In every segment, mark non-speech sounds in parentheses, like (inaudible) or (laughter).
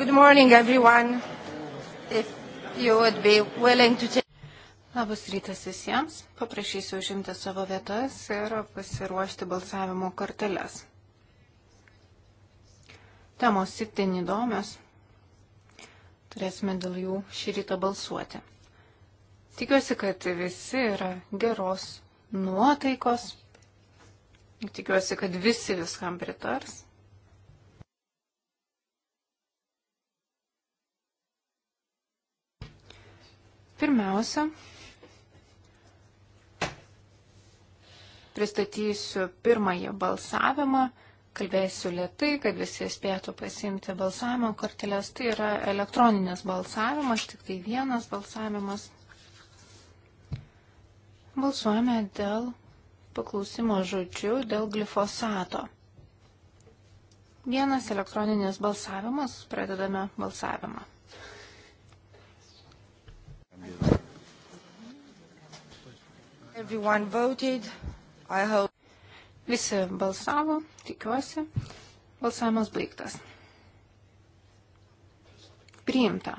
Good morning, everyone. If you would be willing to take... Labas rytas visiems. Paprašysiu užimti savo vietas ir pasiruošti balsavimo korteles. Temos itin įdomios. Turėsime dėl jų šį rytą balsuoti. Tikiuosi, kad visi yra geros nuotaikos. Tikiuosi, kad visi viskam pritars. Pirmiausia, pristatysiu pirmąjį balsavimą, kalbėsiu lietai, kad visi spėtų pasiimti balsavimo kortelės. Tai yra elektroninis balsavimas, tik tai vienas balsavimas. Balsuojame dėl paklausimo žodžių, dėl glifosato. Vienas elektroninis balsavimas, pradedame balsavimą. Everyone voted. I hope. Visi balsavo, tikiuosi. Balsavimas baigtas. Priimta.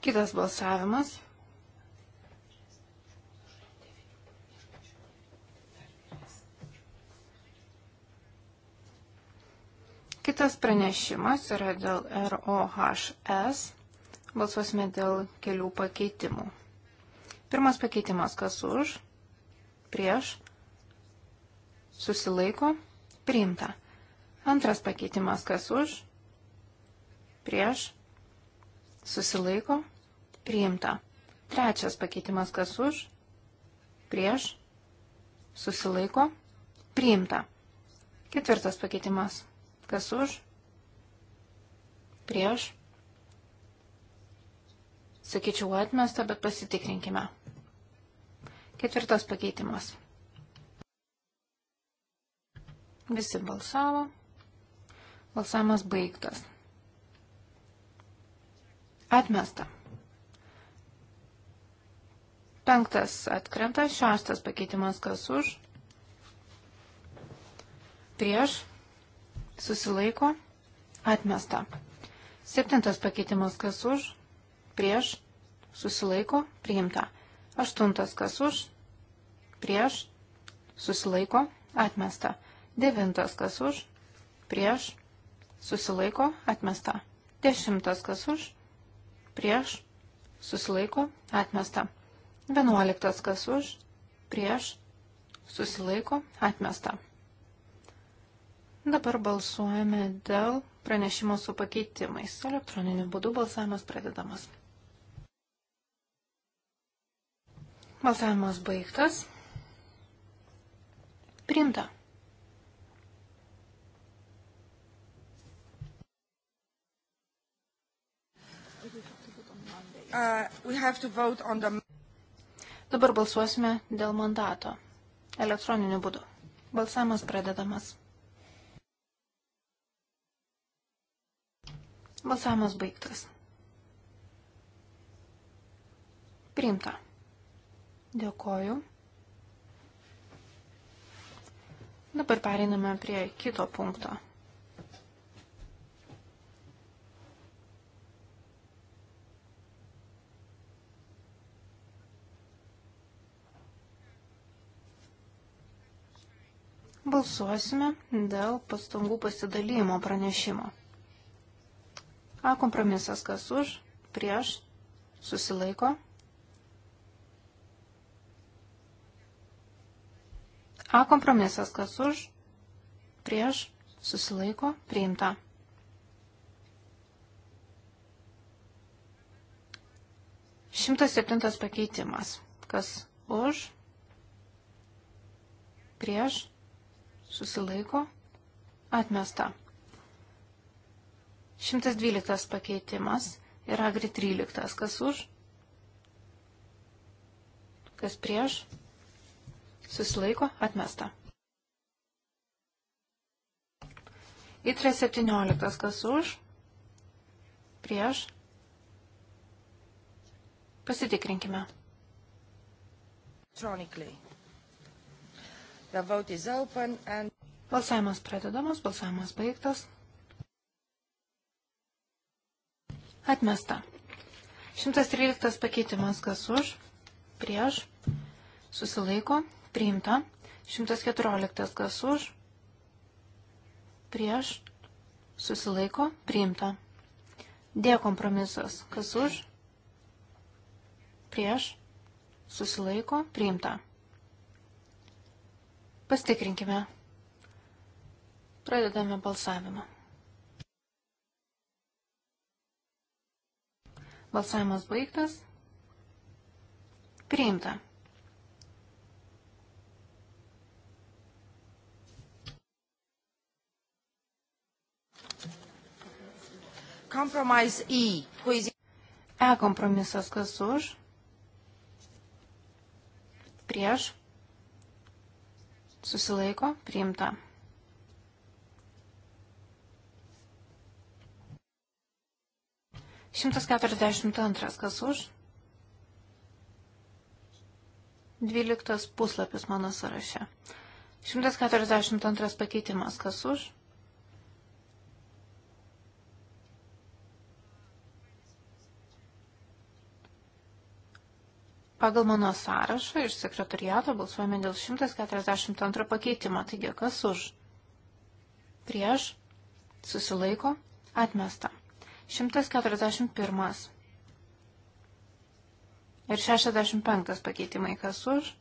Kitas balsavimas. Kitas pranešimas yra dėl ROHS Balsuosime dėl kelių pakeitimų. Pirmas pakeitimas, kas už, prieš, susilaiko, priimta. Antras pakeitimas, kas už, prieš, susilaiko, priimta. Trečias pakeitimas, kas už, prieš, susilaiko, priimta. Ketvirtas pakeitimas, kas už, prieš, susilaiko Sakyčiau atmesta, bet pasitikrinkime. Ketvirtas pakeitimas. Visi balsavo. Balsavimas baigtas. Atmesta. Penktas atkrenta, šeštas pakeitimas kas už. Prieš. Susilaiko. Atmesta. Septintas pakeitimas kas už prieš, susilaiko, priimta. Aštuntas kas už, prieš, susilaiko, atmesta. Devintas kas už, prieš, susilaiko, atmesta. Dešimtas kas už, prieš, susilaiko, atmesta. Vienuoliktas kas už, prieš, susilaiko, atmesta. Dabar balsuojame dėl pranešimo su pakeitimais. Elektroniniu būdu balsavimas pradedamas. Balsavimas baigtas. Priimta. Uh, the... Dabar balsuosime dėl mandato. Elektroniniu būdu. Balsavimas pradedamas. Balsavimas baigtas. Priimta. Dėkoju. Dabar pereiname prie kito punkto. Balsuosime dėl pastangų pasidalymo pranešimo. A kompromisas kas už, prieš, susilaiko, A kompromisas kas už, prieš, susilaiko, priimta. Šimtas septintas pakeitimas. Kas už, prieš, susilaiko, atmesta. 112 pakeitimas ir agri 13. Kas už, kas prieš, susilaiko atmesta. Įtrė 17, kas už, prieš, pasitikrinkime. And... Balsavimas pradedamas, balsavimas baigtas. Atmesta. 113 pakeitimas kas už, prieš, susilaiko, atmesta. Priimta. 114 kas už. Prieš. Susilaiko. Priimta. D kompromisas. Kas už? Prieš. Susilaiko. Priimta. Pastikrinkime. Pradedame balsavimą. Balsavimas baigtas. Priimta. Compromise E. Who is... E kompromisas kas už? Prieš? Susilaiko? Priimta. Šimtas keturiasdešimt antras kas už? Dvyliktas puslapis mano sąraše. 142 pakeitimas. Kas už? Pagal mano sąrašą iš sekretariato balsuojame dėl 142 pakeitimo. Taigi, kas už? Prieš? Susilaiko? Atmesta. 141. Ir 65 pakeitimai. Kas už?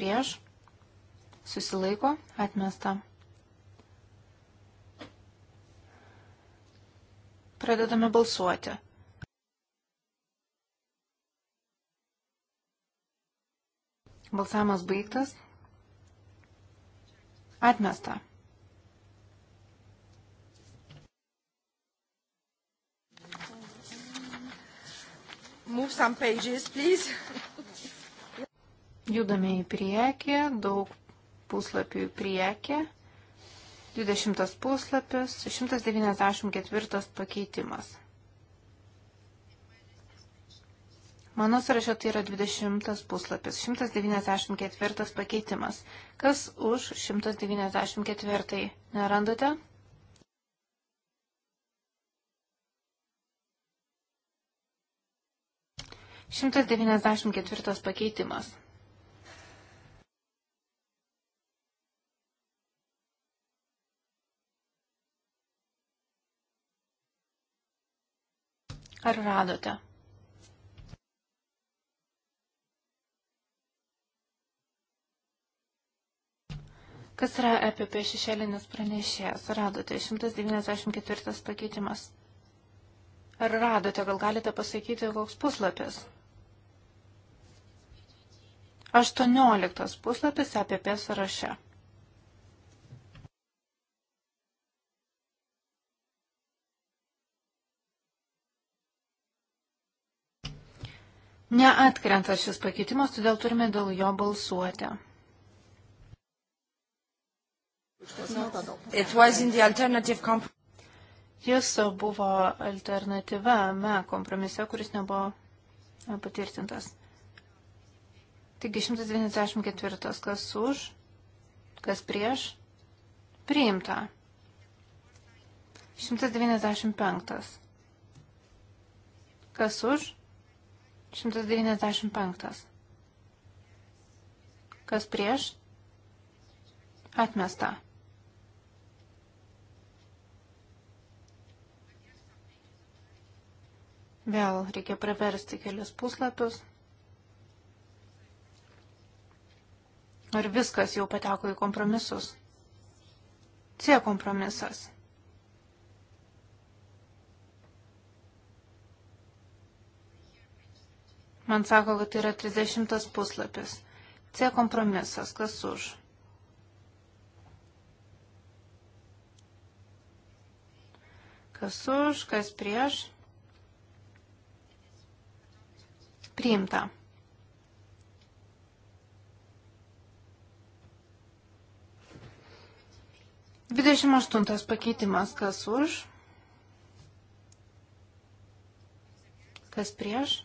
Prieš? Susilaiko? Atmesta. Pradedame balsuoti. Balsavimas baigtas. Atmesta. Move some pages, please. Judame į priekį, daug puslapių į priekį. 20 puslapis, 194 pakeitimas. Mano sąrašė tai yra 20 puslapis, 194 pakeitimas. Kas už 194? Nerandate? Šimtas devyniasdešimt ketvirtas pakeitimas. Ar radote? Kas yra EPP šešėlinis pranešėjas? Radote tai 194 pakeitimas. Ar radote, gal galite pasakyti, koks puslapis? 18 puslapis EPP sąraše. Neatkrenta šis pakeitimas, todėl turime dėl jo balsuoti. Jis buvo alternatyva ME kompromise, kuris nebuvo e, patvirtintas. Taigi 194. Kas už, kas prieš, priimta. 195. Kas už, 195. Kas prieš, atmesta. Vėl reikia praversti kelias puslapius. Ar viskas jau pateko į kompromisus? C kompromisas. Man sako, kad tai yra 30 puslapis. C kompromisas. Kas už? Kas už, kas prieš? Priimta. Dvidešimt aštuntas pakeitimas. Kas už? Kas prieš?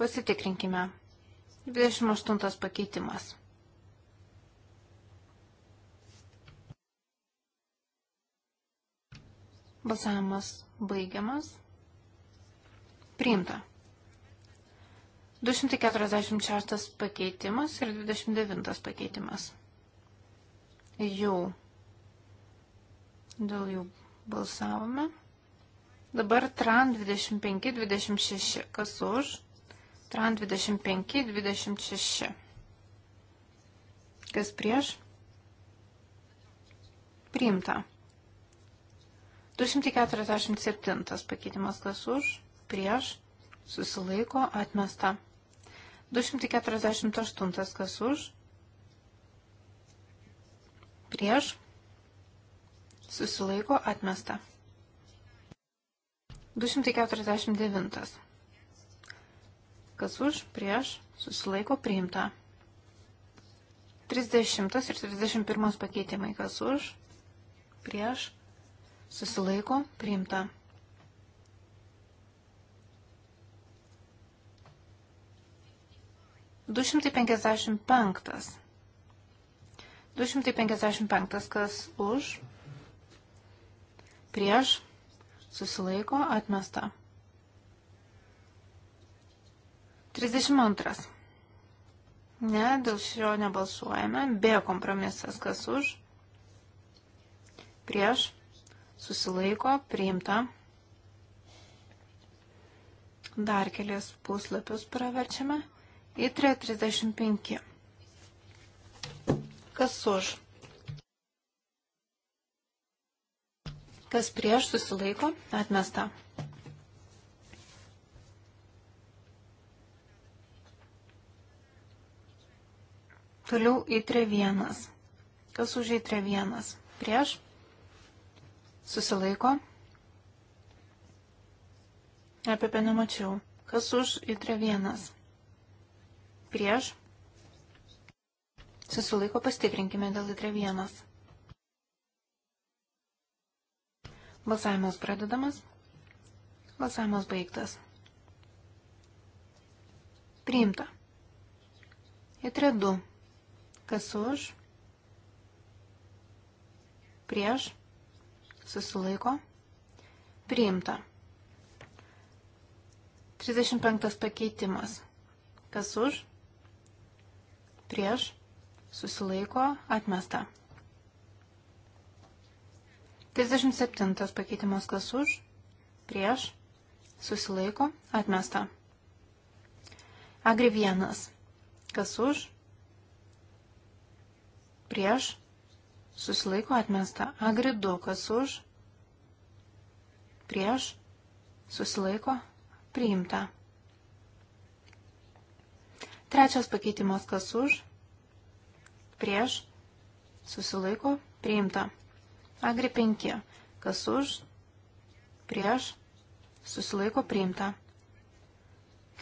Pasitikrinkime. 28 pakeitimas. Balsavimas baigiamas. Priimta. 246 pakeitimas ir 29 pakeitimas. Jau. Dėl jų balsavome. Dabar TRAN 25, 26. Kas už? TRAN 25, 26. Kas prieš? Priimta. 247 pakeitimas kas už? prieš, susilaiko, atmesta. 248 kas už, prieš, susilaiko, atmesta. 249 kas už, prieš, susilaiko, priimta. 30 ir 31 pakeitimai kas už, prieš, susilaiko, priimta. 255. 255. Kas už? Prieš? Susilaiko? Atmesta. 32. Ne, dėl šio nebalsuojame. B kompromisas. Kas už? Prieš? Susilaiko? Priimta. Dar kelias puslapius praverčiame. 33. Įtrė 35. Kas už? Kas prieš susilaiko? Atmesta. Toliau įtrė vienas. Kas už įtrė vienas? Prieš? Susilaiko? Apie penemačiau. Tai Kas už įtrė vienas? prieš, susilaiko pastikrinkime dėl litre 1. Balsavimas pradedamas, balsavimas baigtas. Priimta. Litre 2. Kas už, prieš, susilaiko, priimta. 35 pakeitimas. Kas už? prieš, susilaiko, atmesta. 37 pakeitimas kas už, prieš, susilaiko, atmesta. Agri 1, kas už, prieš, susilaiko, atmesta. Agri 2, kas už, prieš, susilaiko, priimta. Trečias pakeitimas kas už, prieš, susilaiko, priimta. Agri 5, kas už, prieš, susilaiko, priimta.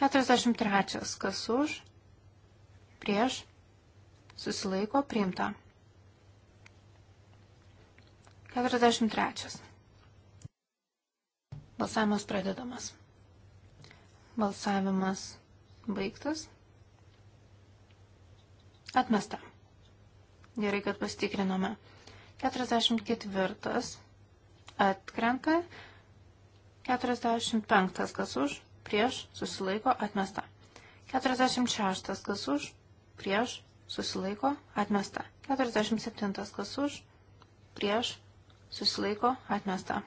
43, kas už, prieš, susilaiko, priimta. 43. Balsavimas pradedamas. Balsavimas baigtas. Atmesta. Gerai, kad pasitikrinome. 44 atkrenta. 45 kas už, prieš, susilaiko, atmesta. 46 kas už, prieš, susilaiko, atmesta. 47 kas už, prieš, susilaiko, atmesta.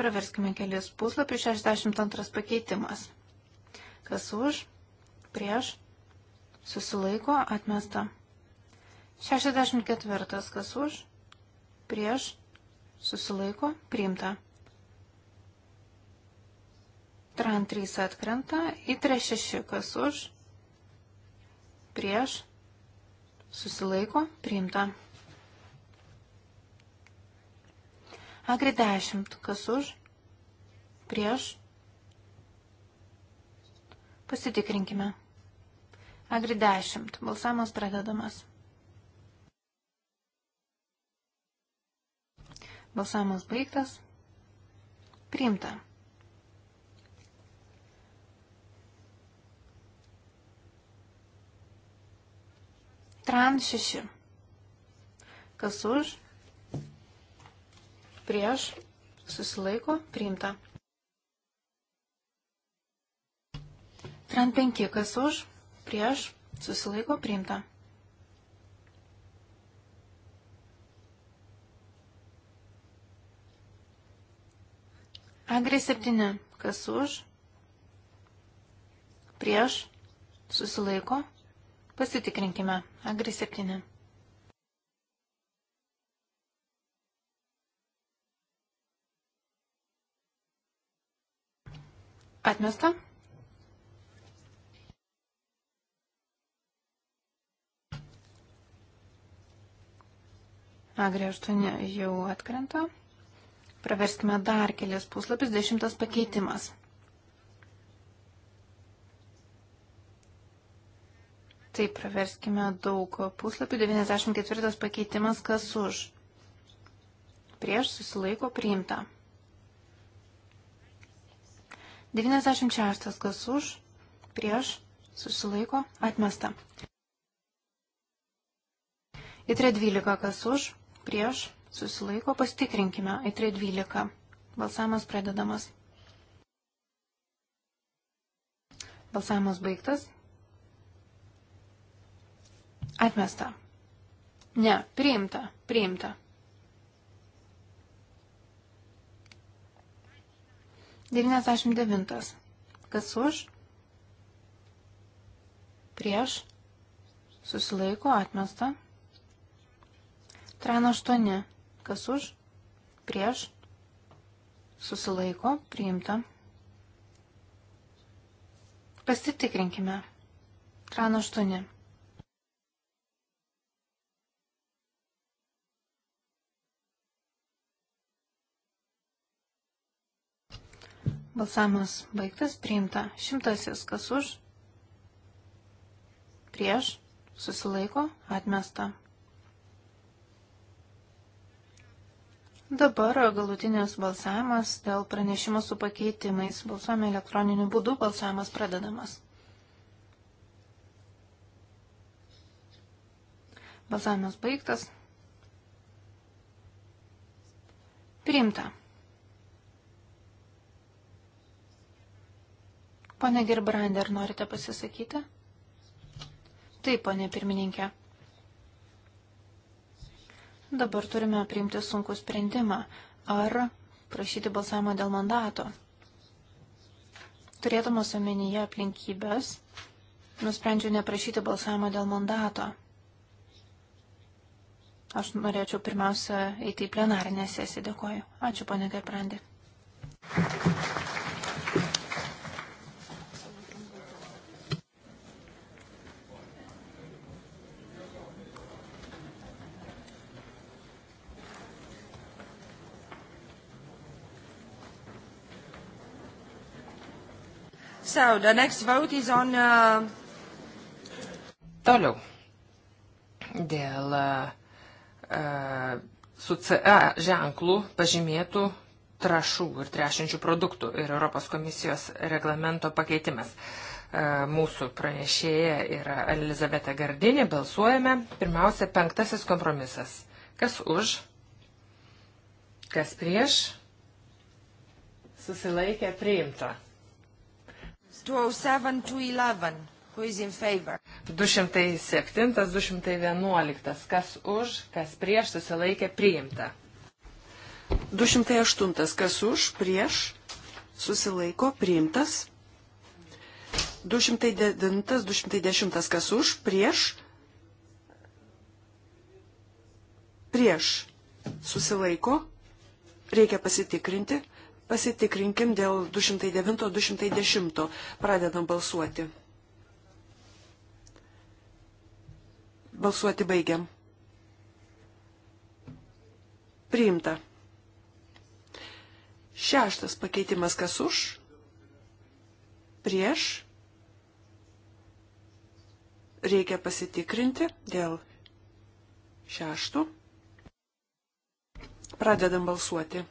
Praverskime kelias puslapį 62 pakeitimas. Kas už, prieš, susilaiko, atmesta. 64 kas už, prieš, susilaiko, priimta. Tran 3 atkrenta, į 36 kas už, prieš, susilaiko, priimta. Agri 10. Kas už? Prieš? Pasitikrinkime. Agri 10. Balsamas pradedamas. Balsamas baigtas. Priimta. Tran 6. Kas už? prieš, susilaiko, priimta. Tran 5, kas už, prieš, susilaiko, priimta. Agri 7, kas už, prieš, susilaiko, pasitikrinkime. Agri 7. Atmesta. Agri 8 jau atkrenta. Praverskime dar kelias puslapis. Dešimtas pakeitimas. Taip, praverskime daug puslapių. 94 pakeitimas kas už. Prieš susilaiko priimta. 96 kas už, prieš, susilaiko, atmesta. Įtrė 12 kas už, prieš, susilaiko, pastikrinkime. Įtrė 12. Balsavimas pradedamas. Balsavimas baigtas. Atmesta. Ne, priimta, priimta. 99. Kas už? Prieš. Susilaiko atmesta. Tran 8. Kas už? Prieš. Susilaiko priimta. Pasitikrinkime. Tran 8. Balsavimas baigtas, priimta. Šimtasis, kas už, prieš, susilaiko, atmesta. Dabar galutinės balsavimas dėl pranešimo su pakeitimais. Balsuojame elektroniniu būdu, balsavimas pradedamas. Balsavimas baigtas. Priimta. Pane Gerbrander, norite pasisakyti? Taip, pane pirmininkė. Dabar turime priimti sunkų sprendimą. Ar prašyti balsavimo dėl mandato? Turėdamas omenyje aplinkybės, nusprendžiau neprašyti balsavimo dėl mandato. Aš norėčiau pirmiausia eiti į plenarinę sesiją. Dėkoju. Ačiū, ponė Gerbrandi. So, the next vote is on... Uh... Toliau. Dėl uh, uh su CE ženklų pažymėtų trašų ir trešinčių produktų ir Europos komisijos reglamento pakeitimas. Uh, mūsų pranešėja yra Elizabeta Gardinė, balsuojame. Pirmiausia, penktasis kompromisas. Kas už? Kas prieš? Susilaikė priimta. 207, 211. Who is in favor? 207, 211. Kas už, kas prieš susilaikė priimta. 208. Kas už, prieš susilaiko priimtas. 209, 210. Kas už, prieš prieš susilaiko. Reikia pasitikrinti. Pasitikrinkim dėl 209-210. Pradedam balsuoti. Balsuoti baigiam. Priimta. Šeštas pakeitimas kas už? Prieš? Reikia pasitikrinti dėl šeštų. Pradedam balsuoti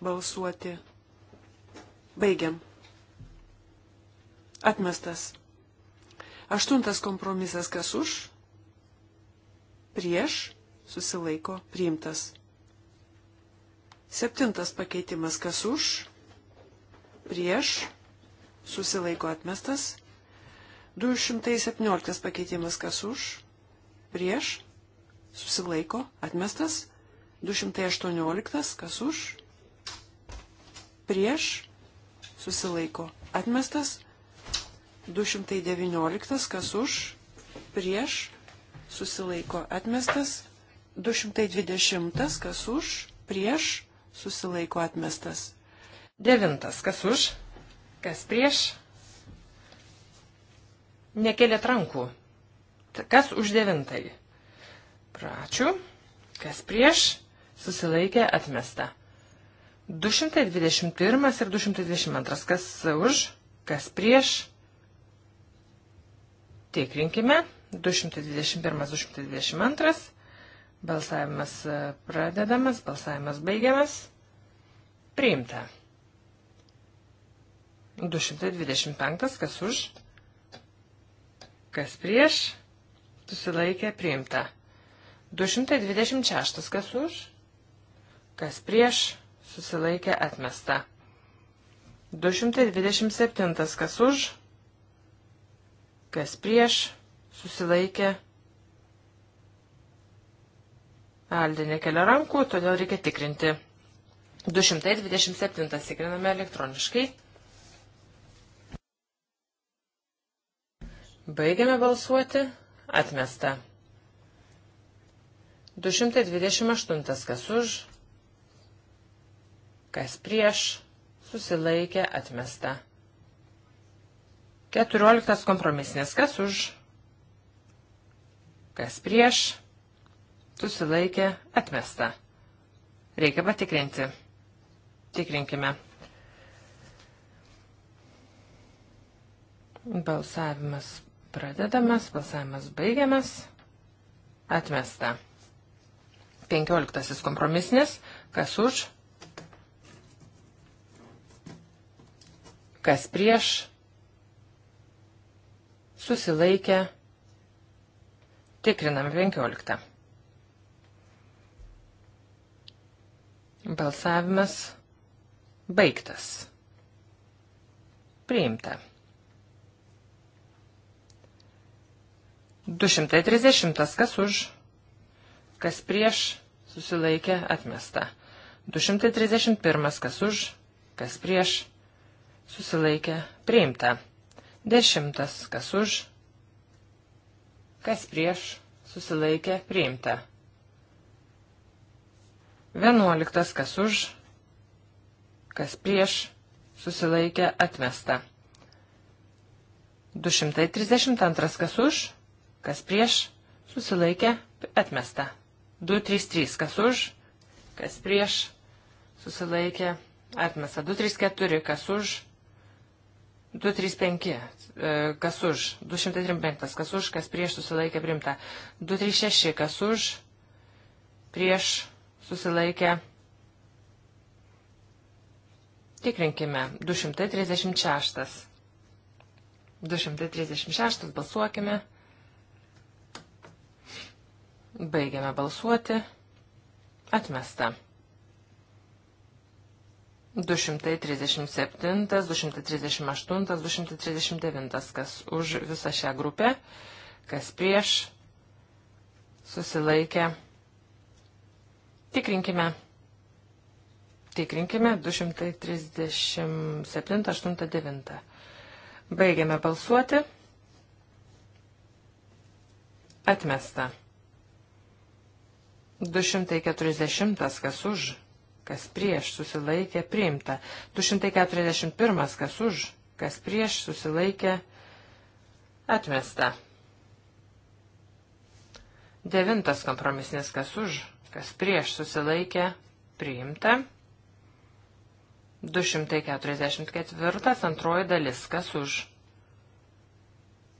balsuoti. Baigiam. Atmestas. Aštuntas kompromisas kas už? Prieš susilaiko priimtas. Septintas pakeitimas kas už? Prieš susilaiko atmestas. 217 pakeitimas kas už? Prieš susilaiko atmestas. 218 kas už? prieš susilaiko atmestas, 219 kas už prieš susilaiko atmestas, 220 kas už prieš susilaiko atmestas. Devintas kas už, kas prieš, nekeliat rankų. Kas už devintąjį? Pračiu, kas prieš, susilaikė atmesta. 221 ir 222. Kas už, kas prieš. Tikrinkime. 221, 222. Balsavimas e, pradedamas, balsavimas baigiamas. Priimta. 225. Kas už, kas prieš. Susilaikė priimta. 226. Kas už, kas prieš susilaikė atmesta. 227 kas už, kas prieš, susilaikė. Aldė nekelia rankų, todėl reikia tikrinti. 227 tikriname elektroniškai. Baigiame balsuoti. Atmesta. 228 kas už, kas prieš, susilaikė, atmesta. Keturioliktas kompromisinės, kas už, kas prieš, susilaikė, atmesta. Reikia patikrinti. Tikrinkime. Balsavimas pradedamas, balsavimas baigiamas. Atmesta. Penkioliktasis kompromisnis, kas už, kas prieš, susilaikė, tikrinam 15. Balsavimas baigtas. Priimta. 230. Kas už? Kas prieš? Susilaikė atmesta. 231. Kas už? Kas prieš? susilaikė priimta. Dešimtas, kas už, kas prieš, susilaikė priimta. Vienuoliktas, kas už, kas prieš, susilaikė atmesta. 232, kas už, kas prieš, susilaikė atmesta. 233, kas už, kas prieš, susilaikė atmesta. 234, kas už, 235, e, kas už, 235, kas už, kas prieš susilaikė primta, 236, kas už, prieš susilaikė. Tikrinkime, 236. 236 balsuokime. Baigiame balsuoti. Atmesta. 237, 238, 239, kas už visą šią grupę, kas prieš, susilaikė. Tikrinkime. Tikrinkime 237, 8, 9. Baigiame balsuoti. Atmesta. 240, kas už kas prieš susilaikė priimta. 241, kas už, kas prieš susilaikė atmesta. Devintas kompromisnis, kas už, kas prieš susilaikė priimta. 244 antroji dalis, kas už,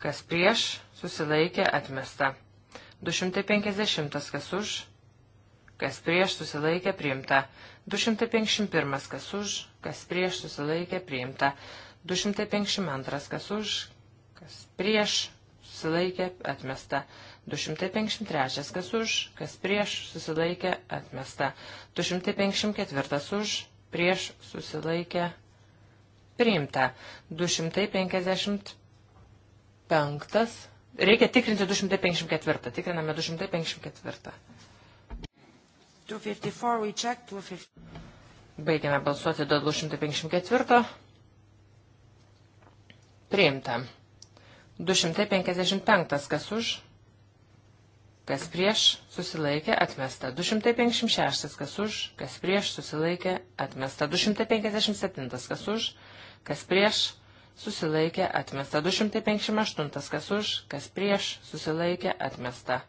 kas prieš susilaikė atmesta. 250 kas už, kas prieš susilaikė priimta. 251 kas už, kas prieš susilaikė priimta. 252 kas už, kas prieš susilaikė atmesta. 253 kas už, kas prieš susilaikė atmesta. 254 už, prieš susilaikė priimta. 255. Reikia tikrinti 254. Tikriname 254. 254, we check 250. Baigiame balsuoti dėl 254. Priimta. 255, kas už, kas prieš, susilaikė, atmesta. 256, kas už, kas prieš, susilaikė, atmesta. 257, kas už, kas prieš, susilaikė, atmesta. 258, kas už, kas prieš, susilaikė, atmesta.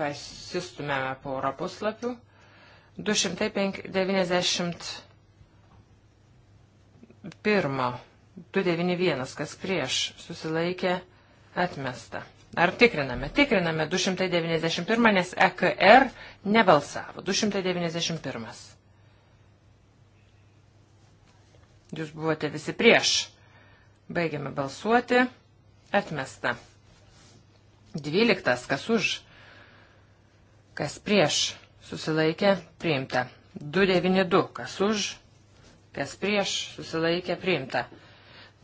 pasistumėme porą puslapių. 291. 291, kas prieš, susilaikė atmesta. Ar tikriname? Tikriname 291, nes EKR nebalsavo. 291. Jūs buvote visi prieš. Baigiame balsuoti. Atmesta. 12. Kas už? Kas prieš? Susilaikė priimta. 292. Kas už? Kas prieš? Susilaikė priimta.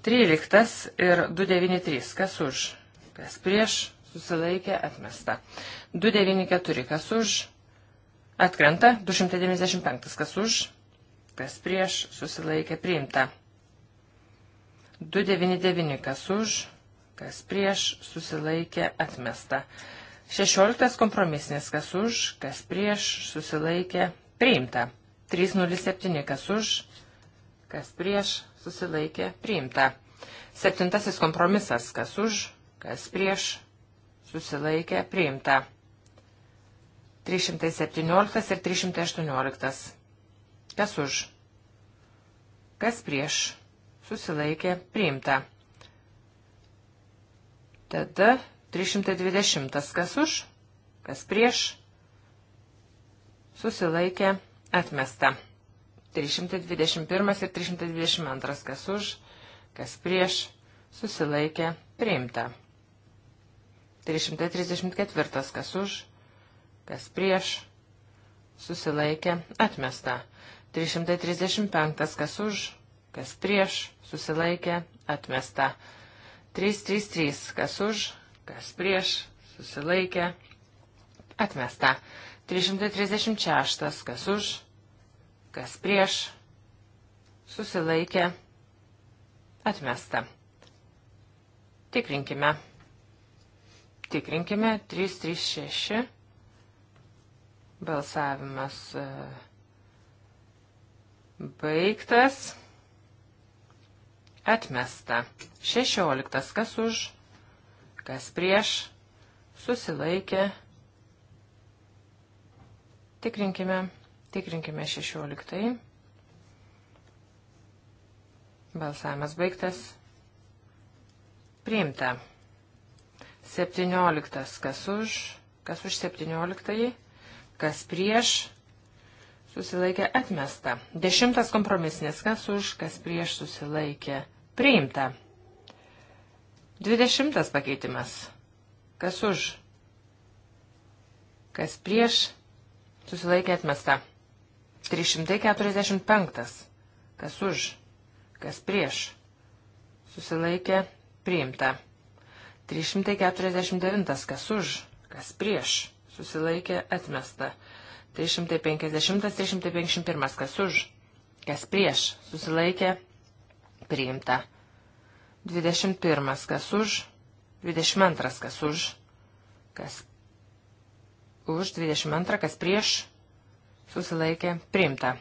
13 ir 293. Kas už? Kas prieš? Susilaikė atmesta. 294. Kas už? Atkrenta. 295. Kas už? Kas prieš? Susilaikė priimta. 299. Kas už? Kas prieš? Susilaikė atmesta. 299. 16 kompromisinis, kas už, kas prieš, susilaikė, priimta. 307, kas už, kas prieš, susilaikė, priimta. Septintasis kompromisas, kas už, kas prieš, susilaikė, priimta. 317 ir 318. Kas už? Kas prieš? Susilaikė, priimta. Tada 320. Kas už, kas prieš, susilaikė, atmesta. 321 ir 322. Kas už, kas prieš, susilaikė, priimta. 334. Kas už, kas prieš, susilaikė, atmesta. 335. Kas už, kas prieš, susilaikė, atmesta. 333. Kas už, kas prieš, susilaikė, atmesta. 336, kas už, kas prieš, susilaikė, atmesta. Tikrinkime. Tikrinkime, 336, balsavimas e, baigtas, atmesta. 16, kas už, kas prieš, susilaikė. Tikrinkime, tikrinkime 16. Balsavimas baigtas. Priimta. 17. Kas už, kas už 17. Kas prieš, susilaikė atmesta. 10. Kompromisinės. Kas už, kas prieš susilaikė. Priimta. Dvidešimtas pakeitimas. Kas už? Kas prieš? Susilaikė atmesta. 345. Kas už? Kas prieš? Susilaikė priimta. 349. Kas už? Kas prieš? Susilaikė atmesta. 350-351. Kas už? Kas prieš? Susilaikė priimta. 21 kas už, 22 kas už, kas už, 22 kas prieš, susilaikė priimta.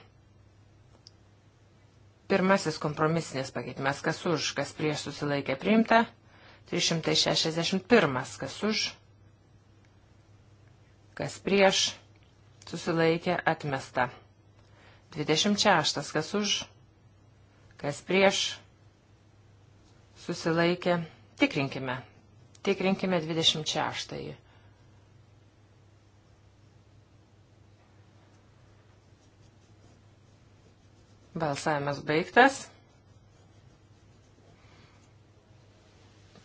Pirmasis kompromisinis pakeitimas kas už, kas prieš susilaikė priimta. 361 kas už, kas prieš susilaikė atmesta. 26 kas už, kas prieš susilaikė. Tikrinkime. Tikrinkime 26. Balsavimas baigtas.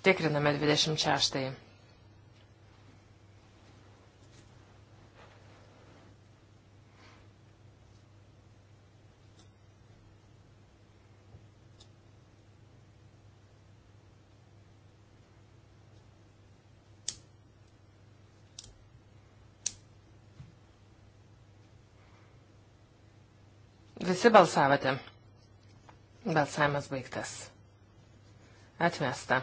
Tikriname 26. Visi balsavote. Balsavimas baigtas. Atmesta.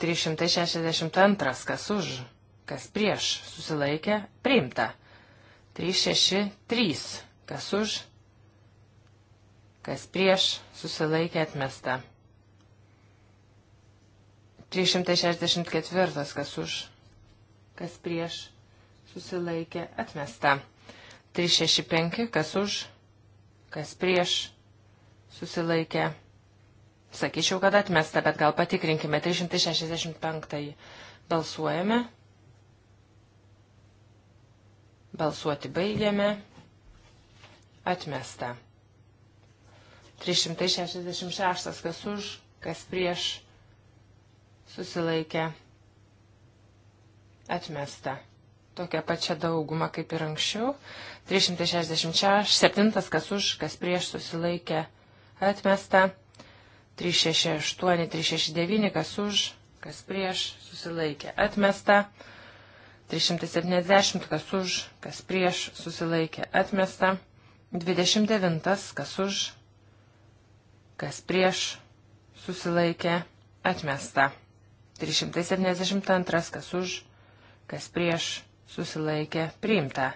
362. Kas už, kas prieš, susilaikė, priimta. 363. Kas už, kas prieš, susilaikė, atmesta. 364. Kas už, kas prieš, susilaikė, atmesta. 365, kas už, kas prieš, susilaikė. Sakyčiau, kad atmesta, bet gal patikrinkime 365. Balsuojame. Balsuoti baigiame. Atmesta. 366, kas už, kas prieš, susilaikė. Atmesta tokią pačią daugumą kaip ir anksčiau. 367, kas už, kas prieš susilaikė atmesta. 368, 369, kas už, kas prieš susilaikė atmesta. 370, kas už, kas prieš susilaikė atmesta. 29, kas už, kas prieš susilaikė atmesta. 372, kas už, kas prieš susilaikė priimta.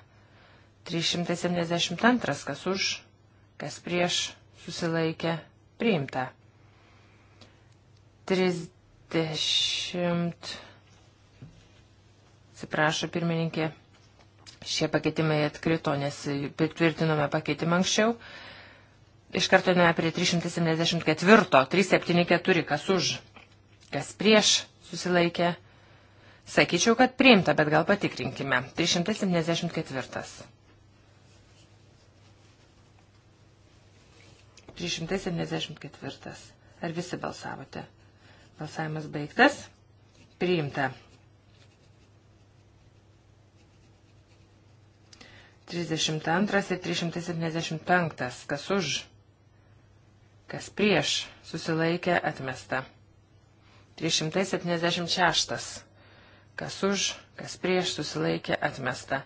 372 kas už, kas prieš susilaikė priimta. 30. Atsiprašo pirmininkė, šie pakeitimai atkrito, nes tvirtinome pakeitimą anksčiau. Iš karto nuėjome prie 374, 374, kas už, kas prieš susilaikė Sakyčiau, kad priimta, bet gal patikrinkime. 374. 374. Ar visi balsavote? Balsavimas baigtas. Priimta. 32 ir 375. Kas už? Kas prieš? Susilaikė atmesta. 376 kas už, kas prieš susilaikė atmesta.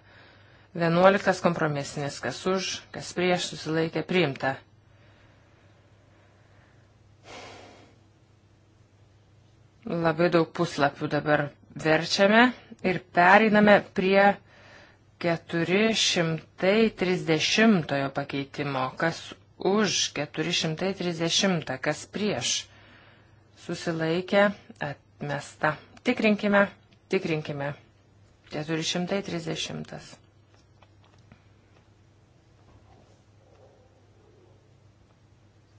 Vienuoliktas kompromisinis, kas už, kas prieš susilaikė priimta. Labai daug puslapių dabar verčiame ir periname prie 430 pakeitimo. Kas už 430, kas prieš susilaikė atmesta. Tikrinkime. Tikrinkime. 430.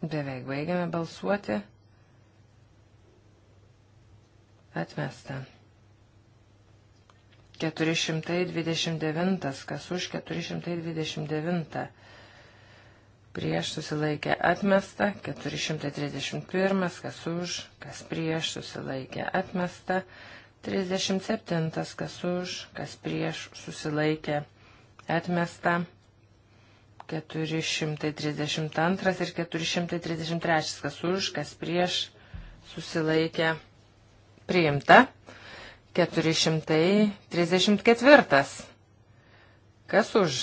Beveik baigiame balsuoti. Atmesta. 429, kas už 429, prieš susilaikė atmesta, 431, kas už, kas prieš susilaikė atmesta, 432. 37. Kas už, kas prieš susilaikė atmesta. 432 ir 433. Kas už, kas prieš susilaikė priimta. 434. Kas už,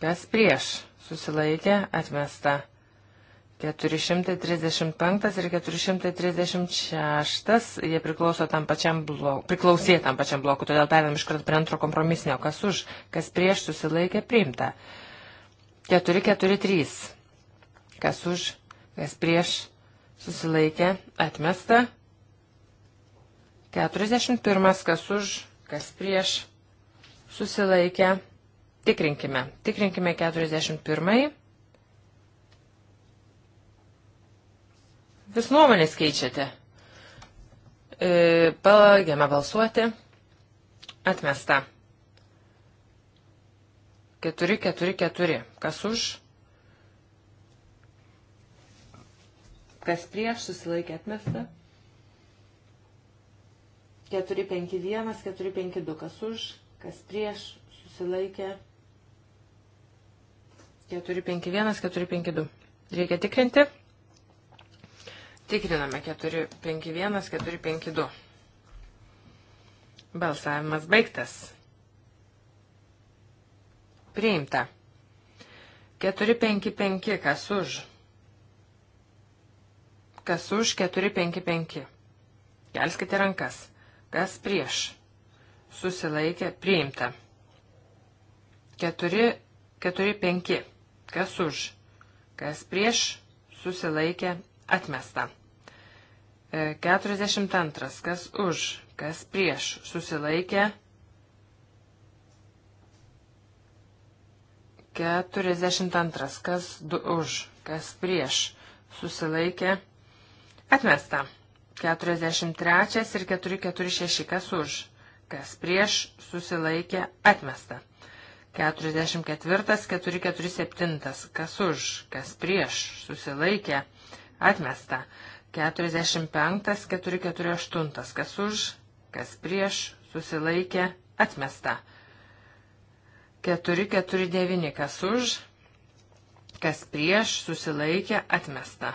kas prieš susilaikė atmesta. 435 ir 436, jie priklauso tam pačiam blokui, priklausė tam pačiam blokui, todėl perėm iškart prie antro kompromisinio, kas už, kas prieš susilaikė priimta. 443, kas už, kas prieš susilaikė atmesta. 41, kas už, kas prieš susilaikė. Tikrinkime, tikrinkime 41. Vis nuomonės keičiate. E, Palaigėme balsuoti. Atmesta. 4, 4, 4. Kas už? Kas prieš susilaikė atmesta? 4, 5, 1, 4, 5, 2. Kas už? Kas prieš susilaikė? 4, 5, 1, 4, 5, 2. Reikia tikrinti. Tikriname 451, 452. Balsavimas baigtas. Priimta. 455, kas už? Kas už 455? Kelskite rankas. Kas prieš? Susilaikė, priimta. 4, 4, 5. Kas už? Kas prieš? Susilaikė, atmesta. 42. E, kas už, kas prieš susilaikė. 42. Kas du, už, kas prieš susilaikė. Atmesta. 43 ir 446. Kas už, kas prieš susilaikė. Atmesta. 44, 447, kas už, kas prieš, susilaikė, atmesta. 45, 448, kas už, kas prieš, susilaikė, atmesta. 449, kas už, kas prieš, susilaikė, atmesta.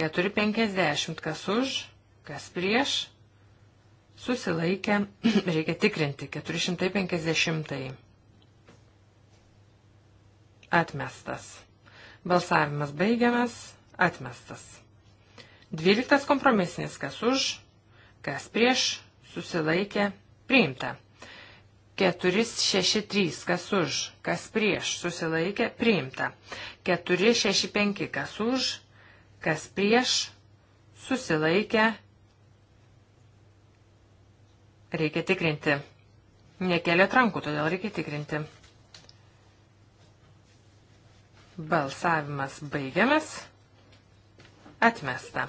450, kas už, kas prieš, susilaikė, (clears throat) reikia tikrinti, 450. Atmestas. Balsavimas baigiamas, atmestas. Dvyliktas kompromisinis, kas už, kas prieš, susilaikė, priimta. 463, kas už, kas prieš, susilaikė, priimta. 465, kas už, kas prieš, susilaikė, reikia tikrinti. Nekelia rankų, todėl reikia tikrinti. Balsavimas baigiamas. Atmesta.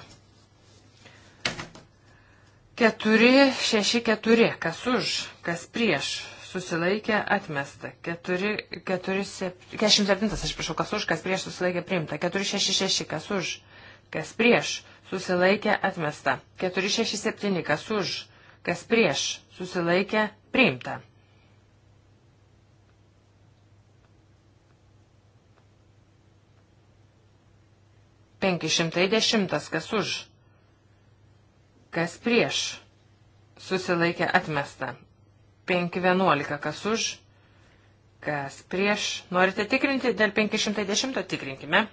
4, 6, 4. Kas už, kas prieš. Susilaikė atmesta. 4, 4, 7, 47, aš prašau, kas už, kas prieš susilaikė priimta. 4, 6, 6, kas už, kas prieš susilaikė atmesta. 4, 6, 7, kas už, kas prieš susilaikė priimta. 510 kas už, kas prieš, susilaikė atmesta. 511 kas už, kas prieš, norite tikrinti, dėl 510 tikrinkime.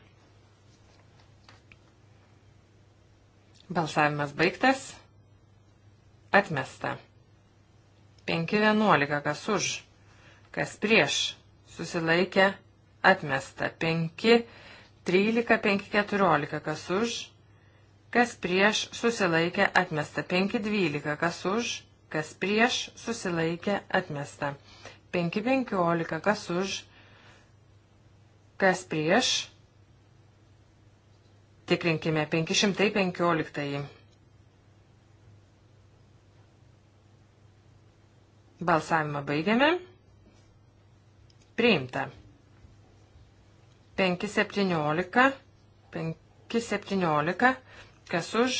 Balsavimas baigtas, atmesta. 511 kas už, kas prieš, susilaikė atmesta. 5 13.5.14, kas už, kas prieš susilaikė atmesta. 5.12, kas už, kas prieš susilaikė atmesta. 5.15, kas už, kas prieš. Tikrinkime 515. Balsavimą baigiame. Priimta. 5.17. 5.17. Kas už?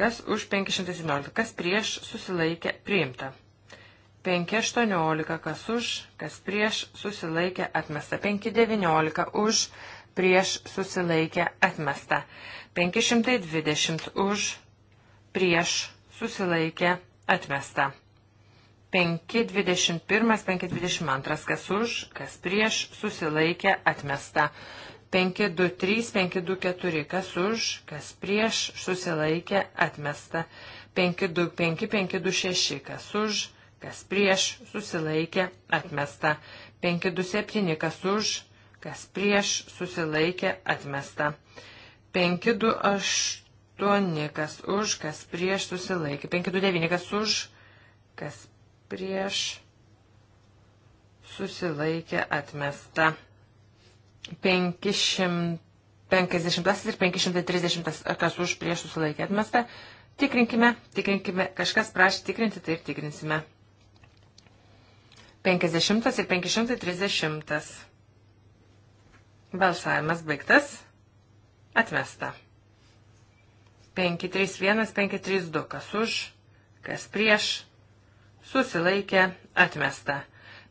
Kas už 517? Kas prieš susilaikė priimta? 5.18. Kas už? Kas prieš susilaikė atmesta? 5.19. Už prieš susilaikė atmesta. 520 už prieš susilaikė atmesta. 521, 522, kas už, kas prieš, susilaikė, atmesta. 523, 524, kas už, kas prieš, susilaikė, atmesta. 525, 526, kas už, kas prieš, susilaikė, atmesta. 527, kas už, kas prieš, susilaikė, atmesta. 528, kas už, kas prieš, susilaikė. 529, kas už, kas prieš susilaikė atmesta. 550 ir 530, kas už prieš susilaikė atmesta. Tikrinkime, tikrinkime, kažkas prašė tikrinti, taip tikrinsime. 50 ir 530. Balsavimas baigtas. Atmesta. 531, 532, kas už, kas prieš susilaikė, atmesta.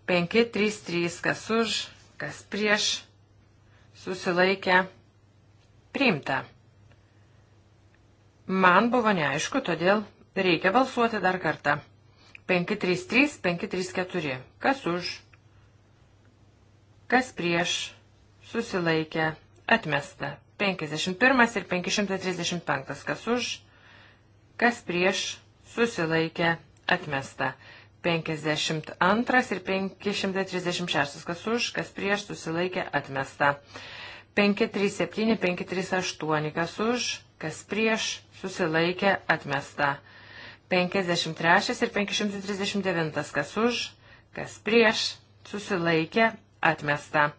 533, kas už, kas prieš, susilaikė, priimta. Man buvo neaišku, todėl reikia balsuoti dar kartą. 533, 534, kas už, kas prieš, susilaikė, atmesta. 51 ir 535, kas už, kas prieš, susilaikė, Atmesta. 52 ir 536, kas už, kas prieš, susilaikė, atmesta. 537, 538, kas už, kas prieš, susilaikė, atmesta. 53 ir 539, kas už, kas prieš, susilaikė, atmesta.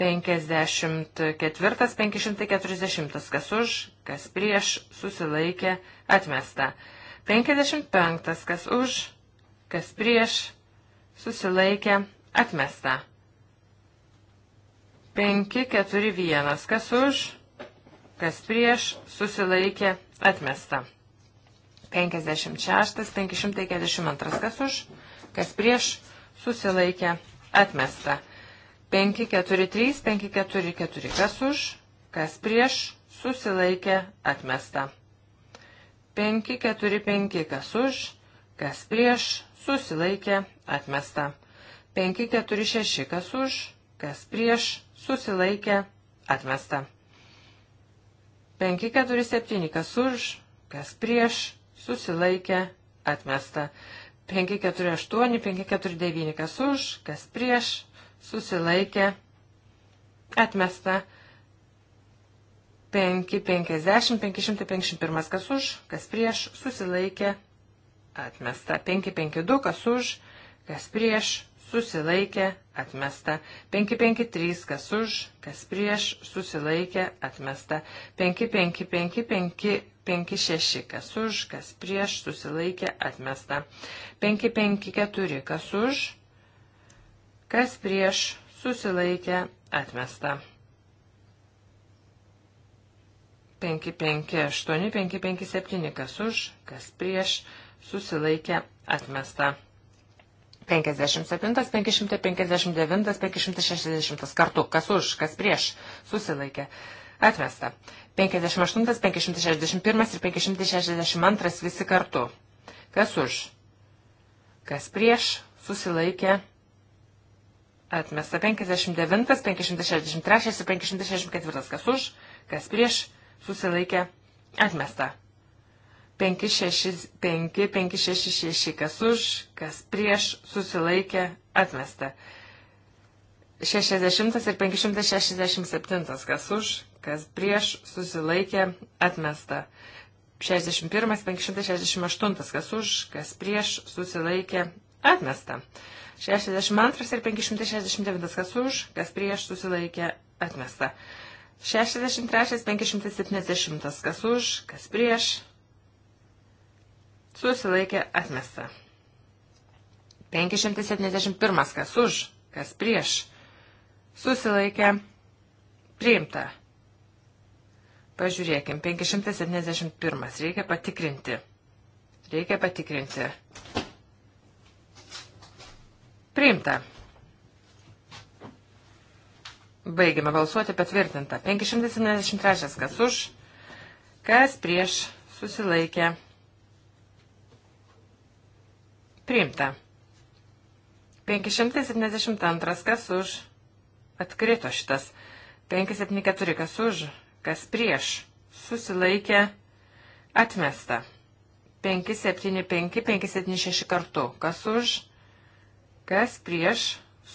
54, 540, kas už, kas prieš, susilaikė, atmesta. 55. Kas už, kas prieš, susilaikė, atmesta. 5, 4, 1. Kas už, kas prieš, susilaikė, atmesta. 56, 542. Kas už, kas prieš, susilaikė, atmesta. 5, 4, 3, 5, 4, 4. Kas už, kas prieš, susilaikė, atmesta. 5, 4, 5, kas už, kas prieš, susilaikė, atmesta. 5, 4, 6, kas už, kas prieš, susilaikė, atmesta. 5, 4, 7, kas už, kas prieš, susilaikė, atmesta. 5, 4, 8, 5, 4, 9, kas už, kas prieš, susilaikė, atmesta. 5, 4, 8, 5, 4, 9, kas už, kas prieš, susilaikė, atmesta. 550, 551 kas už, kas prieš, susilaikė, atmesta. 552 kas už, kas prieš, susilaikė, atmesta. 553 kas už, kas prieš, susilaikė, atmesta. 5555 56 kas už, kas prieš, susilaikė, atmesta. 554 kas už, kas prieš, susilaikė, atmesta. 558, 557, kas už, kas prieš, susilaikė, atmesta. 57, 559, 560 kartu, kas už, kas prieš, susilaikė, atmesta. 58, 561 ir 562 visi kartu, kas už, kas prieš, susilaikė, atmesta. 59, 563 ir 564, kas už, kas prieš, susilaikė susilaikė atmesta. 5-6-6, kas už, kas prieš, susilaikė atmesta. 60 ir 567, kas už, kas prieš, susilaikė atmesta. 61, 568, kas už, kas prieš, susilaikė atmesta. 62 ir 569, kas už, kas prieš, susilaikė atmesta. 63, 570. Kas už, kas prieš. Susilaikė atmesta. 571. Kas už, kas prieš. Susilaikė priimta. Pažiūrėkim, 571. Reikia patikrinti. Reikia patikrinti. Priimta. Baigiame balsuoti patvirtinta. 573 kas už, kas prieš susilaikė. Priimta. 572 kas už, atkrito šitas. 574 kas už, kas prieš susilaikė. Atmesta. 575, 576 kartu. Kas už, kas prieš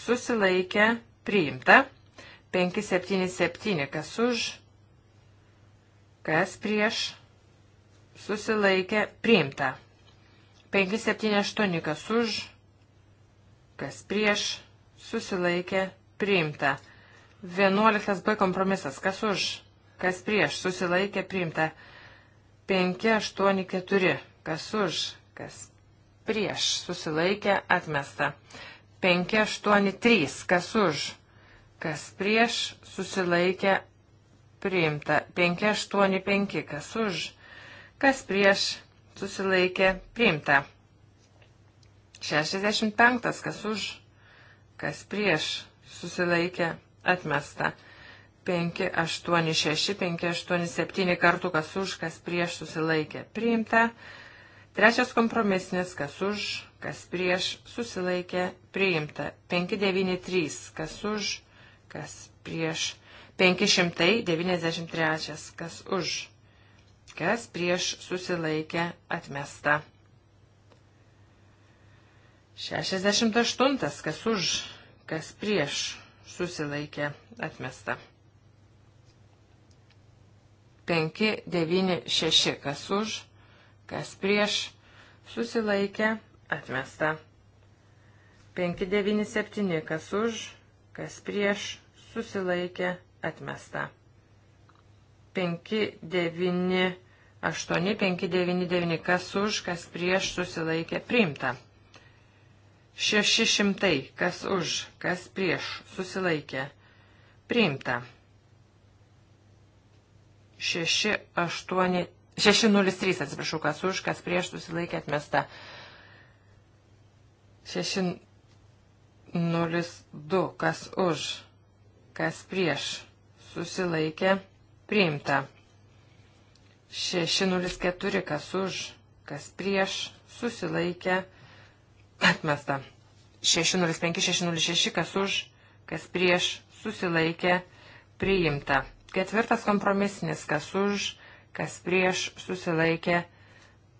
susilaikė. Priimta. 577, kas už, kas prieš, susilaikė, priimta. 578, kas už, kas prieš, susilaikė, priimta. 11 B kompromisas, kas už, kas prieš, susilaikė, priimta. 584, kas už, kas prieš, susilaikė, atmesta. 583, kas už, kas prieš, susilaikė, priimta. 585, kas už, kas prieš, susilaikė, priimta. 65, kas už, kas prieš, susilaikė, atmesta. 5, 8, 6, 5, 8, 7 kartų, kas už, kas prieš, susilaikė, priimta. Trečias kompromisinis, kas už, kas prieš, susilaikė, priimta. 593, kas už, kas prieš. 593, kas už, kas prieš susilaikę atmesta. 68, kas už, kas prieš susilaikė atmesta. 5, 9, 6, kas už, kas prieš susilaikė atmesta. 5, 9, 7, kas už, kas prieš susilaikė, atmesta. 5, 9, 8, 5, 9, 9, kas už, kas prieš, susilaikė, priimta. 600, kas už, kas prieš, susilaikė, priimta. 6, 8, 603, atsiprašau, kas už, kas prieš susilaikė atmesta. 602, kas už, kas prieš, susilaikė, priimta. 604, kas už, kas prieš, susilaikė, atmesta. 605, 606, kas už, kas prieš, susilaikė, priimta. Ketvirtas kompromisinis, kas už, kas prieš, susilaikė, priimta.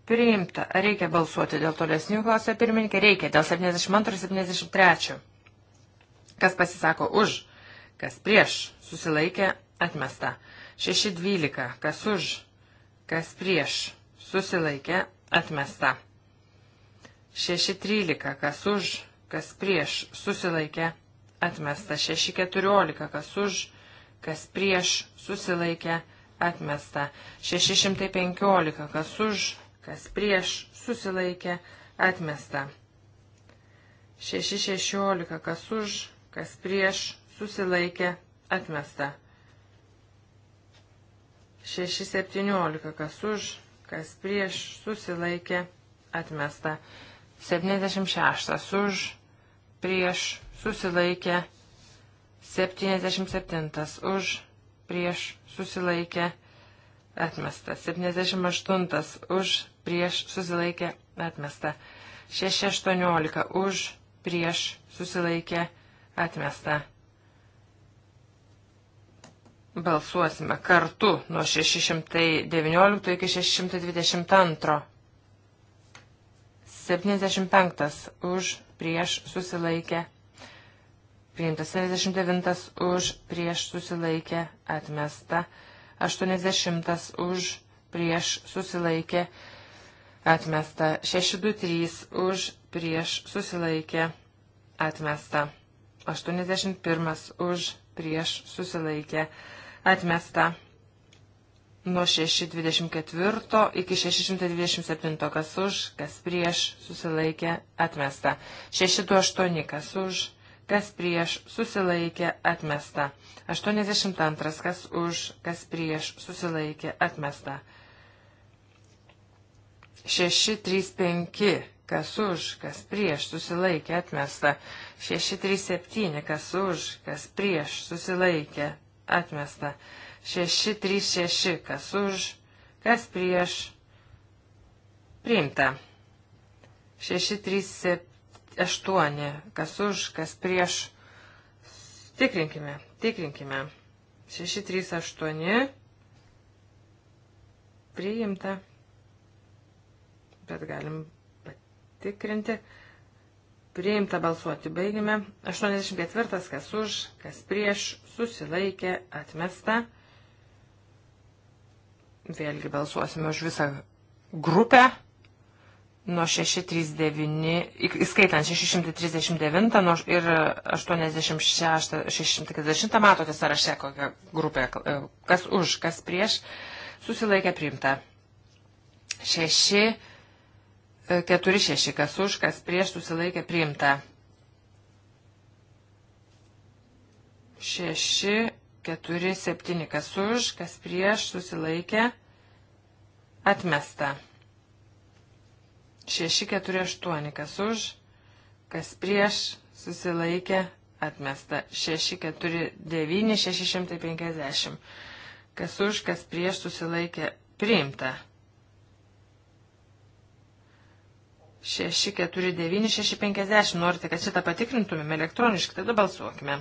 Priimta. Reikia balsuoti dėl tolesnių, klausė pirmininkė. Reikia dėl 72-73. Kas pasisako už, kas prieš, susilaikė, atmesta. 6.12, kas už, kas prieš, susilaikė, atmesta. 6.13, kas už, kas prieš, susilaikė, atmesta. 6.14, kas už, kas prieš, susilaikė, atmesta. 615, kas už, kas prieš, susilaikė, atmesta. 616, kas už, kas prieš, susilaikė, atmesta. 6.17, kas už, kas prieš, susilaikė, atmesta. 76 už, prieš, susilaikė, 77 už, prieš, susilaikė, atmesta. 78 už, prieš, susilaikė, atmesta. 6.18 už, prieš, susilaikė, atmesta. Balsuosime kartu nuo 619 iki 622. 75 už prieš susilaikę. Priimtas 79 už prieš susilaikę atmesta. 80 už prieš susilaikę atmesta. 623 už prieš susilaikę atmesta. 81 už prieš susilaikę atmesta. Atmesta nuo 624 iki 627, kas už, kas prieš, susilaikė, atmesta. 628, kas už, kas prieš, susilaikė, atmesta. 82, kas už, kas prieš, susilaikė, atmesta. 635, kas už, kas prieš, susilaikė, atmesta. 637, kas už, kas prieš, susilaikė, atmesta. 636, kas už, kas prieš, priimta. 638, kas už, kas prieš, tikrinkime, tikrinkime. 638, priimta, bet galim patikrinti. Priimta balsuoti baigime. 84. Kas už, kas prieš, susilaikė, atmesta. Vėlgi balsuosime už visą grupę. Nuo 639, įskaitant 639 nuo, ir 86, 640, matote sąraše kokią grupę, e, kas už, kas prieš, susilaikė priimta. 6, 4-6, kas už, kas prieš susilaikė priimta. 6-4-7, kas už, kas prieš susilaikė atmesta. 6-4-8, kas už, kas prieš susilaikė atmesta. 6-4-9-650, kas už, kas prieš susilaikė priimta. 649, 650. Norite, kad šitą patikrintumėm elektroniškai, tada balsuokime.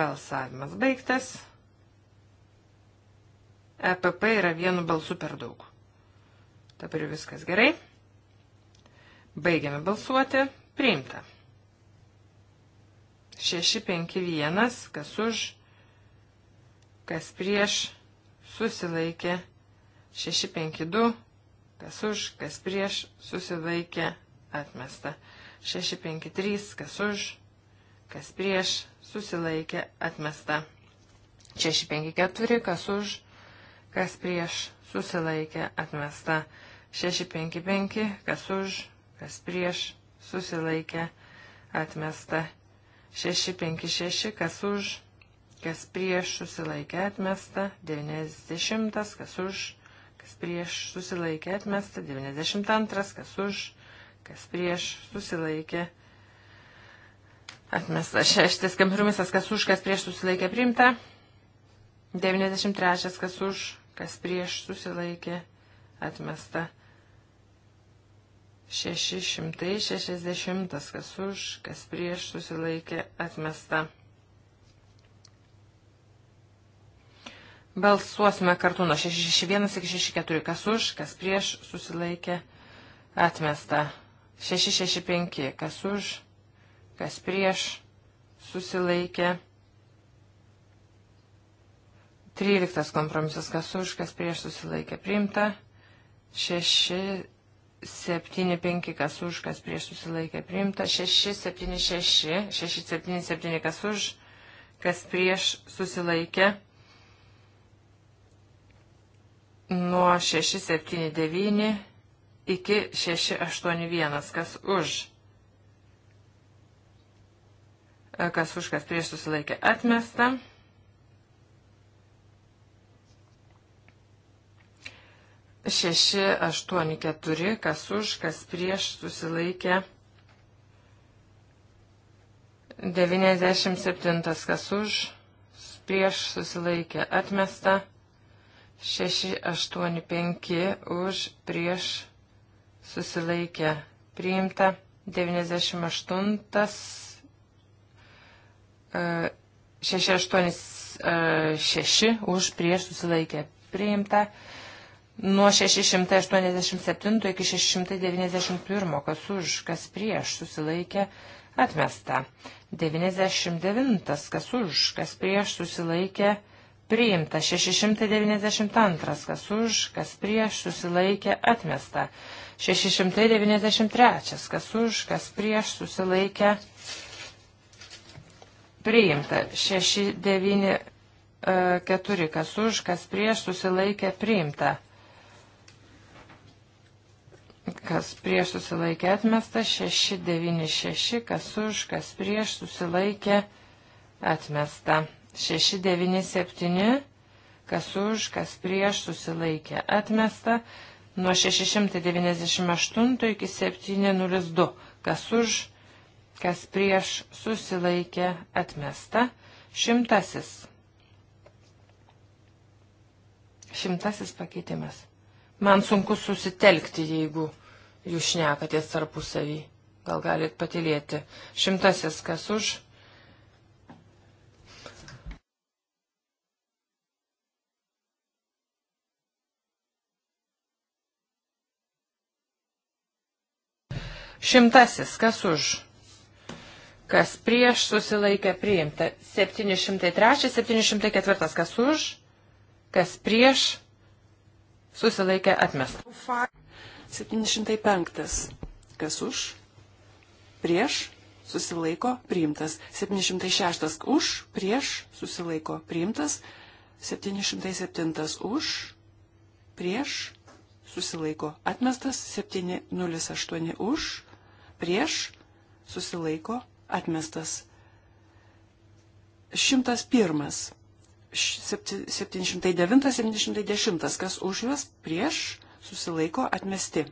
Balsavimas baigtas. EPP yra vienu balsu per daug. Dabar viskas gerai. Baigiame balsuoti. Priimta. 651, kas už, kas prieš, susilaikė. 652 kas už, kas prieš, susilaikė, atmesta. 653, kas už, kas prieš, susilaikė, atmesta. 654, kas už, kas prieš, susilaikė, atmesta. 655, kas už, kas prieš, susilaikė, atmesta. 656, kas už, kas prieš, susilaikė, atmesta. 90, kas už, kas prieš susilaikė atmesta, 92, kas už, kas prieš susilaikė atmesta, šeštas kompromisas, kas už, kas prieš susilaikė priimta, 93, kas už, kas prieš susilaikė atmesta. 660, kas už, kas prieš susilaikė atmesta. Balsuosime kartu nuo 661 iki 64, kas už, kas prieš, susilaikė, atmesta. 665, kas už, kas prieš, susilaikė. 13 kompromisas, kas už, kas prieš, susilaikė, priimta. 6, 7, 5, kas už, kas prieš, susilaikė, priimta. 6, 7, 6, 6, 7, 7, kas už, kas prieš, susilaikė, priimta nuo 679 iki 681, kas už. E, kas už, kas prieš susilaikė atmesta. Šeši, aštuoni, keturi, kas už, kas prieš susilaikė. 97, kas už, prieš susilaikė atmesta. 685 už prieš susilaikę priimta 98 686 e, e, už prieš susilaikę priimta nuo 687 iki 691 kas už kas prieš susilaikę atmesta 99 kas už kas prieš susilaikę priimta priimta 692, kas už, kas prieš, susilaikė, atmesta. 693, kas už, kas prieš, susilaikė, priimta. 694, e, kas už, kas prieš, susilaikė, priimta. Kas prieš susilaikė atmesta, 696, kas už, kas prieš susilaikė atmesta. 697, kas už, kas prieš susilaikė atmesta, nuo 698 iki 702, kas už, kas prieš susilaikė atmesta, šimtasis. Šimtasis pakeitimas. Man sunku susitelkti, jeigu jūs šnekatės tarpusavį. Gal galit patilėti. Šimtasis kas už? Šimtasis, kas už? Kas prieš susilaikė priimta? 703, 704, kas už? Kas prieš susilaikė atmesta? 705, kas už? Prieš susilaiko priimtas. 706 už, prieš susilaiko priimtas. 707 už, prieš susilaiko atmestas. 708 už, prieš, susilaiko, atmestas. 101. 709-710, kas už juos prieš, susilaiko, atmesti.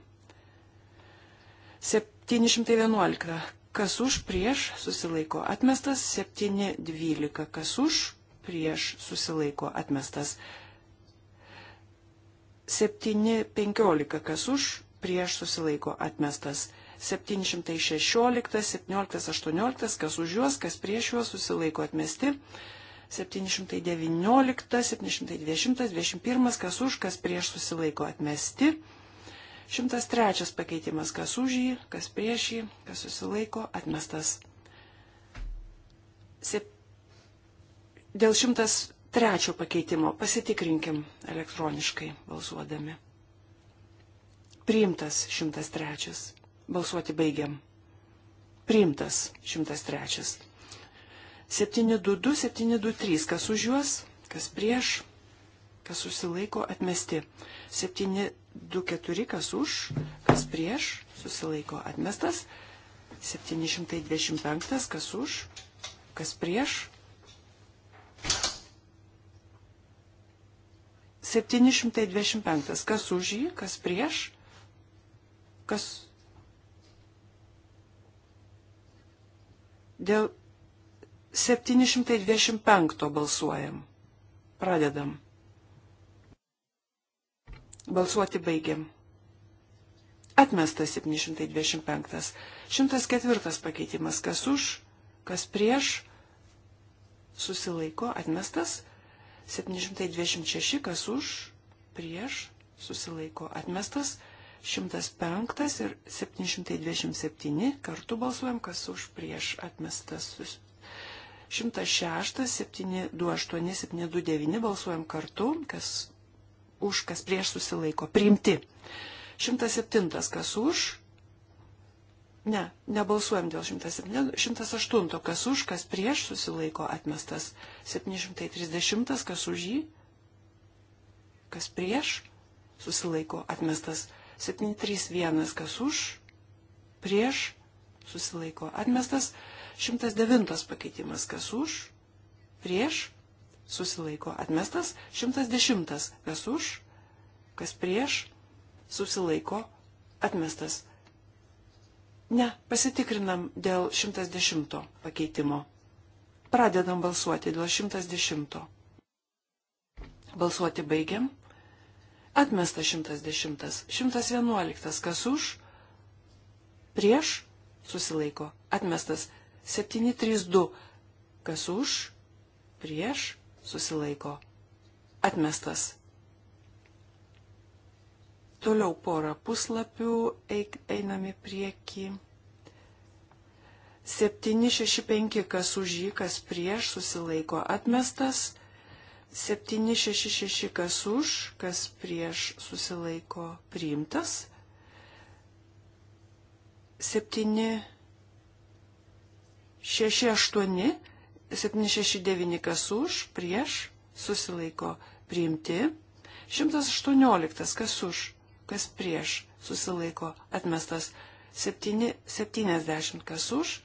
711, kas už prieš, susilaiko, atmestas. 712, kas už prieš, susilaiko, atmestas. 715, kas už prieš, susilaiko, atmestas. 7, 15, 716, 17, 18, kas už juos, kas prieš juos susilaiko atmesti. 719, 720, 21, kas už, kas prieš susilaiko atmesti. 103 pakeitimas, kas už jį, kas prieš jį, kas susilaiko atmestas. Sep... Dėl 103 pakeitimo pasitikrinkim elektroniškai balsuodami. Priimtas 103. Balsuoti baigiam. Priimtas 103. 722, 723. Kas už juos, kas prieš, kas susilaiko atmesti. 724, kas už, kas prieš, susilaiko atmestas. 725, kas už, kas prieš. 725, kas už jį, kas prieš, kas Dėl 725 balsuojam. Pradedam. Balsuoti baigiam. Atmestas 725. 104 pakeitimas. Kas už, kas prieš, susilaiko, atmestas. 726, kas už, prieš, susilaiko, atmestas. 105 ir 727 kartu balsuojam, kas už prieš atmestas. 106, 728, 729 balsuojam kartu, kas už, kas prieš susilaiko. Priimti. 107, kas už. Ne, nebalsuojam dėl 107, 108, kas už, kas prieš susilaiko atmestas. 730, kas už jį, kas prieš susilaiko atmestas. 731, kas už, prieš, susilaiko atmestas. 109 pakeitimas, kas už, prieš, susilaiko atmestas. 110, kas už, kas prieš, susilaiko atmestas. Ne, pasitikrinam dėl 110 pakeitimo. Pradedam balsuoti dėl 110. Balsuoti baigiam. Atmesta 110. 111. Kas už? Prieš? Susilaiko. Atmestas 732. Kas už? Prieš? Susilaiko. Atmestas. Toliau porą puslapių eik, einame prieki. 765. Kas už jį, kas prieš? Susilaiko. Atmestas 766 kas už, kas prieš susilaiko priimtas. 768, 769 kas už, prieš susilaiko priimti. 118 kas už, kas prieš susilaiko atmestas. 7, 70 kas už,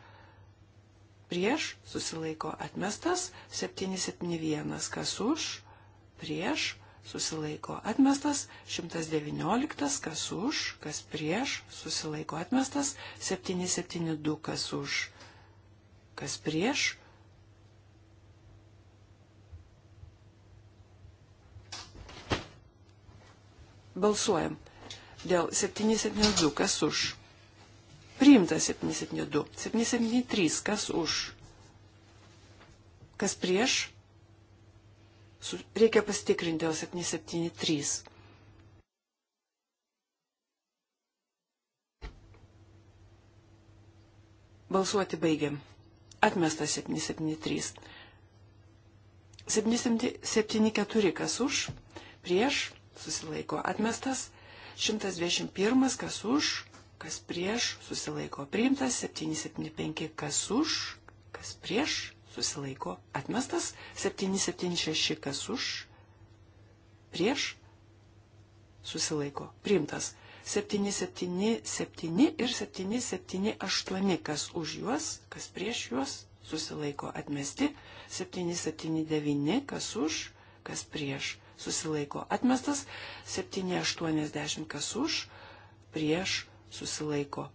prieš, susilaiko atmestas, 771, kas už, prieš, susilaiko atmestas, 119, kas už, kas prieš, susilaiko atmestas, 772, kas už, kas prieš. Balsuojam dėl 772, kas už Priimta 772. 773. Kas už? Kas prieš? Reikia pasitikrinti dėl 773. Balsuoti baigiam. Atmestas 773. 774 kas už, prieš, susilaiko atmestas. 121 kas už, kas prieš, susilaiko priimtas, 775 kas už, kas prieš, susilaiko atmestas, 776 kas už, prieš, susilaiko priimtas, 777 ir 778 kas už juos, kas prieš juos, susilaiko atmesti, 779 kas už, kas prieš, susilaiko atmestas, 780 kas už, prieš, susilaiko.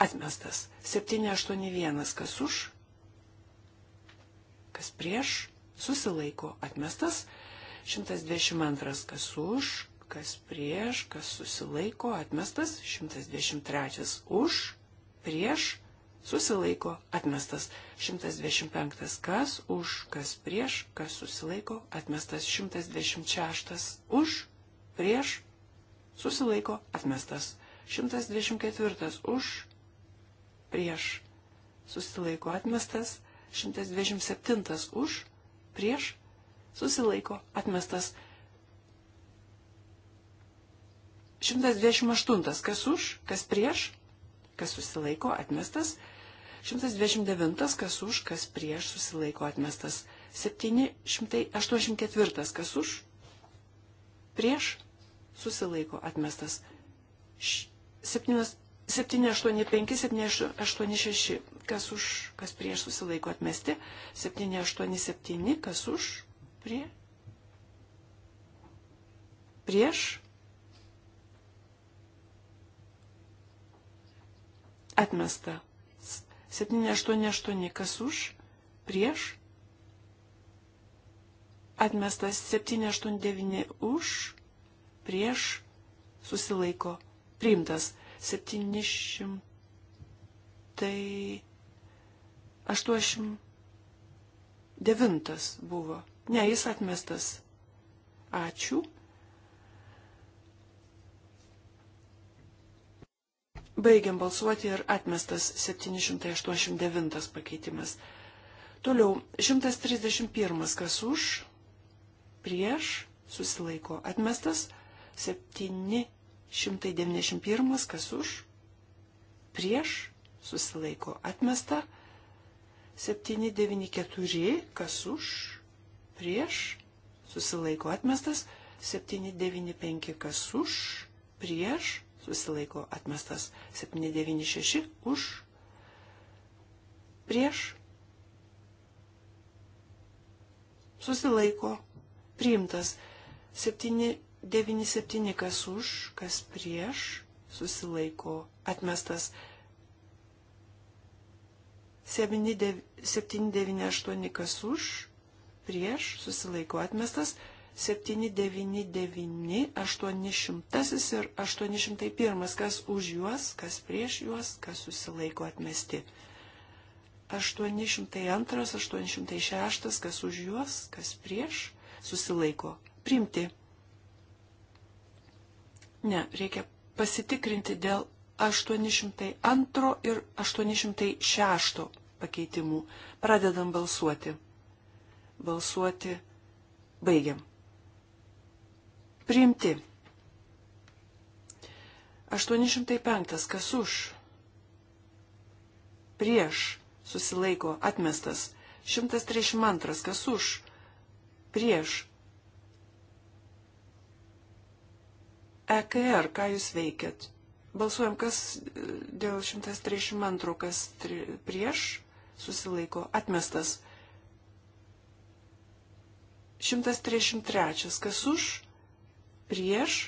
Atmestas 781, kas už, kas prieš, susilaiko. Atmestas 122, kas už, kas prieš, kas susilaiko. Atmestas 123, už, prieš, susilaiko atmestas 125, kas už, kas prieš, kas susilaiko atmestas 126, už, prieš, susilaiko atmestas 124 už, prieš, susilaiko atmestas, 127 už, prieš, susilaiko atmestas. 128 kas už, kas prieš, kas susilaiko atmestas. 129 kas už, kas prieš susilaiko atmestas. 784 kas už, prieš susilaiko atmestas. 785, 786, kas už, kas prieš susilaiko atmesti, 787, kas už, prie, prieš, atmesta. 788, kas už, prieš, atmestas 789 už, prieš, susilaiko atmesta priimtas. 789 buvo. Ne, jis atmestas. Ačiū. Baigiam balsuoti ir atmestas 789 pakeitimas. Toliau 131 kas už, prieš, susilaiko atmestas, 7 191, kas už, prieš, susilaiko atmesta, 794, kas už, prieš, susilaiko atmestas, 795, kas už, prieš, susilaiko atmestas, 796, už, prieš, susilaiko, priimtas, 796. 97 kas už, kas prieš, susilaiko atmestas. 798 kas už, prieš, susilaiko atmestas. 799, 800 ir 801, kas už juos, kas prieš juos, kas susilaiko atmesti. 802, 806, kas už juos, kas prieš, susilaiko primti. Ne, reikia pasitikrinti dėl 802 ir 806 pakeitimų. Pradedam balsuoti. Balsuoti. Baigiam. Priimti. 805. Kas už? Prieš. Susilaiko. Atmestas. 132. Kas už? Prieš EKR, ką jūs veikėt? Balsuojam, kas e, dėl 132, kas tri, prieš, susilaiko, atmestas. 133, kas už, prieš,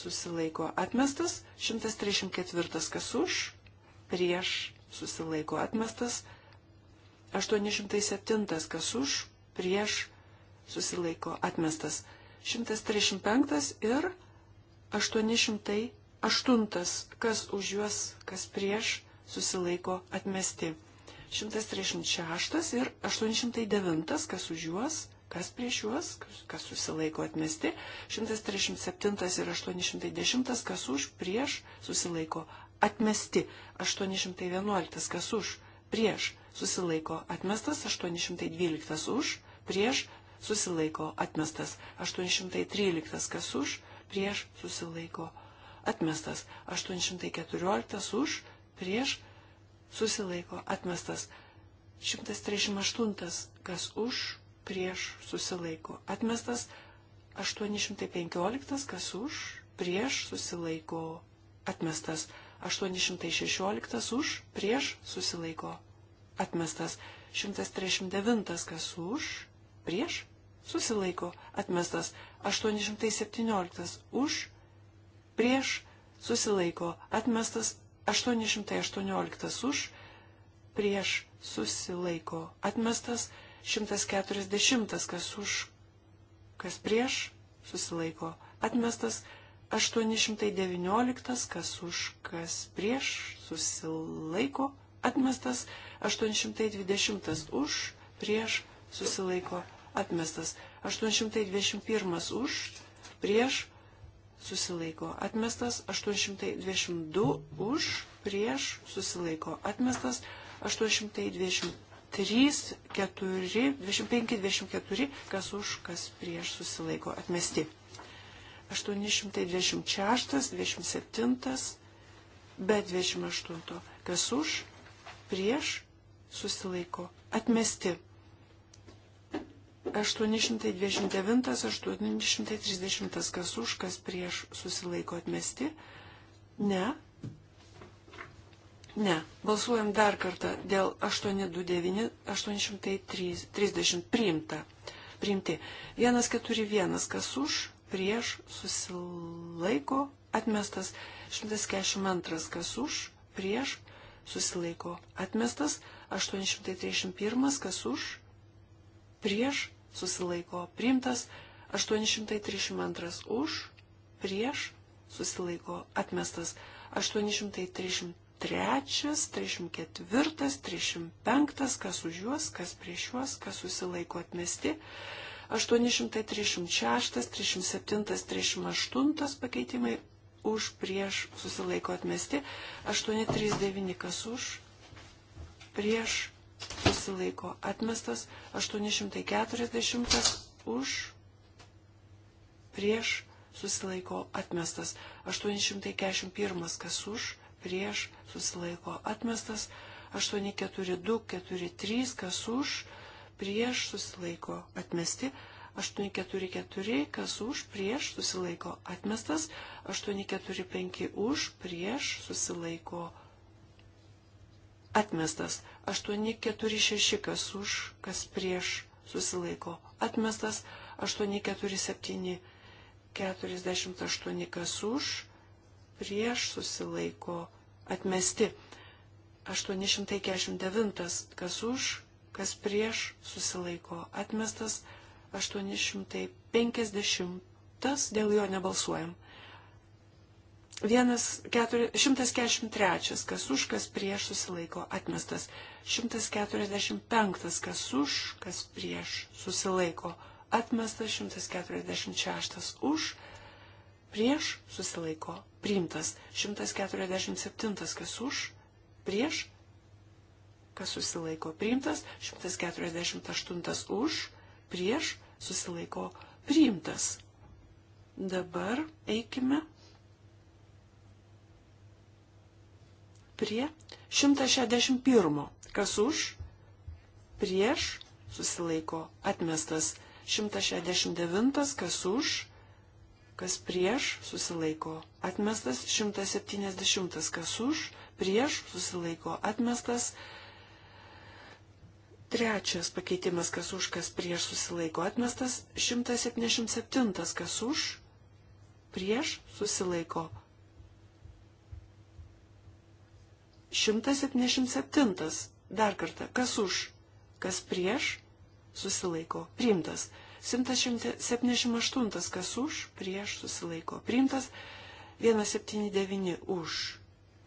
susilaiko, atmestas. 134, kas už, prieš, susilaiko, atmestas. 807, kas už, prieš, susilaiko, atmestas. 135 ir 808, kas už juos, kas prieš, susilaiko atmesti. 136 ir 809, kas už juos, kas prieš juos, kas susilaiko atmesti. 137 ir 810, kas už, prieš, susilaiko atmesti. 811, kas už, prieš, susilaiko atmestas. 812 už, prieš, susilaiko atmestas. 813, kas už, prieš susilaiko atmestas. 814 už prieš susilaiko atmestas. 138 kas už prieš susilaiko atmestas. 815 kas už prieš susilaiko atmestas. 816 už prieš susilaiko atmestas. 139 kas už prieš susilaiko atmestas 817 už, prieš susilaiko atmestas 818 už, prieš susilaiko atmestas 140 kas už, kas prieš susilaiko atmestas 819 kas už, kas prieš susilaiko atmestas 820 už, prieš susilaiko atmestas atmestas. 821 už, prieš, susilaiko atmestas. 822 už, prieš, susilaiko atmestas. 823, 4, 25, 24, kas už, kas prieš, susilaiko atmesti. 826, 27, be 28, kas už, prieš, susilaiko atmesti. 829, 830, kas už, kas prieš susilaiko atmesti. Ne. Ne. Balsuojam dar kartą dėl 829, 830 priimta. Priimti. 141, kas už, prieš susilaiko atmestas. 142, kas už, prieš susilaiko atmestas. 831, kas už, prieš susilaiko priimtas, 832 už, prieš, susilaiko atmestas, 833, 34, 35, kas už juos, kas prieš juos, kas susilaiko atmesti, 836, 37, 38 pakeitimai už, prieš, susilaiko atmesti, 839, kas už, prieš, susilaiko atmestas, 840 už, prieš susilaiko atmestas, 841 kas už, prieš susilaiko atmestas, 84243 kas už, prieš susilaiko atmesti, 844 kas už, prieš susilaiko atmestas, 845 už, prieš susilaiko atmestas. 846, kas už, kas prieš susilaiko atmestas, 847, 48, kas už, prieš susilaiko atmesti, 849, kas už, kas prieš susilaiko atmestas, 850, dėl jo nebalsuojam. 143, kas už, kas prieš susilaiko atmestas. 145, kas už, kas prieš susilaiko atmestas. 146, už, prieš susilaiko priimtas. 147, kas už, prieš, kas susilaiko priimtas. 148, už, prieš susilaiko priimtas. Dabar eikime prie 161. Kas už, prieš, susilaiko atmestas 169. Kas už, kas prieš, susilaiko atmestas 170. Kas už, prieš, susilaiko atmestas. Trečias pakeitimas, kas už, kas prieš, susilaiko atmestas 177. Kas už, prieš, susilaiko atmestas 177. Dar kartą, kas už, kas prieš, susilaiko, priimtas. 178, kas už, prieš, susilaiko, priimtas. 179 už,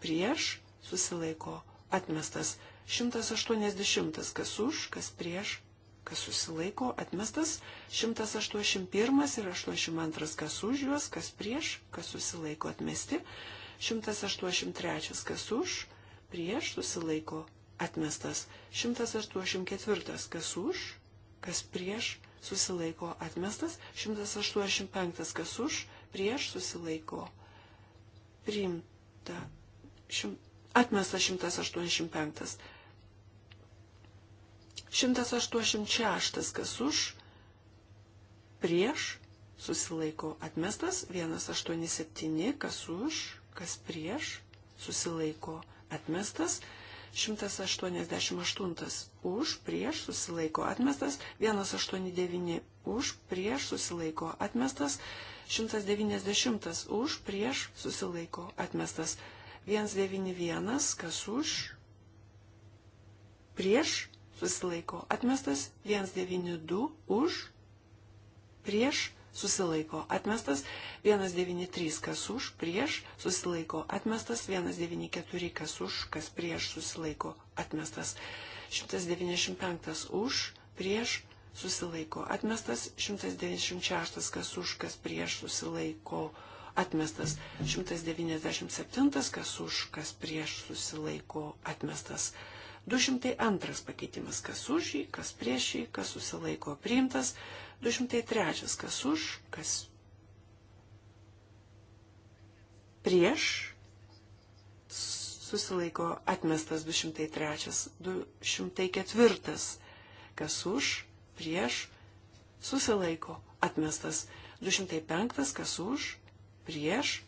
prieš, susilaiko, atmestas. 180, kas už, kas prieš, kas susilaiko, atmestas 181 ir 82, kas už juos, kas prieš, kas susilaiko atmesti, 183, kas už, prieš susilaiko atmestas. 184. Kas už, kas prieš susilaiko atmestas. 185. Kas už, prieš susilaiko priimta. Šim, atmestas 185. 186. Kas už, prieš susilaiko atmestas. 187. Kas už, kas prieš susilaiko atmestas susilaiko atmestas. 188 už, prieš susilaiko atmestas. 189 už, prieš susilaiko atmestas. 190 už, prieš susilaiko atmestas. 191 kas už, prieš susilaiko atmestas. 192 už, prieš susilaiko atmestas, 193 kas už, prieš susilaiko atmestas, 194 kas už, kas prieš susilaiko atmestas, 195 už, prieš susilaiko atmestas, 196 kas už, kas prieš susilaiko atmestas, 197 kas už, kas prieš susilaiko atmestas. 202 pakeitimas, kas už jį, kas prieš jį, kas susilaiko priimtas, 203. Kas už, kas prieš, susilaiko atmestas 203. 204. Kas už, prieš, susilaiko atmestas 205. Kas už, prieš,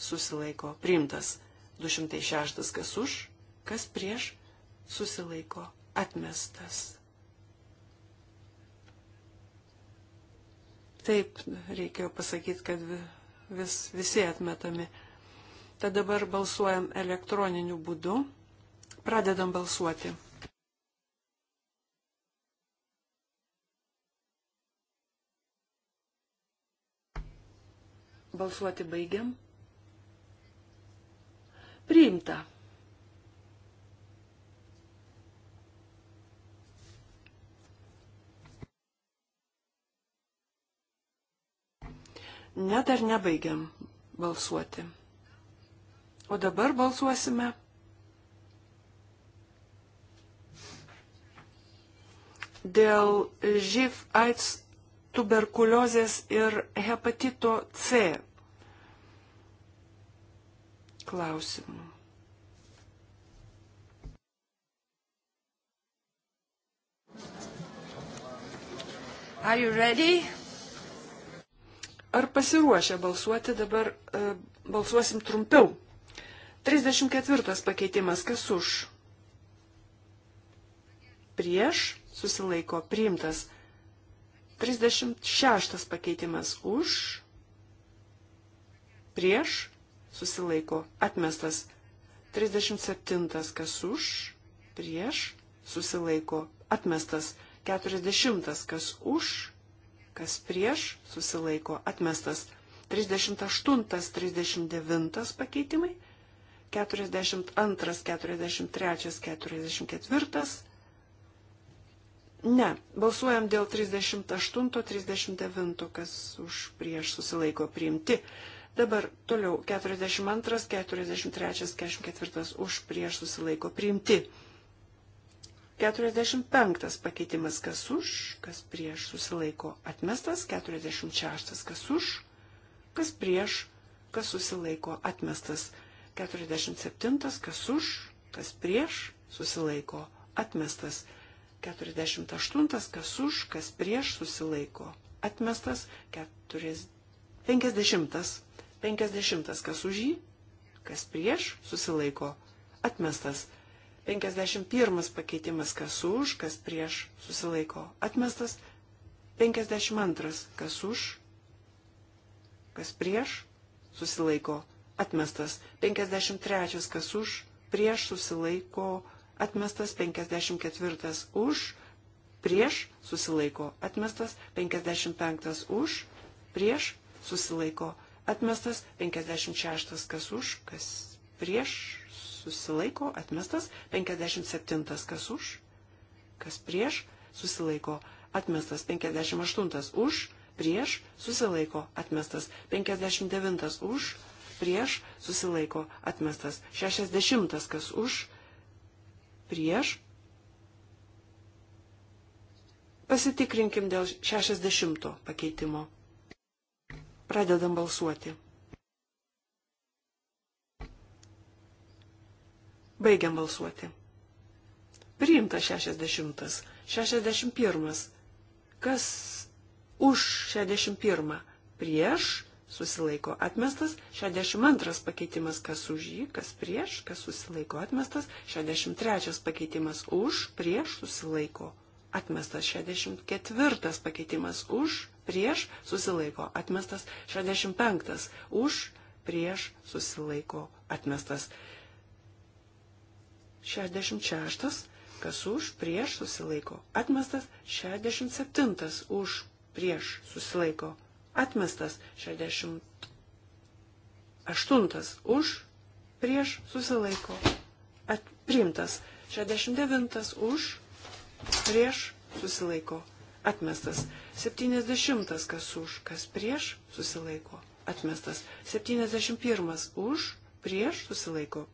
susilaiko priimtas 206. Kas už, kas prieš, susilaiko atmestas. Taip, reikėjo pasakyti, kad vis, visi atmetami. Tad dabar balsuojam elektroniniu būdu. Pradedam balsuoti. Balsuoti baigiam. Priimta. Ne, dar nebaigiam balsuoti. O dabar balsuosime dėl živ AIDS tuberkuliozės ir hepatito C klausimų. Are you ready? Ar pasiruošę balsuoti dabar e, balsuosim trumpiau? 34 pakeitimas. Kas už? Prieš susilaiko priimtas. 36 pakeitimas už. Prieš susilaiko atmestas. 37 kas už. Prieš susilaiko atmestas. 40 kas už kas prieš, susilaiko atmestas 38, 39 pakeitimai, 42, 43, 44. Ne, balsuojam dėl 38, 39, kas už prieš susilaiko priimti. Dabar toliau 42, 43, 44 už prieš susilaiko priimti. 45 pakeitimas kas už, kas prieš susilaiko atmestas, 46 kas už, kas prieš, kas susilaiko atmestas, 47 kas už, kas prieš susilaiko atmestas, 48 kas už, kas prieš susilaiko atmestas, 50 50 kas už jį, kas prieš susilaiko atmestas. 51 pakeitimas kas už, kas prieš susilaiko atmestas. 52 kas už, kas prieš susilaiko atmestas. 53 kas už, prieš susilaiko atmestas. 54 už, prieš susilaiko atmestas. 55 už, prieš susilaiko atmestas. 56 kas už, kas prieš susilaiko, atmestas, 57 kas už, kas prieš, susilaiko, atmestas, 58 už, prieš, susilaiko, atmestas, 59 už, prieš, susilaiko, atmestas, 60 kas už, prieš, Pasitikrinkim dėl 60 pakeitimo. Pradedam balsuoti. Baigiam balsuoti. Priimta 60. 61. Kas už 61? Prieš susilaiko atmestas. 62 pakeitimas, kas už jį, kas prieš, kas susilaiko atmestas. 63 pakeitimas už, prieš susilaiko atmestas. 64 pakeitimas už, prieš susilaiko atmestas. 65 už, prieš susilaiko atmestas. 66, kas už, prieš susilaiko, atmestas 67, už, prieš susilaiko, atmestas 68, už, prieš susilaiko, at, priimtas 69, už, prieš susilaiko, atmestas 70, kas už, kas prieš susilaiko, atmestas 71, už, prieš susilaiko,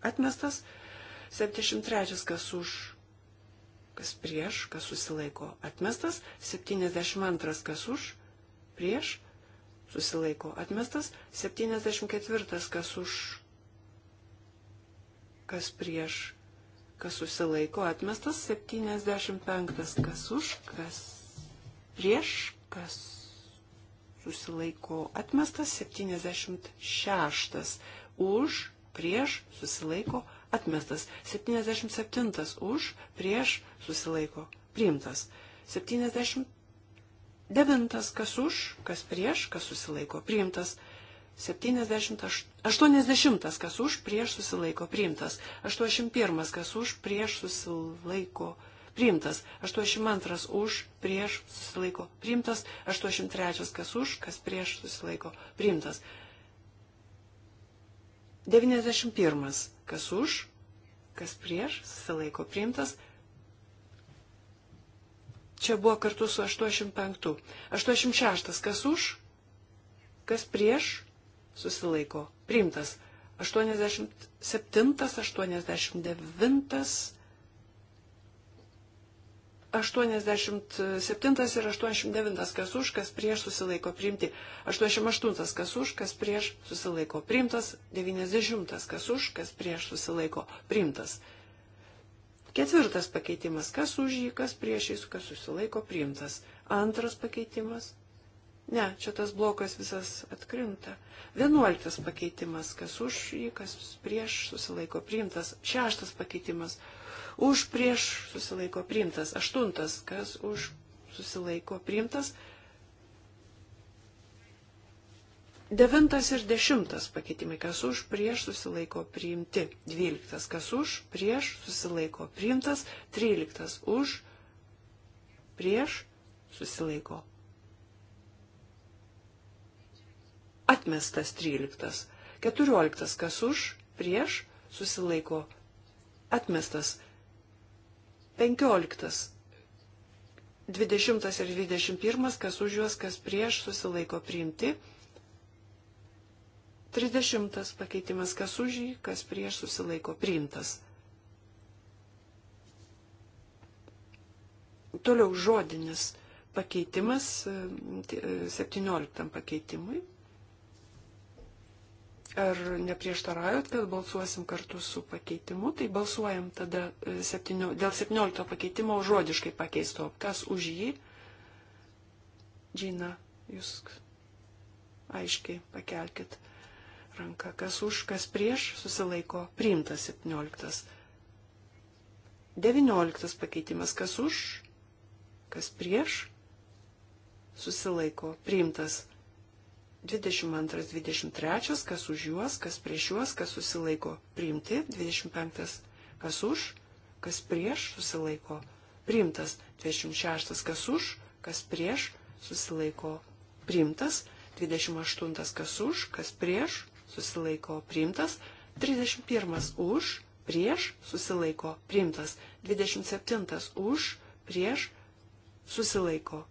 atmestas 72 73 kas už, kas prieš, kas susilaiko atmestas, 72 kas už, prieš, susilaiko atmestas, 74 kas už, kas prieš, kas susilaiko atmestas, 75 kas už, kas prieš, kas susilaiko atmestas, 76 už, prieš, susilaiko atmestas atmestas. 77 už, prieš, susilaiko, priimtas. 79 kas už, kas prieš, kas susilaiko, priimtas. 70, 80 kas už, prieš susilaiko, priimtas. 81 kas už, prieš susilaiko, priimtas priimtas, 82 už, prieš, susilaiko, priimtas, 83 kas už, kas prieš, susilaiko, priimtas. 91 Kas už, kas prieš, susilaiko priimtas. Čia buvo kartu su 85. 86. Kas už, kas prieš, susilaiko priimtas. 87, 89 87 ir 89 kas už, kas prieš susilaiko priimti. 88 kas už, kas prieš susilaiko priimtas. 90 kas už, kas prieš susilaiko priimtas. Ketvirtas pakeitimas. Kas už jį, kas prieš jį, kas susilaiko priimtas. Antras pakeitimas. Ne, čia tas blokas visas atkrinta. Vienuoliktas pakeitimas, kas už jį, kas prieš susilaiko priimtas. Šeštas pakeitimas, už prieš susilaiko priimtas. Aštuntas, kas už susilaiko priimtas. Devintas ir dešimtas pakeitimai, kas už prieš susilaiko priimti. Dvyliktas, kas už prieš susilaiko priimtas. Tryliktas, už prieš susilaiko atmestas 13. 14. Kas už, prieš, susilaiko, atmestas 15. 20 ir 21, kas už juos, kas prieš, susilaiko priimti. 30 pakeitimas, kas už jį, kas prieš, susilaiko priimtas. Toliau žodinis pakeitimas 17 e, e, pakeitimui. Ar neprieštaraujat, vėl balsuosim kartu su pakeitimu, tai balsuojam tada e, septynio, dėl 17 pakeitimo žodiškai pakeisto. Kas už jį? Džina, jūs aiškiai pakelkit ranką. Kas už, kas prieš, susilaiko priimtas 17. 19 pakeitimas. Kas už, kas prieš, susilaiko priimtas 17 22-23, kas už juos, kas prieš juos, kas susilaiko priimti, 25, kas už, kas prieš susilaiko priimtas, 26, kas už, kas prieš susilaiko priimtas, 28, kas už, kas prieš susilaiko priimtas, 31 už, prieš susilaiko priimtas, 27 už, prieš susilaiko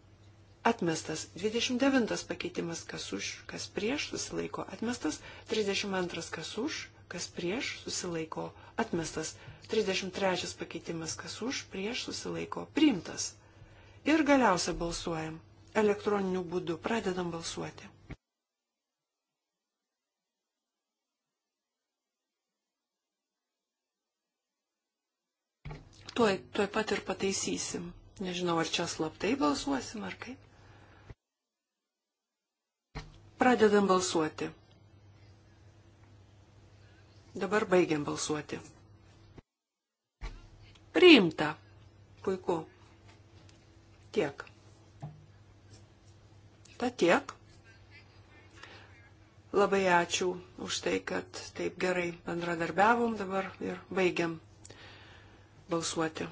atmestas. 29 pakeitimas, kas už, kas prieš, susilaiko atmestas. 32 kas už, kas prieš, susilaiko atmestas. 33 pakeitimas, kas už, prieš, susilaiko priimtas. Ir galiausia balsuojam. Elektroniniu būdu pradedam balsuoti. Tuoj, tuoj pat ir pataisysim. Nežinau, ar čia slaptai balsuosim, ar kaip. Pradedam balsuoti. Dabar baigiam balsuoti. Priimta. Puiku. Tiek. Ta tiek. Labai ačiū už tai, kad taip gerai bendradarbiavom dabar ir baigiam balsuoti.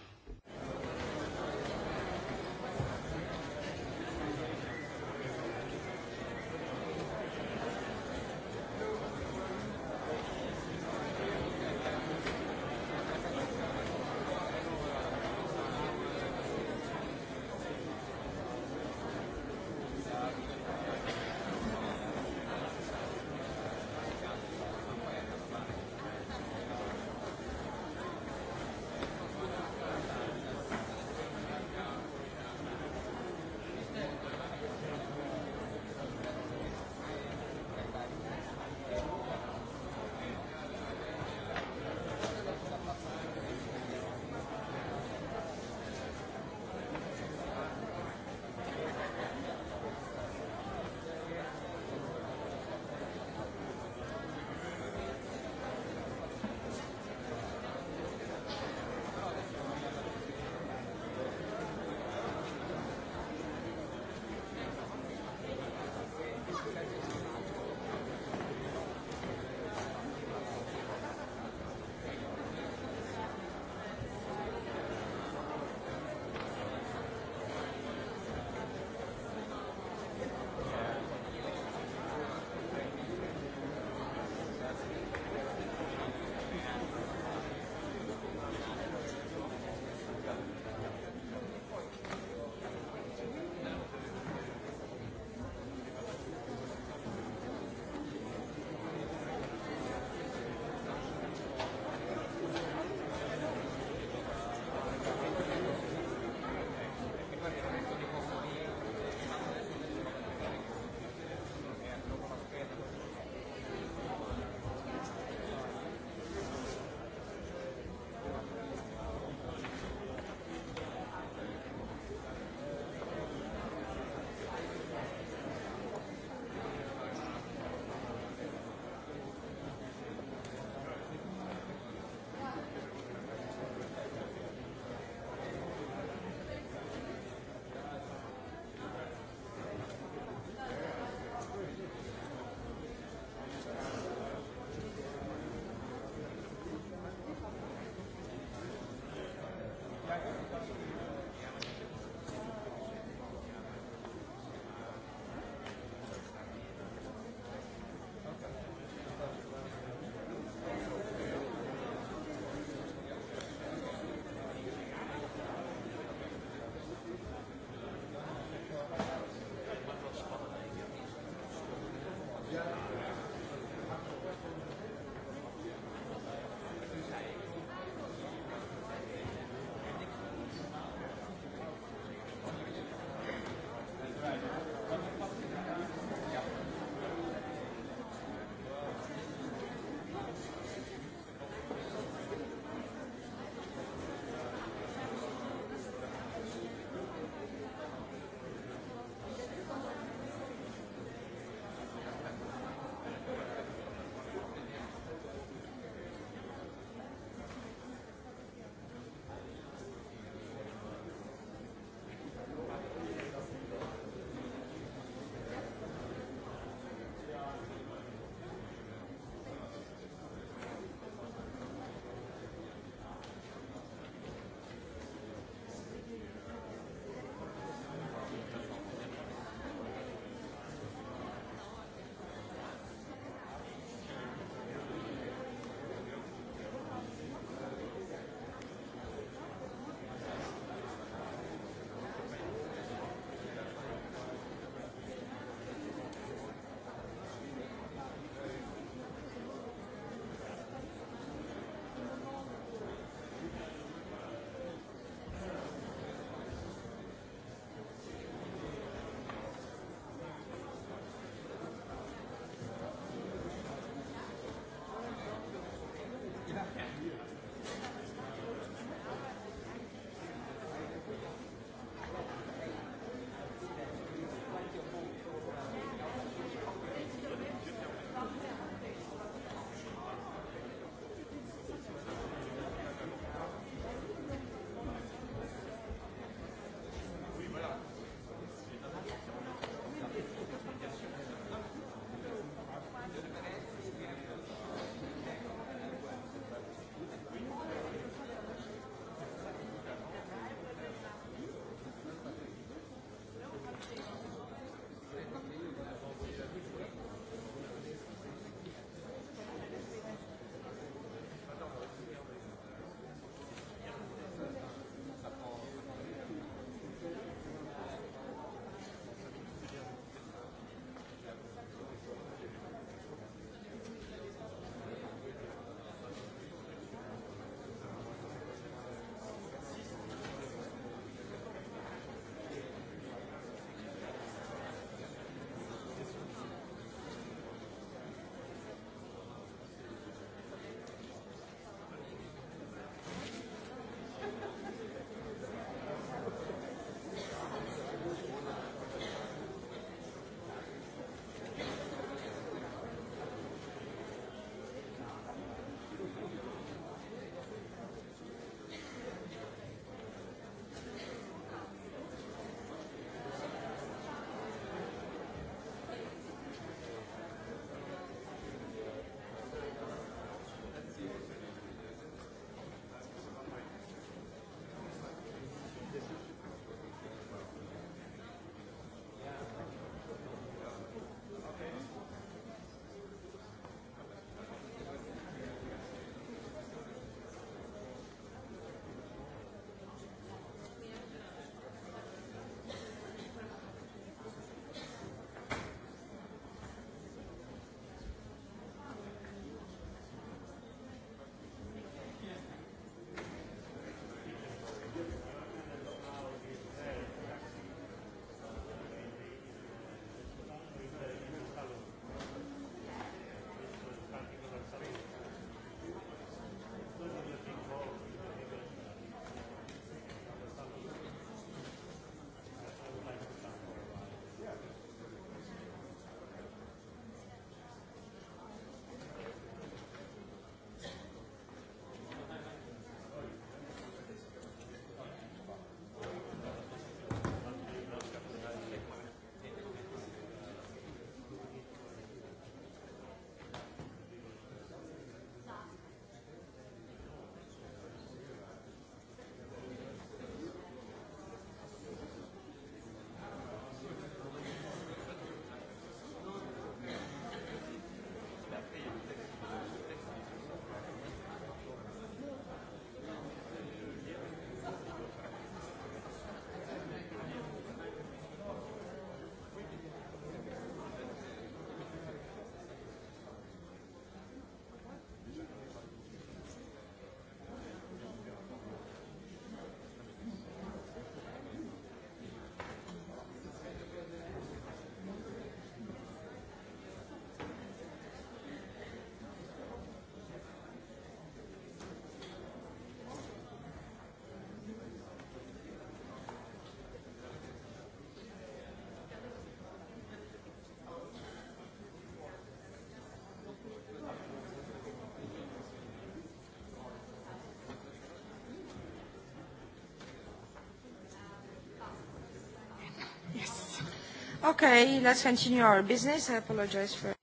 Okay, let's continue our business. I apologize for...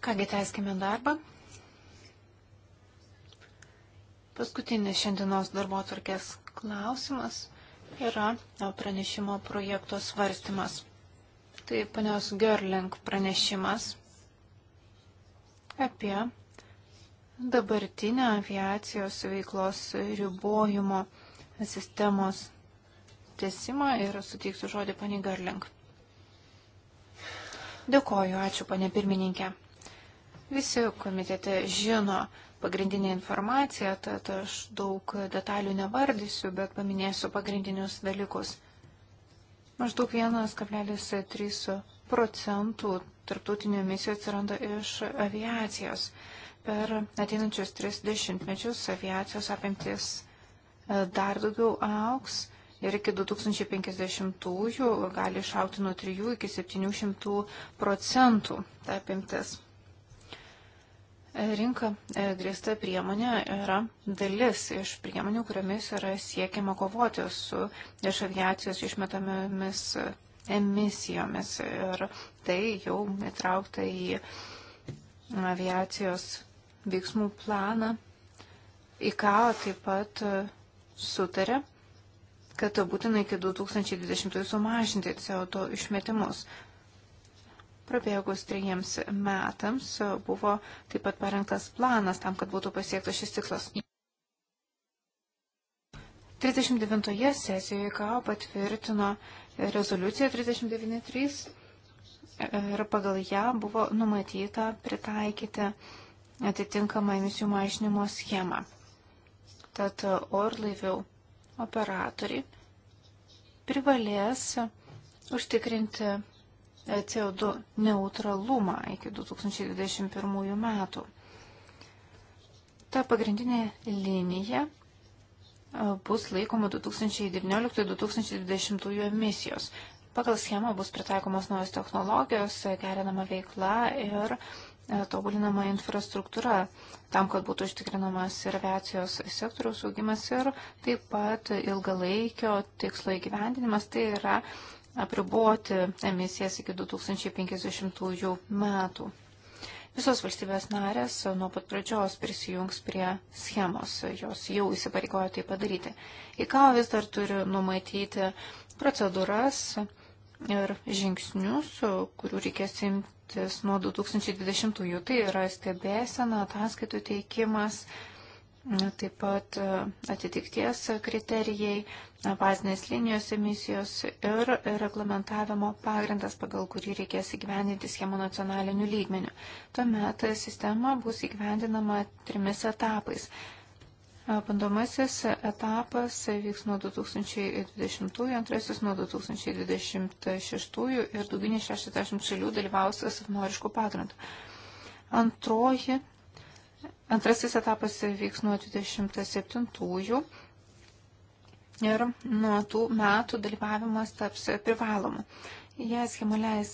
Kągi, tęskime darbą. Paskutinis šiandienos darbo atvarkės klausimas yra pranešimo projekto svarstymas. Tai panios Görling pranešimas apie dabartinę aviacijos veiklos ribojimo sistemos tesimą ir suteiksiu žodį paniai Görling. Dėkoju, ačiū, ponė pirmininkė. Visi komitete žino pagrindinę informaciją, tad aš daug detalių nevardysiu, bet paminėsiu pagrindinius dalykus. Maždaug 1,3 procentų tarptautinių emisijų atsiranda iš aviacijos. Per ateinančius 30 mečius aviacijos apimtis dar daugiau auks ir iki 2050-ųjų gali išaukti nuo 3 iki 700 procentų ta apimtis. Rinka e, grįsta priemonė yra dalis iš priemonių, kuriamis yra siekiama kovoti su iš aviacijos išmetamomis emisijomis. Ir tai jau įtraukta į aviacijos veiksmų planą. IKAO taip pat e, sutarė kad būtina iki 2020 sumažinti CO2 išmetimus. Prabėgus trejiems metams buvo taip pat parengtas planas tam, kad būtų pasiektas šis tikslas. 39 sesijoje KAO patvirtino rezoliuciją 39.3 ir pagal ją buvo numatyta pritaikyti atitinkamą emisijų mažinimo schemą. Tad orlaivių operatoriai privalės užtikrinti CO2 neutralumą iki 2021 metų. Ta pagrindinė linija e, bus laikoma 2019-2020 emisijos. Pagal schemą bus pritaikomos naujos technologijos, e, gerinama veikla ir E, tobulinama infrastruktūra tam, kad būtų užtikrinamas ir aviacijos sektoriaus augimas ir taip pat ilgalaikio tikslo įgyvendinimas, tai yra apriboti emisijas iki 2050 metų. Visos valstybės narės nuo pat pradžios prisijungs prie schemos, jos jau įsipareigojo tai padaryti. IKAO vis dar turi numatyti procedūras ir žingsnius, kurių reikės imti sritis nuo 2020-ųjų. Tai yra stebėsena, ataskaitų teikimas, taip pat e, atitikties kriterijai, e, bazinės linijos emisijos ir reglamentavimo pagrindas, pagal kurį reikės įgyvendinti schemą nacionaliniu lygmeniu. Tuomet sistema bus įgyvendinama trimis etapais. Bandomasis etapas vyks nuo 2022, antrasis nuo 2026 ir daugiau nei 60 šalių dalyvaus savanoriškų pagrindų. Antroji, antrasis etapas vyks nuo 27 ir nuo tų metų dalyvavimas taps privalomu. Jei schema leis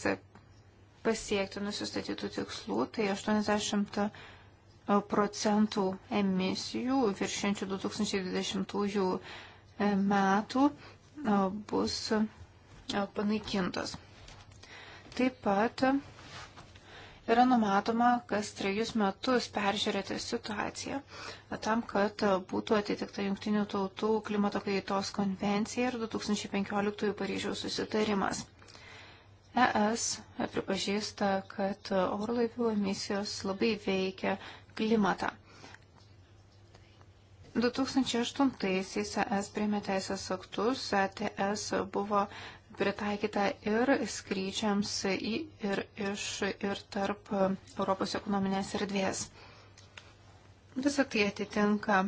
pasiekti nusistatytų tikslų, tai 80 procentų emisijų viršinčių 2020 e, metų e, bus e, panaikintos. Taip pat yra numatoma kas trejus metus peržiūrėti situaciją tam, kad būtų atitikta Junktinių tautų klimato kaitos konvencija ir 2015 Paryžiaus susitarimas. ES pripažįsta, kad orlaivių emisijos labai veikia klimatą. 2008-aisiais ES priėmė teisės aktus, ETS buvo pritaikyta ir skrydžiams į ir iš ir tarp Europos ekonominės erdvės. Visą tai atitinka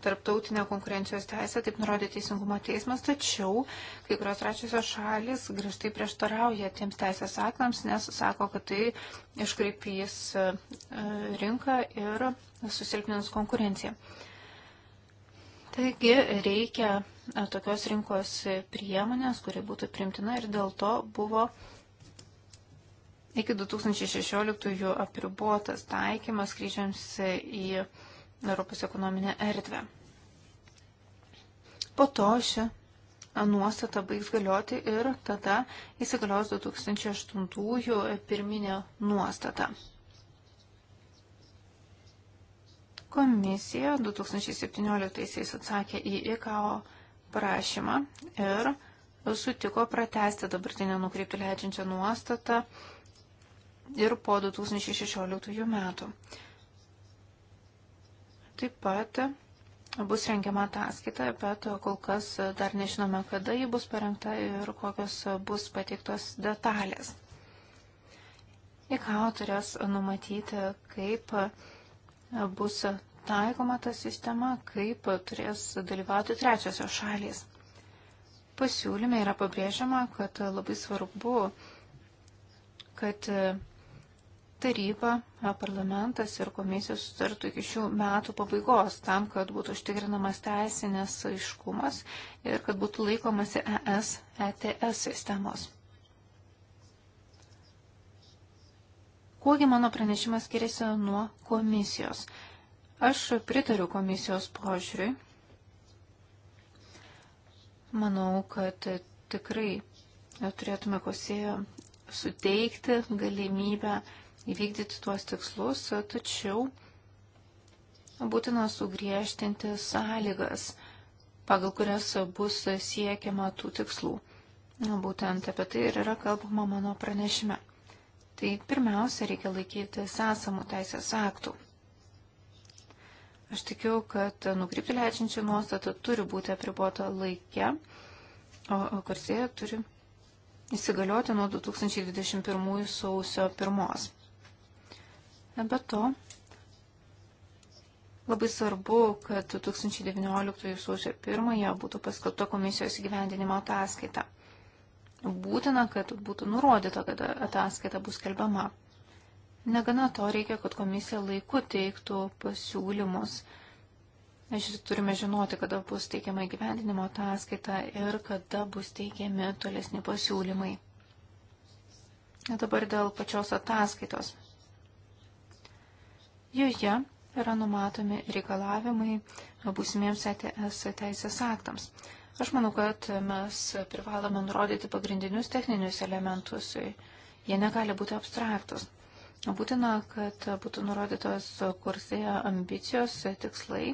tarptautinę konkurencijos teisę, taip nurodė Teisingumo teismas, tačiau kai kurios račiusios šalis grįžtai prieštarauja tiems teisės aktams, nes sako, kad tai iškreipys e, rinką ir susilpnins konkurenciją. Taigi reikia e, tokios rinkos priemonės, kuri būtų primtina ir dėl to buvo iki 2016 apribuotas taikymas skrydžiams į Europos ekonominę erdvę. Po to ši nuostata baigs galioti ir tada įsigalios 2008-ųjų pirminė nuostata. Komisija 2017-aisiais atsakė į IKAO prašymą ir sutiko pratesti dabartinę nukreipti leidžiančią nuostatą ir po 2016 metų. Taip pat bus rengiama ataskaita, bet kol kas dar nežinome, kada ji bus parengta ir kokios bus pateiktos detalės. IKAO turės numatyti, kaip bus taikoma ta sistema, kaip turės dalyvauti trečiosios šalys. Pasiūlyme yra pabrėžiama, kad labai svarbu, kad taryba, parlamentas ir komisija sutartų iki šių metų pabaigos tam, kad būtų užtikrinamas teisinės aiškumas ir kad būtų laikomasi ES ETS sistemos. Kuogi mano pranešimas skiriasi nuo komisijos? Aš pritariu komisijos požiūriui. Manau, kad tikrai turėtume kosėjo suteikti galimybę įvykdyti tuos tikslus, tačiau būtina sugriežtinti sąlygas, pagal kurias bus siekiama tų tikslų. Būtent apie tai ir yra kalbama mano pranešime. Tai pirmiausia, reikia laikytis esamų teisės aktų. Aš tikiu, kad nukrypti leidžiančią nuostatą turi būti apribuota laike, o korsėje turi įsigalioti nuo 2021 sausio 1. Be to, labai svarbu, kad 2019 sausio 1 būtų paskelbta komisijos įgyvendinimo ataskaita. Būtina, kad būtų nurodyta, kad ataskaita bus kelbiama. Negana to reikia, kad komisija laiku teiktų pasiūlymus. Mes turime žinoti, kada bus teikiama įgyvendinimo ataskaita ir kada bus teikiami tolesni pasiūlymai. Dabar dėl pačios ataskaitos. Joje yra numatomi reikalavimai būsimiems ETS teisės aktams. Aš manau, kad mes privalome nurodyti pagrindinius techninius elementus. Jie negali būti abstraktus. Būtina, kad būtų nurodytos kursėje ambicijos, tikslai.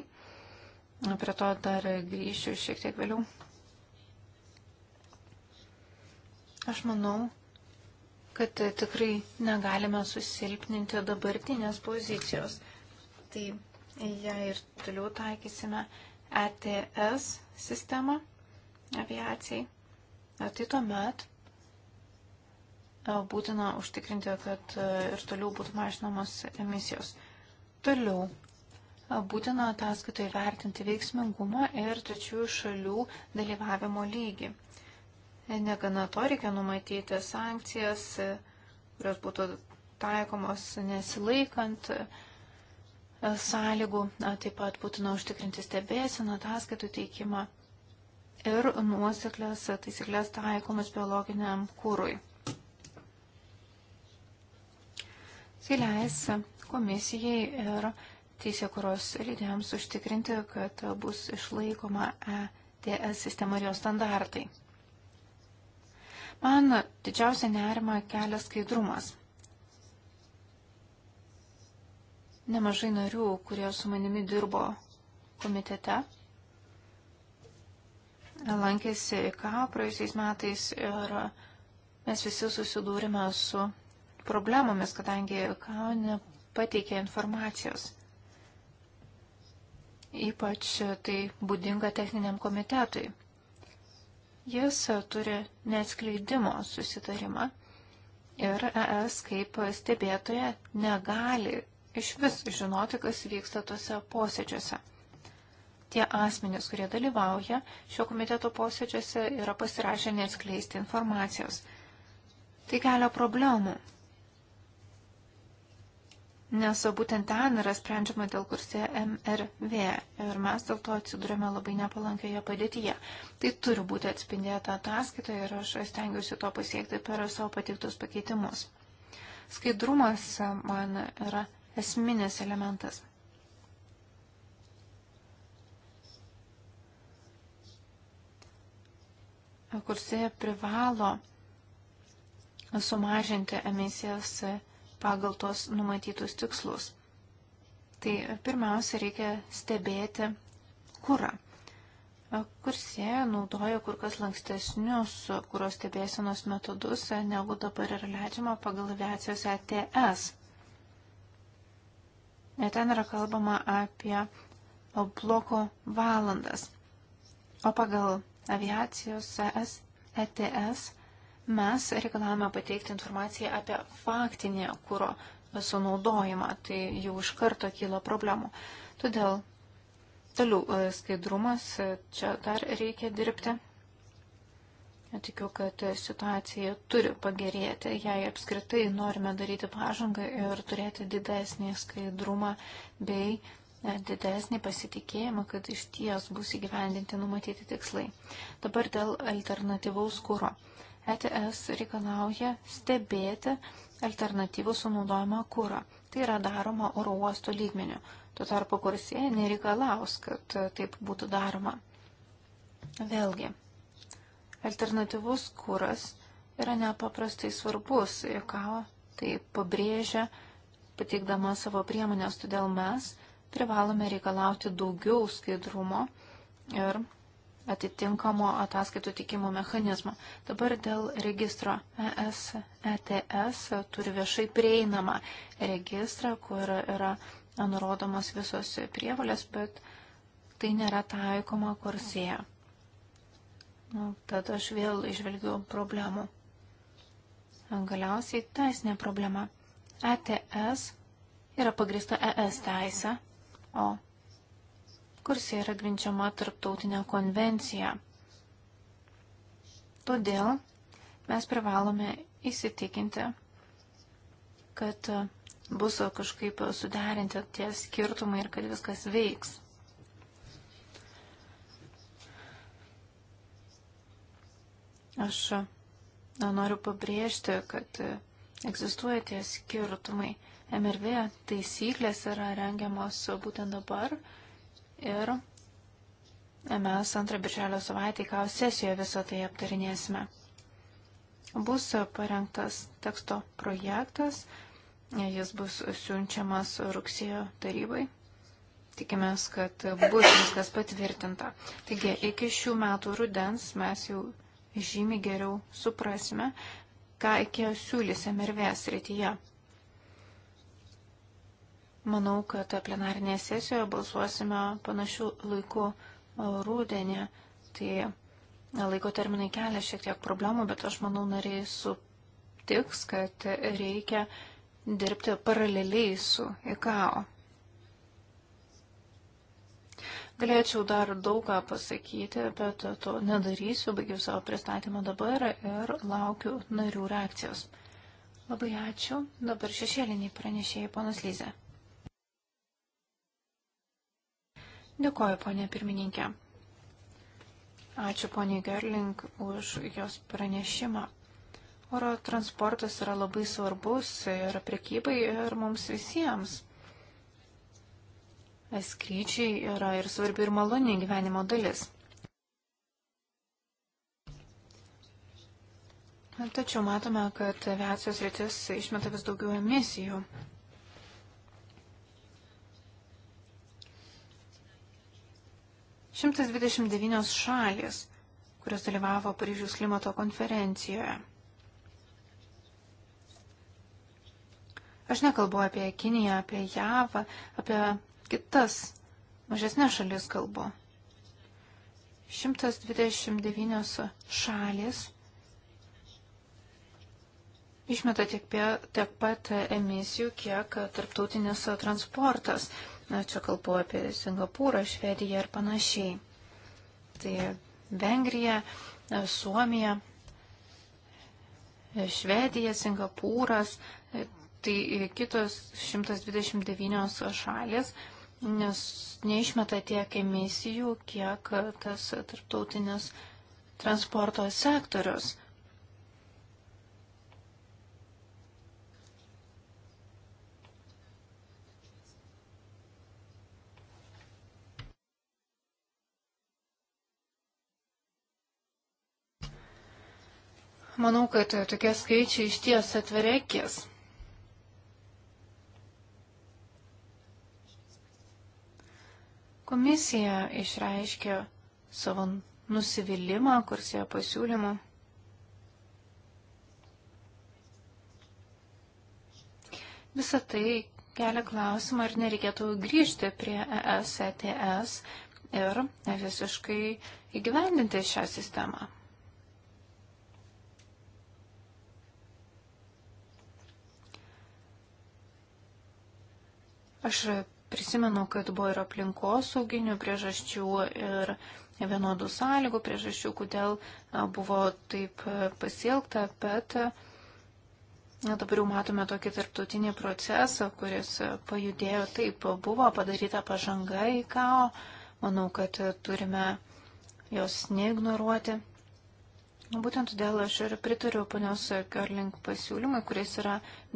Prie to dar grįšiu šiek tiek vėliau. Aš manau, kad e, tikrai negalime susilpninti dabartinės pozicijos. Tai ją ir toliau taikysime ETS sistemą aviacijai. Tai tuomet e, būtina užtikrinti, kad e, ir toliau būtų mažinamos emisijos. Toliau būtina ataskaitoje vertinti veiksmingumą ir trečiųjų šalių dalyvavimo lygį. Negana to reikia numatyti sankcijas, kurios būtų taikomos nesilaikant e, sąlygų, taip pat būtina užtikrinti stebėsiną, ataskaitų teikimą ir nuoseklės taisyklės taikomas biologiniam kūrui. Tai leis komisijai ir teisėkuros lydėjams užtikrinti, kad bus išlaikoma ETS sistema ir jos standartai. Man didžiausia nerima kelia skaidrumas. Nemažai narių, kurie su manimi dirbo komitete, lankėsi ką praėjusiais metais ir mes visi susidūrime su problemomis, kadangi ką nepateikė informacijos. Ypač tai būdinga techniniam komitetui. Jis e, turi neatskleidimo susitarimą ir ES kaip stebėtoja negali iš vis žinoti, kas vyksta tuose posėdžiuose. Tie asmenys, kurie dalyvauja šio komiteto posėdžiuose, yra pasirašę neatskleisti informacijos. Tai kelia problemų nes būtent ten yra sprendžiama dėl kursė MRV ir mes dėl to atsidurėme labai nepalankioje padėtyje. Tai turi būti atspindėta ataskaitoje ir aš stengiuosi to pasiekti per savo pateiktus pakeitimus. Skaidrumas man yra esminis elementas. Kursė privalo sumažinti emisijas pagal tuos numatytus tikslus. Tai pirmiausia, reikia stebėti kurą. Kursėje naudoja kur kas lankstesnius kūro stebėsenos metodus, negu dabar yra leidžiama pagal aviacijos ETS. E, ten yra kalbama apie bloko valandas. O pagal aviacijos ES ETS Mes reikalavome pateikti informaciją apie faktinį kūro sunaudojimą, tai jau iš karto kyla problemų. Todėl toliau e, skaidrumas, e, čia dar reikia dirbti. Tikiu, kad e, situacija turi pagerėti, jei apskritai norime daryti pažangą ir turėti didesnį skaidrumą bei didesnį pasitikėjimą, kad iš ties bus įgyvendinti numatyti tikslai. Dabar dėl alternatyvaus kūro. ETS reikalauja stebėti alternatyvų sunaudojimą kūrą. Tai yra daroma oro uosto lygmeniu. Tuo tarpu kursėje nereikalaus, kad taip būtų daroma. Vėlgi, alternatyvus kūras yra nepaprastai svarbus, ką tai pabrėžia pateikdama savo priemonės, todėl mes privalome reikalauti daugiau skaidrumo ir atitinkamo ataskaitų tikimo mechanizmo. Dabar dėl registro ES-ETS e turi viešai prieinamą registrą, kur yra nurodomos visos prievalės, bet tai nėra taikoma kursėje. Nu, tad aš vėl išvelgiu problemų. Galiausiai teisinė problema. ETS yra pagrįsta ES teisė, o kursija yra grinčiama tarptautinė konvencija. Todėl mes privalome įsitikinti, kad bus kažkaip suderinti tie skirtumai ir kad viskas veiks. Aš na, noriu pabrėžti, kad egzistuoja tie skirtumai. MRV taisyklės yra rengiamos būtent dabar ir mes antrą birželio savaitę įkau sesijoje visą tai aptarinėsime. Bus parengtas teksto projektas, jis bus siunčiamas rugsėjo tarybai. Tikimės, kad bus viskas patvirtinta. Taigi, iki šių metų rudens mes jau žymiai geriau suprasime, ką iki siūlysime ir vės rytyje. Manau, kad plenarinėje sesijoje balsuosime panašių laikų rūdienį. Tai e, laiko terminai kelia šiek tiek problemų, bet aš manau, nariai sutiks, kad reikia dirbti paraleliai su ICAO. Galėčiau dar daug ką pasakyti, bet to nedarysiu, baigiu savo pristatymą dabar ir laukiu narių reakcijos. Labai ačiū. Dabar šešėliniai pranešėjai, ponas Lyze. Dėkoju, ponė pirmininkė. Ačiū poniai Gerling už jos pranešimą. Oro transportas yra labai svarbus ir prekybai, ir mums visiems. Skrydžiai yra ir svarbi ir maloni gyvenimo dalis. Tačiau matome, kad aviacijos rytis išmeta vis daugiau emisijų. 129 šalis, kurios dalyvavo Paryžiaus klimato konferencijoje. Aš nekalbu apie Kiniją, apie JAV, apie kitas mažesnės šalis kalbu. 129 šalis išmeta tiek, tiek pat emisijų, kiek tarptautinis transportas. Na, čia kalbu apie Singapūrą, Švediją ir panašiai. Tai Vengrija, e, Suomija, e, Švedija, Singapūras, e, tai kitos 129 šalis nes neišmeta tiek emisijų, kiek tas tarptautinis transporto sektorius. Manau, kad tokie skaičiai iš ties atverekės. Komisija išreiškė savo nusivylimą kursėje pasiūlymu. Visą tai kelia klausimą, ar nereikėtų grįžti prie ES, ETS ir visiškai įgyvendinti šią sistemą. Aš prisimenu, kad buvo ir aplinkosauginių priežasčių, ir vienodų sąlygų priežasčių, kodėl buvo taip pasielgta, bet na, dabar jau matome tokį tarptautinį procesą, kuris pajudėjo taip, buvo padaryta pažanga į KAO, manau, kad turime jos neignoruoti. Būtent todėl aš ir pritariu panios Kerling pasiūlymui, kuris yra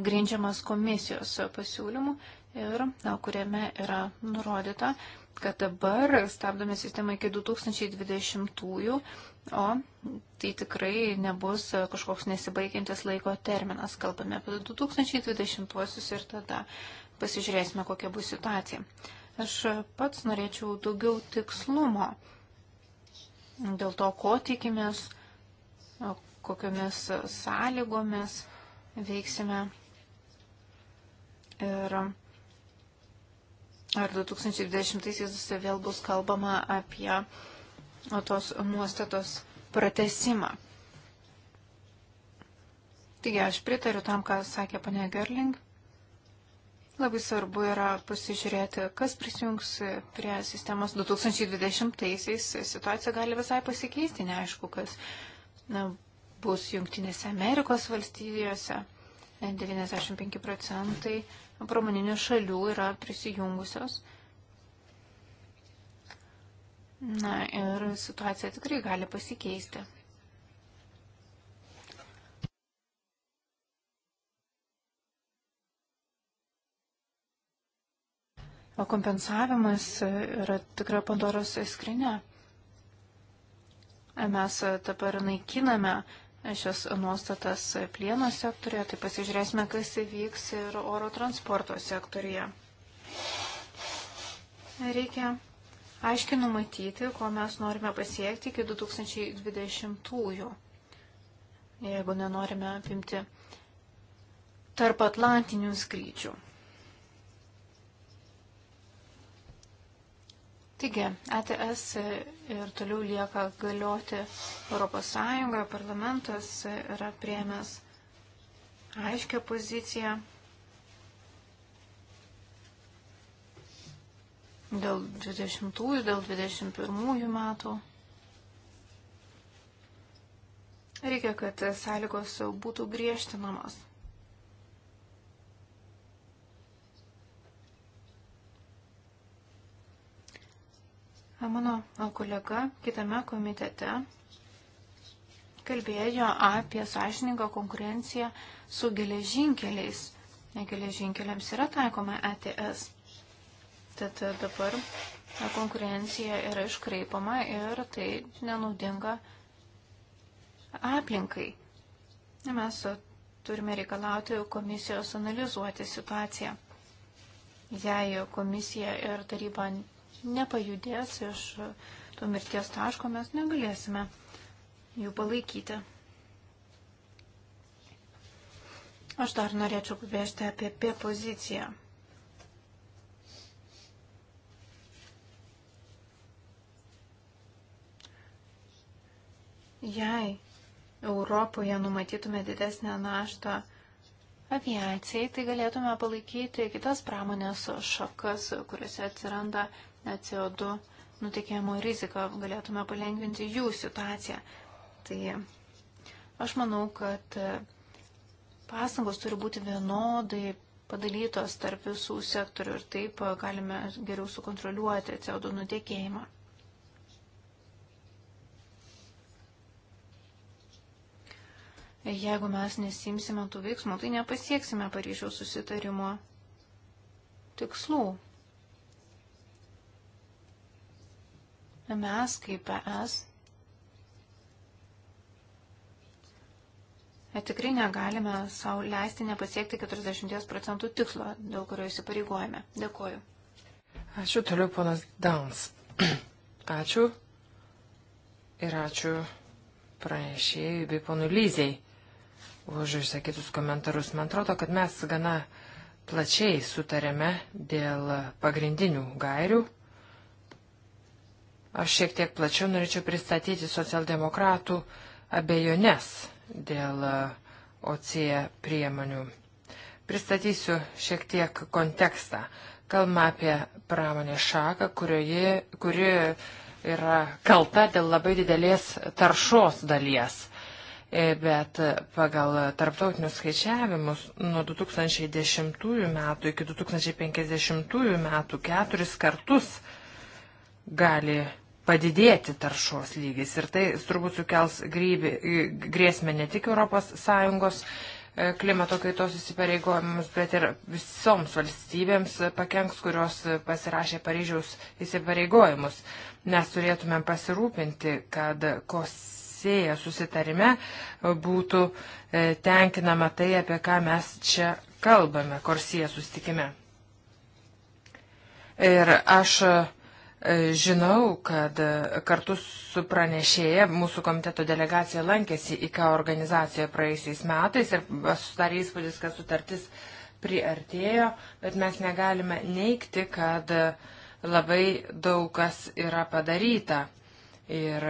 grindžiamas komisijos pasiūlymu ir na, kuriame yra nurodyta, kad dabar stabdome sistemą iki 2020-ųjų, o tai tikrai nebus kažkoks nesibaigiantis laiko terminas. Kalbame apie 2020-uosius ir tada pasižiūrėsime, kokia bus situacija. Aš pats norėčiau daugiau tikslumo dėl to, ko tikimės, kokiomis sąlygomis veiksime. Ir ar 2020-aisiais vėl bus kalbama apie tos nuostatos pratesimą. Taigi aš pritariu tam, ką sakė panė Gerling. Labai svarbu yra pasižiūrėti, kas prisijungs prie sistemos 2020-aisiais. Situacija gali visai pasikeisti, neaišku, kas na, bus Junktinėse Amerikos valstybėse. 95 procentai pramoninių šalių yra prisijungusios. Na ir situacija tikrai gali pasikeisti. O kompensavimas yra tikra Pandoros skrinė. Mes dabar naikiname šias nuostatas plieno sektorėje, tai pasižiūrėsime, kas įvyks ir oro transporto sektorėje. Reikia aiškiai numatyti, ko mes norime pasiekti iki 2020-ųjų, jeigu nenorime apimti tarp atlantinių skrydžių. Taigi, ATS ir toliau lieka galioti ES, parlamentas yra priemęs aiškę poziciją dėl 20-ųjų, dėl 21-ųjų metų. Reikia, kad sąlygos būtų griežtinamos. Mano kolega kitame komitete kalbėjo apie sąžiningą konkurenciją su geležinkeliais. Geležinkeliams yra taikoma ETS. Tad dabar konkurencija yra iškreipama ir tai nenaudinga aplinkai. Mes turime reikalauti komisijos analizuoti situaciją. Jei komisija ir taryba nepajudės iš to mirties taško, mes negalėsime jų palaikyti. Aš dar norėčiau pabrėžti apie P poziciją. Jei Europoje numatytume didesnę naštą aviacijai, tai galėtume palaikyti kitas pramonės šakas, kuriuose atsiranda CO2 nutekėjimo riziką, galėtume palengvinti jų situaciją. Tai aš manau, kad pastangos turi būti vienodai padalytos tarp visų sektorių ir taip galime geriau sukontroliuoti CO2 nutekėjimą. Jeigu mes nesimsime tų veiksmų, tai nepasieksime Paryžiaus susitarimo tikslų. mes kaip ES tikrai negalime savo leisti nepasiekti 40 procentų tikslo, dėl kurio įsipareigojame. Dėkuoju. Ačiū toliau, ponas Downs. (clears throat) Ačiū ir ačiū pranešėjai bei ponų Lyzei už išsakytus komentarus. Man atrodo, kad mes gana plačiai sutarėme dėl pagrindinių gairių Aš šiek tiek plačiau norėčiau pristatyti socialdemokratų abejones dėl OCE priemonių. Pristatysiu šiek tiek kontekstą. Kalbame apie pramonės šaką, kurioje, kuri yra kalta dėl labai didelės taršos dalies. E, bet pagal tarptautinius skaičiavimus nuo 2010 metų iki 2050 metų keturis kartus gali padidėti taršos lygis ir tai turbūt sukels grybį, grėsmę ne tik ES e, klimato kaitos įsipareigojimus, bet ir visoms valstybėms pakenks, kurios pasirašė Paryžiaus įsipareigojimus. Mes turėtumėm pasirūpinti, kad kosėja susitarime būtų e, tenkinama tai, apie ką mes čia kalbame, korsėja sustikime. Ir aš E, žinau, kad e, kartu su pranešėja mūsų komiteto delegacija lankėsi į ką organizaciją praeisiais metais ir susidarė įspūdis, kad sutartis priartėjo, bet mes negalime neikti, kad e, labai daug kas yra padaryta ir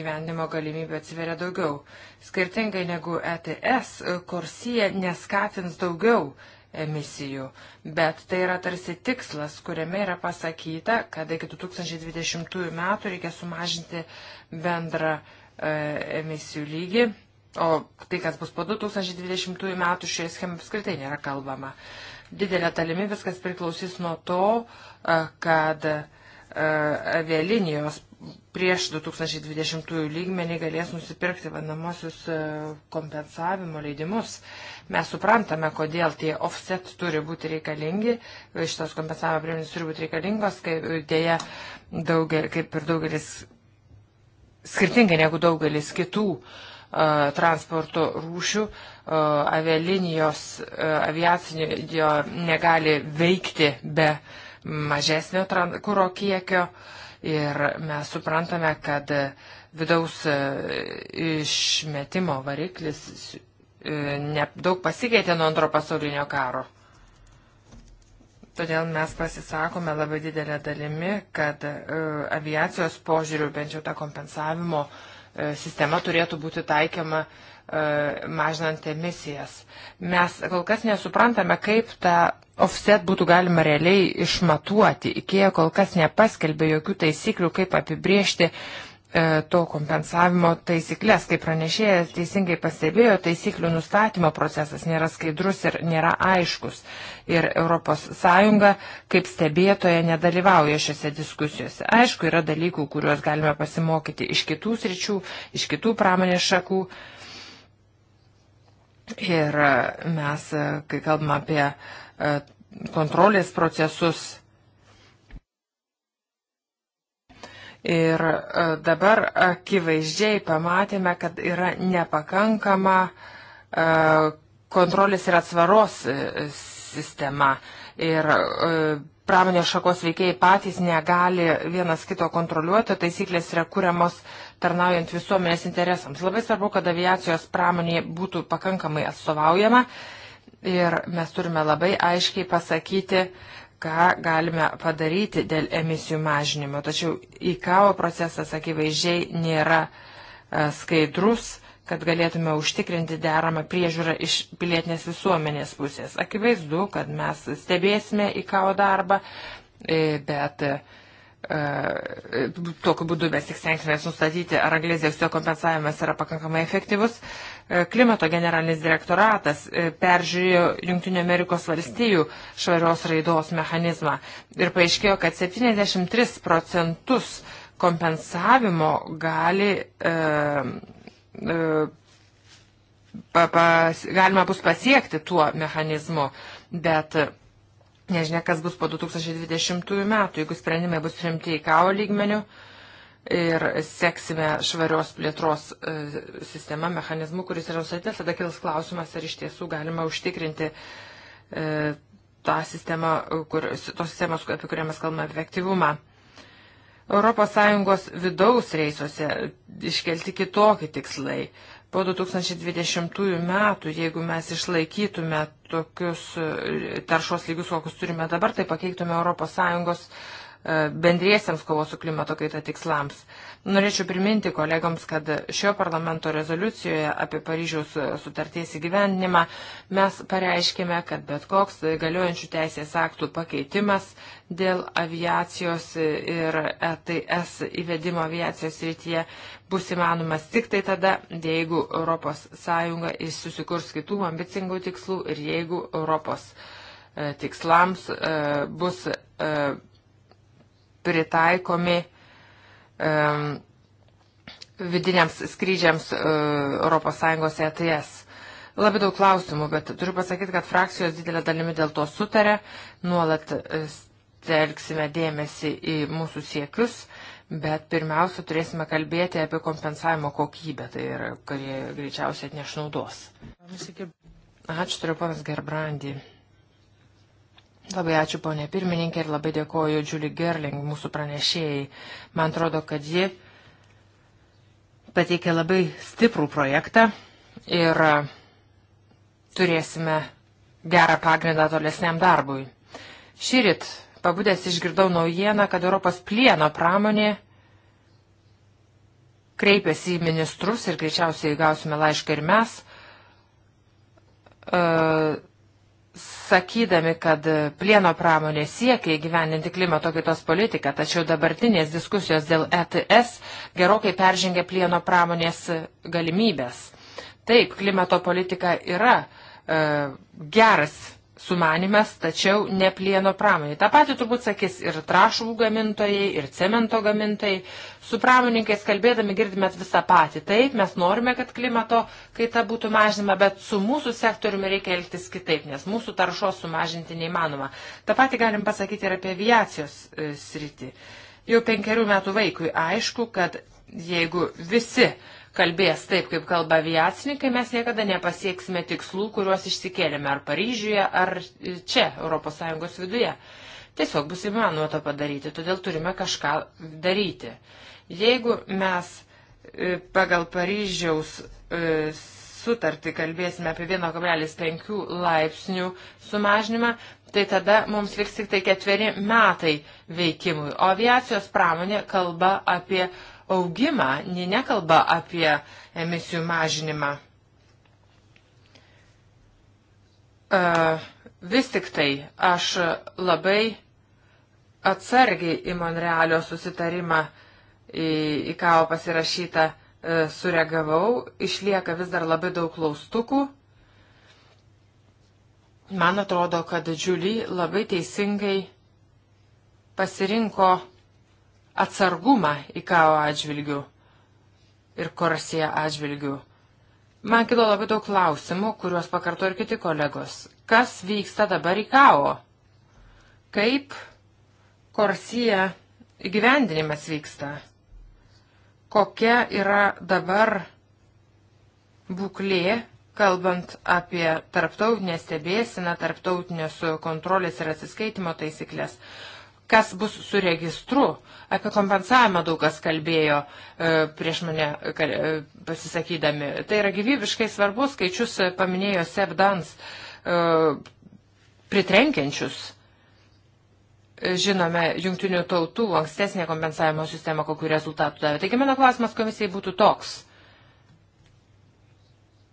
gyvenimo galimybė atsiveria daugiau. Skirtingai negu ETS, Korsija neskatins daugiau emisijų, bet tai yra tarsi tikslas, kuriame yra pasakyta, kad iki 2020 metų reikia sumažinti bendrą e, emisijų lygį, o tai, kas bus po 2020 metų, šioje schemoje apskritai nėra kalbama. Didelė dalimi viskas priklausys nuo to, e, kad e, avialinijos prieš 2020 lygmenį galės nusipirkti vadinamosius e, kompensavimo leidimus. Mes suprantame, kodėl tie offset turi būti reikalingi, šitos kompensavimo priemonės turi būti reikalingos, kaip, dėja, daugel, kaip ir daugelis, skirtingai negu daugelis kitų e, transporto rūšių, e, avialinijos aviacinio negali veikti be mažesnio kūro kiekio. Uh, Ir mes suprantame, kad vidaus e, išmetimo variklis e, daug pasikeitė nuo antro pasaulinio karo. Todėl mes pasisakome labai didelę dalimi, kad e, aviacijos požiūrių bent jau ta kompensavimo sistema turėtų būti taikiama E, mažinant emisijas. Mes kol kas nesuprantame, kaip tą offset būtų galima realiai išmatuoti. IKEA kol kas nepaskelbė jokių taisyklių, kaip apibriežti e, to kompensavimo taisyklės. Kaip pranešėjas teisingai pastebėjo, taisyklių nustatymo procesas nėra skaidrus ir nėra aiškus. Ir ES kaip stebėtoja nedalyvauja šiuose diskusijose. Aišku, yra dalykų, kuriuos galime pasimokyti iš kitų sričių, iš kitų pramonės šakų. Uh, Ir e, mes, e, kai kalbam apie e, kontrolės procesus, Ir dabar akivaizdžiai pamatėme, kad yra nepakankama kontrolės ir atsvaros sistema. Ir pramonės šakos veikėjai patys negali vienas kito kontroliuoti, taisyklės yra kuriamos uh, tarnaujant visuomenės interesams. Labai svarbu, kad aviacijos pramonė būtų pakankamai atstovaujama ir mes turime labai aiškiai pasakyti, ką galime padaryti dėl emisijų mažinimo. Tačiau įkavo procesas akivaizdžiai nėra e, skaidrus kad galėtume užtikrinti deramą priežiūrą iš pilietinės visuomenės pusės. Akivaizdu, kad mes stebėsime į kao darbą, e, bet E, tokiu būdu mes tik stengsimės nustatyti, ar anglės dioksido kompensavimas yra pakankamai efektyvus. E, klimato generalinis direktoratas e, peržiūrėjo Junktinio Amerikos valstijų švarios raidos mechanizmą ir paaiškėjo, kad 73 procentus kompensavimo gali. E, e, pa, pas, galima bus pasiekti tuo mechanizmu, bet Nežinia, kas bus po 2020 metų, jeigu sprendimai bus priimti į KAO lygmenių ir seksime švarios plėtros e, sistemą, mechanizmų, kuris yra nusatytas, tada kils klausimas, ar iš tiesų galima užtikrinti e, tą sistemą, kur, tos sistemos, apie kurią mes kalbame, efektyvumą. ES vidaus reisuose iškelti kitokie tikslai po 2020 metų, jeigu mes išlaikytume tokius e, taršos lygius, kokius turime dabar, tai pakeiktume ES E, bendriesiams kovos su klimato kaita tikslams. Norėčiau priminti kolegams, kad šio parlamento rezoliucijoje apie Paryžiaus sutarties įgyvendinimą mes pareiškėme, kad bet koks galiojančių teisės aktų pakeitimas dėl aviacijos ir ETS įvedimo aviacijos rytyje bus įmanomas tik tai tada, jeigu ES susikurs kitų ambicingų tikslų ir jeigu Europos e, tikslams e, bus pritaikomi um, vidiniams skrydžiams uh, ES ETS. Labai daug klausimų, bet turiu pasakyti, kad frakcijos didelė dalimi dėl to sutarė, nuolat e, telksime dėmesį į mūsų siekius, bet pirmiausia turėsime kalbėti apie kompensavimo kokybę, tai yra, kurie greičiausiai atneš naudos. Ačiū, turiu panas Gerbrandį. Labai ačiū, ponė pirmininkė, ir labai dėkoju Julie Gerling, mūsų pranešėjai. Man atrodo, kad ji pateikė labai stiprų projektą ir turėsime gerą pagrindą tolesniam darbui. Šįryt pabudęs išgirdau naujieną, kad Europos plieno pramonė kreipėsi į ministrus ir greičiausiai gausime laišką ir mes. Uh, sakydami, kad plieno pramonė siekia įgyvendinti klimato kaitos politiką, tačiau dabartinės diskusijos dėl ETS gerokai peržengia plieno pramonės galimybės. Taip, klimato politika yra e, geras sumanimas, tačiau ne plieno pramonė. Ta pati turbūt sakys ir trašų gamintojai, ir cemento gamintojai. Su pramoninkais kalbėdami girdime visą patį. Taip, mes norime, kad klimato kaita būtų mažinama, bet su mūsų sektoriumi reikia elgtis kitaip, nes mūsų taršos sumažinti neįmanoma. Ta pati galim pasakyti ir apie aviacijos e, sritį. Jau penkerių metų vaikui aišku, kad jeigu visi uh, kalbės taip, kaip kalba aviacininkai, mes niekada nepasieksime tikslų, kuriuos išsikėlėme ar Paryžiuje, ar čia, ES viduje. Tiesiog bus įmanoma to padaryti, todėl turime kažką daryti. Jeigu mes e, pagal Paryžiaus e, sutartį kalbėsime apie 1,5 laipsnių sumažinimą, tai tada mums liks tik tai ketveri metai veikimui. O aviacijos pramonė kalba apie augimą, ji nekalba apie emisijų mažinimą. Uh, vis tik tai aš labai atsargiai į Monrealio susitarimą, į, į ką pasirašytą, uh, e, sureagavau. Išlieka vis dar labai daug klaustukų. Man atrodo, kad Džiulį labai teisingai pasirinko atsargumą IKAO atžvilgių ir Korsija atžvilgių. Man kilo labai daug klausimų, kuriuos pakarto ir kiti kolegos. Kas vyksta dabar IKAO? Kaip Korsija įgyvendinimas vyksta? Kokia yra dabar būklė kalbant apie tarptautinę stebėsiną, tarptautinės kontrolės ir atsiskaitimo taisyklės kas bus su registru. Apie kompensavimą daug kas kalbėjo e, prieš mane e, pasisakydami. Tai yra gyvybiškai svarbus skaičius, e, paminėjo Sevdans, pritrenkiančius. Žinome, jungtinių tautų ankstesnė kompensavimo sistema kokiu rezultatu davė. Taigi mano klausimas komisijai būtų toks.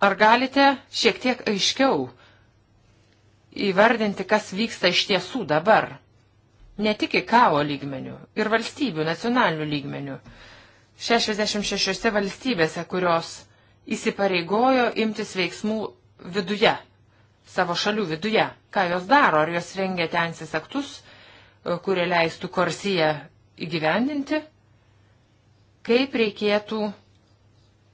Ar galite šiek tiek aiškiau įvardinti, kas vyksta iš tiesų dabar? ne tik į KAO lygmenių, ir valstybių, nacionalinių lygmenių. 66 valstybėse, kurios įsipareigojo imtis veiksmų viduje, savo šalių viduje. Ką jos daro, ar jos rengia tensis aktus, e, kurie leistų korsiją įgyvendinti, kaip reikėtų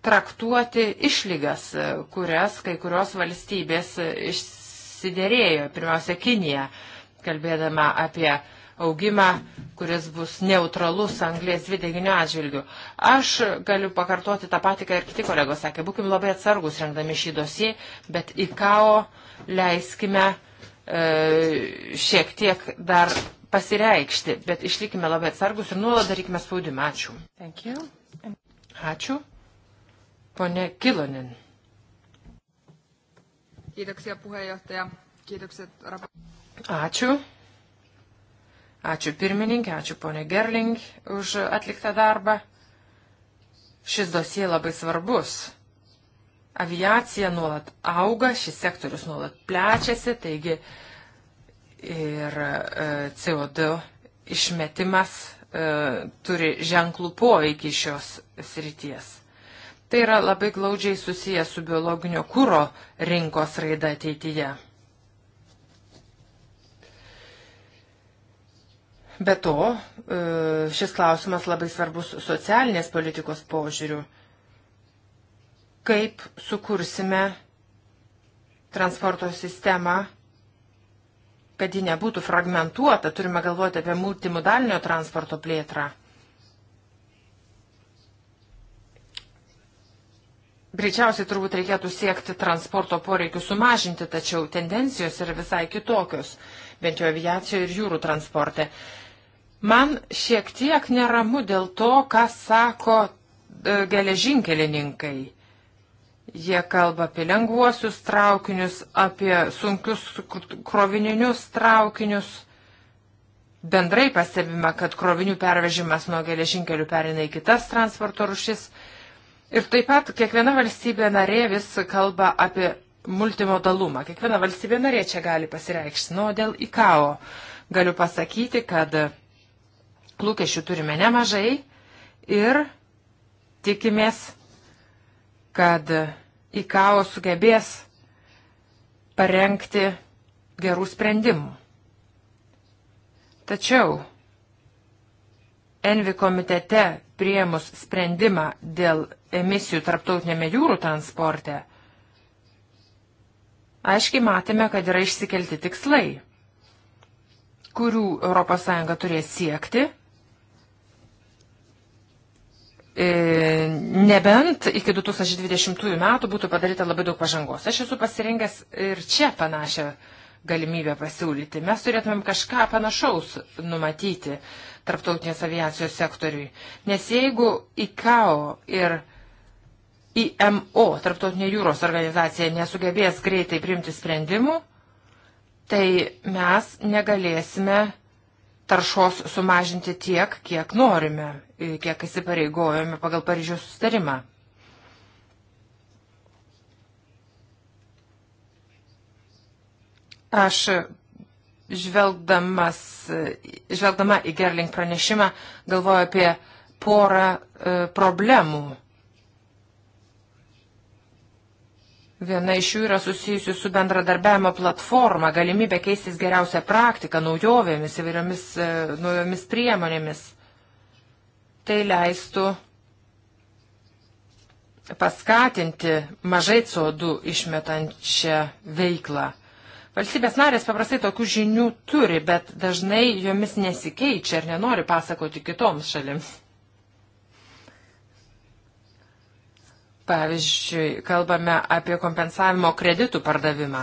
traktuoti išlygas, e, kurias kai kurios valstybės išsiderėjo, pirmiausia Kinija, kalbėdama apie augimą, kuris bus neutralus anglės dvideginio atžvilgiu. Aš galiu pakartoti tą patį, ką ir kiti kolegos sakė. Būkim labai atsargus rengdami šį dosiją, bet į kao leiskime e, šiek tiek dar pasireikšti, bet išlikime labai atsargus ir nuolat darykime spaudimą. Ačiū. Ačiū. Pone Kilonin. Kiitoksia puheenjohtaja. Kiitokset raportoijille. Ačiū. Ačiū pirmininkė, ačiū ponė Gerling už atliktą darbą. Šis dosie labai svarbus. Aviacija nuolat auga, šis sektorius nuolat plečiasi, taigi ir e, CO2 išmetimas e, turi ženklų poveikį šios srities. Tai yra labai glaudžiai susijęs su biologinio kūro rinkos raida ateityje. Be to, e, šis klausimas labai svarbus socialinės politikos požiūrių. Kaip sukursime transporto sistemą, kad ji nebūtų fragmentuota, turime galvoti apie multimodalinio transporto plėtrą. Greičiausiai turbūt reikėtų siekti transporto poreikių sumažinti, tačiau tendencijos yra visai kitokios, bent jau aviacijoje ir jūrų transporte. Man šiek tiek neramu dėl to, ką sako e, geležinkelininkai. Jie kalba apie lengvuosius traukinius, apie sunkius krovininius traukinius. Bendrai pastebime, kad krovinių pervežimas nuo geležinkelių perina į kitas transporto rušis. Ir taip pat kiekviena valstybė narė vis kalba apie multimodalumą. Kiekviena valstybė narė čia gali pasireikšti. Nu, dėl IKAO galiu pasakyti, kad Lūkesčių turime nemažai ir tikimės, kad IKAO sugebės parengti gerų sprendimų. Tačiau Envi komitete prieimus sprendimą dėl emisijų tarptautinėme jūrų transporte, aiškiai matėme, kad yra išsikelti tikslai, kurių ES turės siekti E, nebent iki 2020 metų būtų padaryta labai daug pažangos. Aš esu pasirengęs ir čia panašią galimybę pasiūlyti. Mes turėtumėm kažką panašaus numatyti tarptautinės aviacijos sektoriui. Nes jeigu ICAO ir IMO, tarptautinė jūros organizacija, nesugebės greitai priimti sprendimų, tai mes negalėsime taršos sumažinti tiek, kiek norime, e, kiek įsipareigojome pagal Paryžiaus sustarimą. Aš žvelgdamas, žvelgdama į Gerling pranešimą galvoju apie porą e, problemų. Viena iš jų yra susijusi su bendradarbiavimo platforma, galimybė keistis geriausią praktiką, naujovėmis, įvairiomis e, naujomis priemonėmis. Tai leistų paskatinti mažai CO2 išmetančią veiklą. Valstybės narės paprastai tokių žinių turi, bet dažnai jomis nesikeičia ir nenori pasakoti kitoms šalims. Pavyzdžiui, kalbame apie kompensavimo kreditų pardavimą.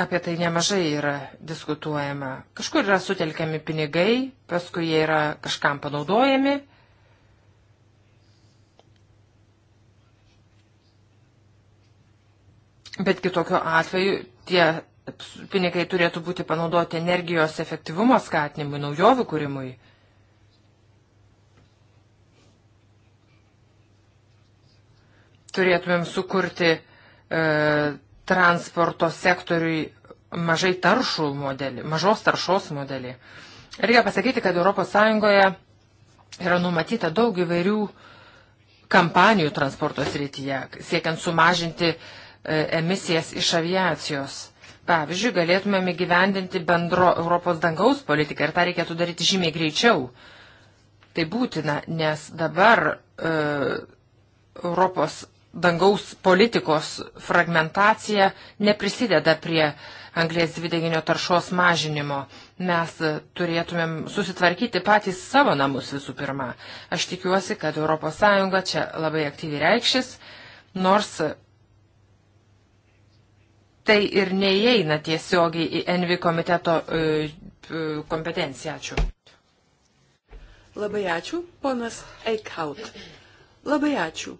Apie tai nemažai yra diskutuojama. Kažkur yra sutelkiami pinigai, paskui jie yra kažkam panaudojami. Bet kitokiu atveju tie pinigai turėtų būti panaudoti energijos efektyvumo skatinimui, naujovių kūrimui. turėtumėm sukurti e, transporto sektoriui mažai taršų modelį, mažos taršos modelį. Reikia pasakyti, kad ES yra numatyta daug įvairių kampanijų transporto srityje, siekiant sumažinti e, emisijas iš aviacijos. Pavyzdžiui, galėtumėm įgyvendinti bendro Europos dangaus politiką ir tą reikėtų daryti žymiai greičiau. Tai būtina, nes dabar e, Europos dangaus politikos fragmentacija neprisideda prie anglės dvideginio taršos mažinimo. Mes turėtumėm susitvarkyti patys savo namus visų pirma. Aš tikiuosi, kad ES čia labai aktyviai reikšis, nors tai ir neįeina tiesiogiai į Envi komiteto e, kompetenciją. Ačiū. Labai ačiū, ponas Eikhaut. Labai ačiū.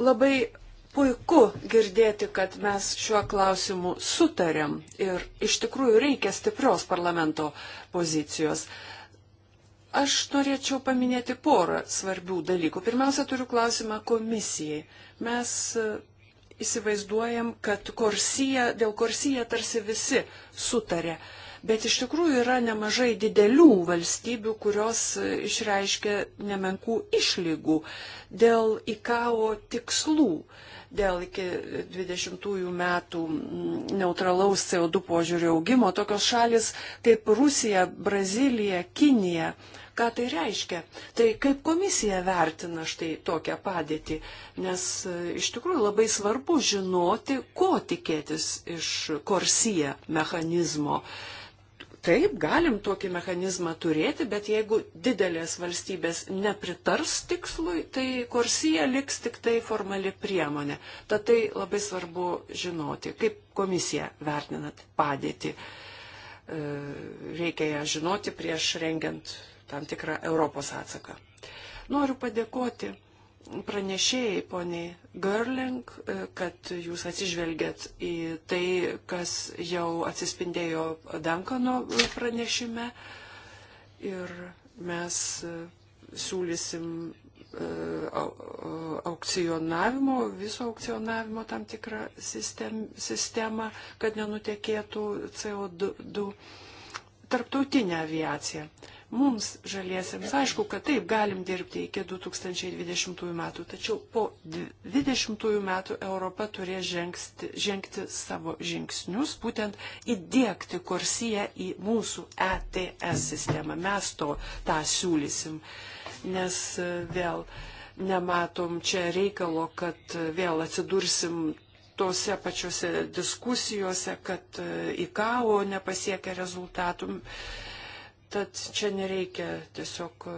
Labai puiku girdėti, kad mes šiuo klausimu sutarėm ir iš tikrųjų reikia stiprios parlamento pozicijos. Aš norėčiau paminėti porą svarbių dalykų. Pirmiausia, turiu klausimą komisijai. Mes e, įsivaizduojam, kad korsija, dėl korsija tarsi visi sutarė. Uh, Bet iš tikrųjų yra nemažai didelių valstybių, kurios išreiškia nemenkų išlygų dėl IKAO tikslų, dėl iki 20 metų neutralaus CO2 požiūrio augimo. Tokios šalis kaip Rusija, Brazilija, Kinija ką tai reiškia. Tai kaip komisija vertina štai tokią padėtį, nes e, iš tikrųjų labai svarbu žinoti, ko tikėtis iš korsija mechanizmo. Uh, taip, galim tokį mechanizmą turėti, bet jeigu didelės valstybės nepritars tikslui, tai korsija liks tik tai formali priemonė. Tad tai labai svarbu žinoti, kaip komisija vertinat padėtį. E, reikia ją žinoti prieš rengiant tam tikrą Europos atsaką. Noriu padėkoti pranešėjai, poniai Gerling, e, kad jūs atsižvelgėt į tai, kas jau atsispindėjo Dankano pranešime. Ir mes e, siūlysim e, aukcionavimo, viso aukcionavimo tam tikrą sistem, sistemą, kad nenutekėtų CO2 tarptautinė aviacija. Mums žaliesiems aišku, kad taip galim dirbti iki 2020 metų, tačiau po 2020 metų Europa turės žengsti, žengti savo žingsnius, būtent įdėkti korsiją į mūsų ETS sistemą. Mes to tą siūlysim, nes e, vėl nematom čia reikalo, kad e, vėl atsidursim tose pačiose diskusijose, kad e, IKAO nepasiekia rezultatų. Tad čia nereikia tiesiog e,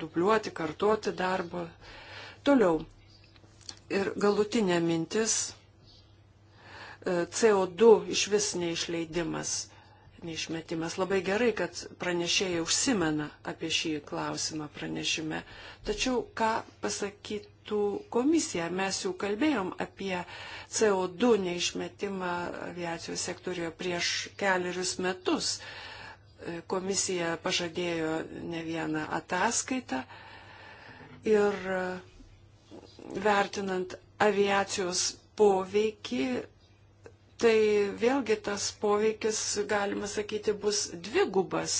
dubliuoti, kartuoti darbo. Toliau. Ir galutinė mintis e, - CO2 iš vis neišleidimas, neišmetimas. Labai gerai, kad pranešėjai užsimena apie šį klausimą pranešime. Tačiau ką pasakyti? metų komisija. Mes jau kalbėjom apie CO2 neišmetimą aviacijos sektorijoje prieš keliarius metus komisija pažadėjo ne vieną ataskaitą ir e, vertinant aviacijos poveikį, tai vėlgi tas poveikis, galima sakyti, bus dvigubas.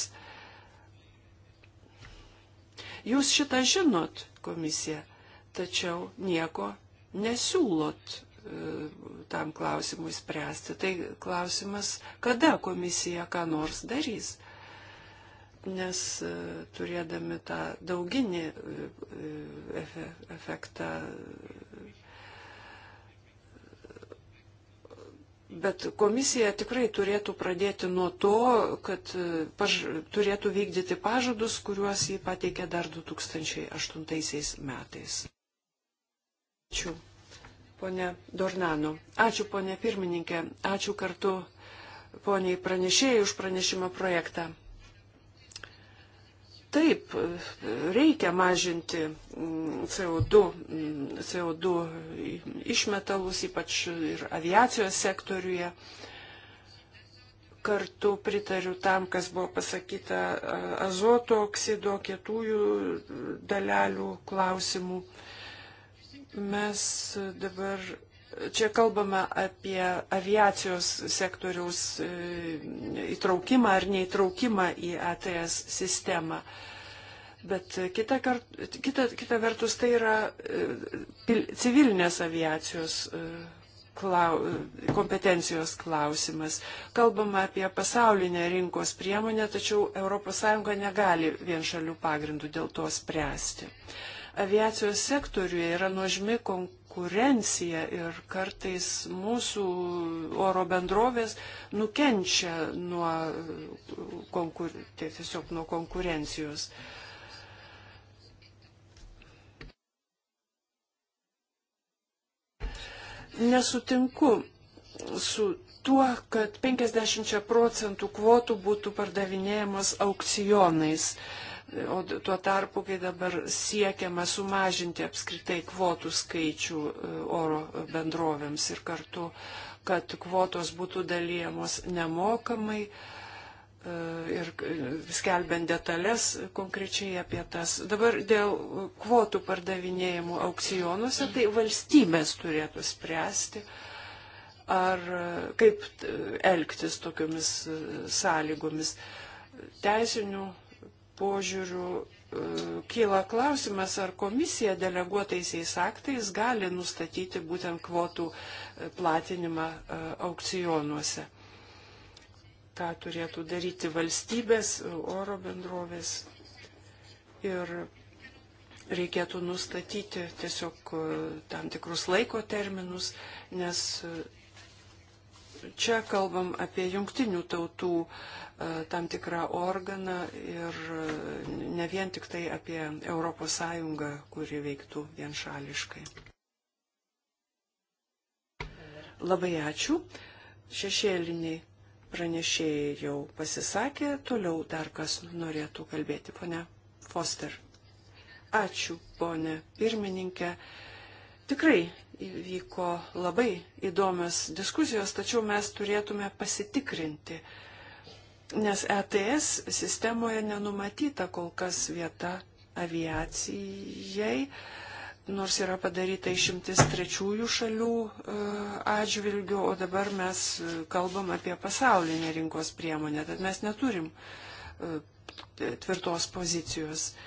Jūs šitą žinot, komisija, tačiau nieko nesiūlot e, tam klausimui spręsti. Tai klausimas, kada komisija ką nors darys nes e, turėdami tą dauginį e, e, efektą, bet komisija tikrai turėtų pradėti nuo to, kad paž, turėtų vykdyti pažadus, kuriuos jį pateikė dar 2008 metais. Ačiū, ponė Dornano. Ačiū, ponė pirmininkė. Ačiū kartu poniai pranešėjai už pranešimo projektą. Taip, reikia mažinti CO2, mm, CO2 mm, išmetalus, ypač ir aviacijos sektoriuje. Kartu pritariu tam, kas buvo pasakyta azoto oksido, kietųjų dalelių klausimų. Mes dabar Čia kalbame apie aviacijos sektoriaus e, įtraukimą ar neįtraukimą į ATS sistemą. Bet kita, kart, kita, kita vertus tai yra e, pil, civilinės aviacijos e, klau, kompetencijos klausimas. Kalbama apie pasaulinę rinkos priemonę, tačiau ES negali vienšalių pagrindų dėl to spręsti. Aviacijos sektoriuje yra nuožmi konkurencija konkurencija ir kartais mūsų oro bendrovės nukenčia nuo, konkur, tai tiesiog nuo konkurencijos. Nesutinku su tuo, kad 50 procentų kvotų būtų pardavinėjamas aukcionais. Uh, O tuo tarpu, kai dabar siekiama sumažinti apskritai kvotų skaičių e, oro bendrovėms ir kartu, kad kvotos būtų dalyjamos nemokamai e, ir skelbiant detalės konkrečiai apie tas. Dabar dėl kvotų pardavinėjimų aukcionuose, tai valstybės turėtų spręsti, ar e, kaip elgtis tokiomis sąlygomis teisinių požiūrių e, kyla klausimas, ar komisija deleguotaisiais aktais gali nustatyti būtent kvotų e, platinimą e, aukcionuose. Ką turėtų daryti valstybės, oro bendrovės ir reikėtų nustatyti tiesiog tam tikrus laiko terminus, nes čia kalbam apie jungtinių tautų e, tam tikrą organą ir e, ne vien tik tai apie ES, kuri veiktų vienšališkai. Labai ačiū. Šešėliniai pranešėjai jau pasisakė, toliau dar kas norėtų kalbėti, ponia Foster. Ačiū, ponė pirmininkė. Tikrai įvyko labai įdomios diskusijos, tačiau mes turėtume pasitikrinti, nes ETS sistemoje nenumatyta kol kas vieta aviacijai, nors yra padaryta išimtis trečiųjų šalių e, atžvilgių, o dabar mes e, kalbam apie pasaulinę rinkos priemonę, tad mes neturim e, tvirtos pozicijos. Uh,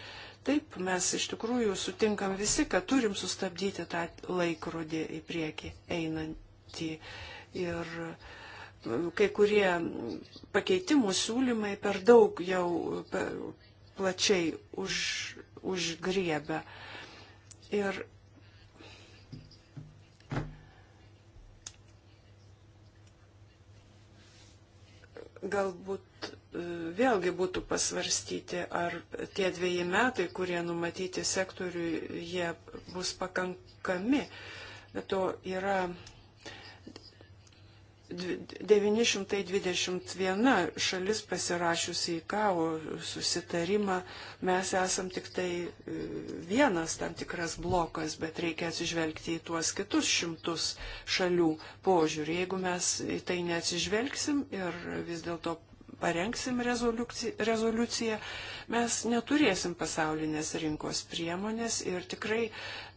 Taip, mes iš tikrųjų sutinkam visi, kad turim sustabdyti tą laikrodį į priekį einantį. Ir e, kai kurie pakeitimų siūlymai per daug jau plačiai už, užgriebę. Ir galbūt vėlgi būtų pasvarstyti, ar tie dviejai metai, kurie numatyti sektoriui, jie bus pakankami. Bet to yra 921 šalis pasirašiusi į kavo susitarimą, mes esam tik tai e, vienas tam tikras blokas, bet reikia atsižvelgti į tuos kitus šimtus šalių požiūrį. Jeigu mes į tai neatsižvelgsim ir vis dėlto parengsim rezoliuciją, mes neturėsim pasaulinės rinkos priemonės ir tikrai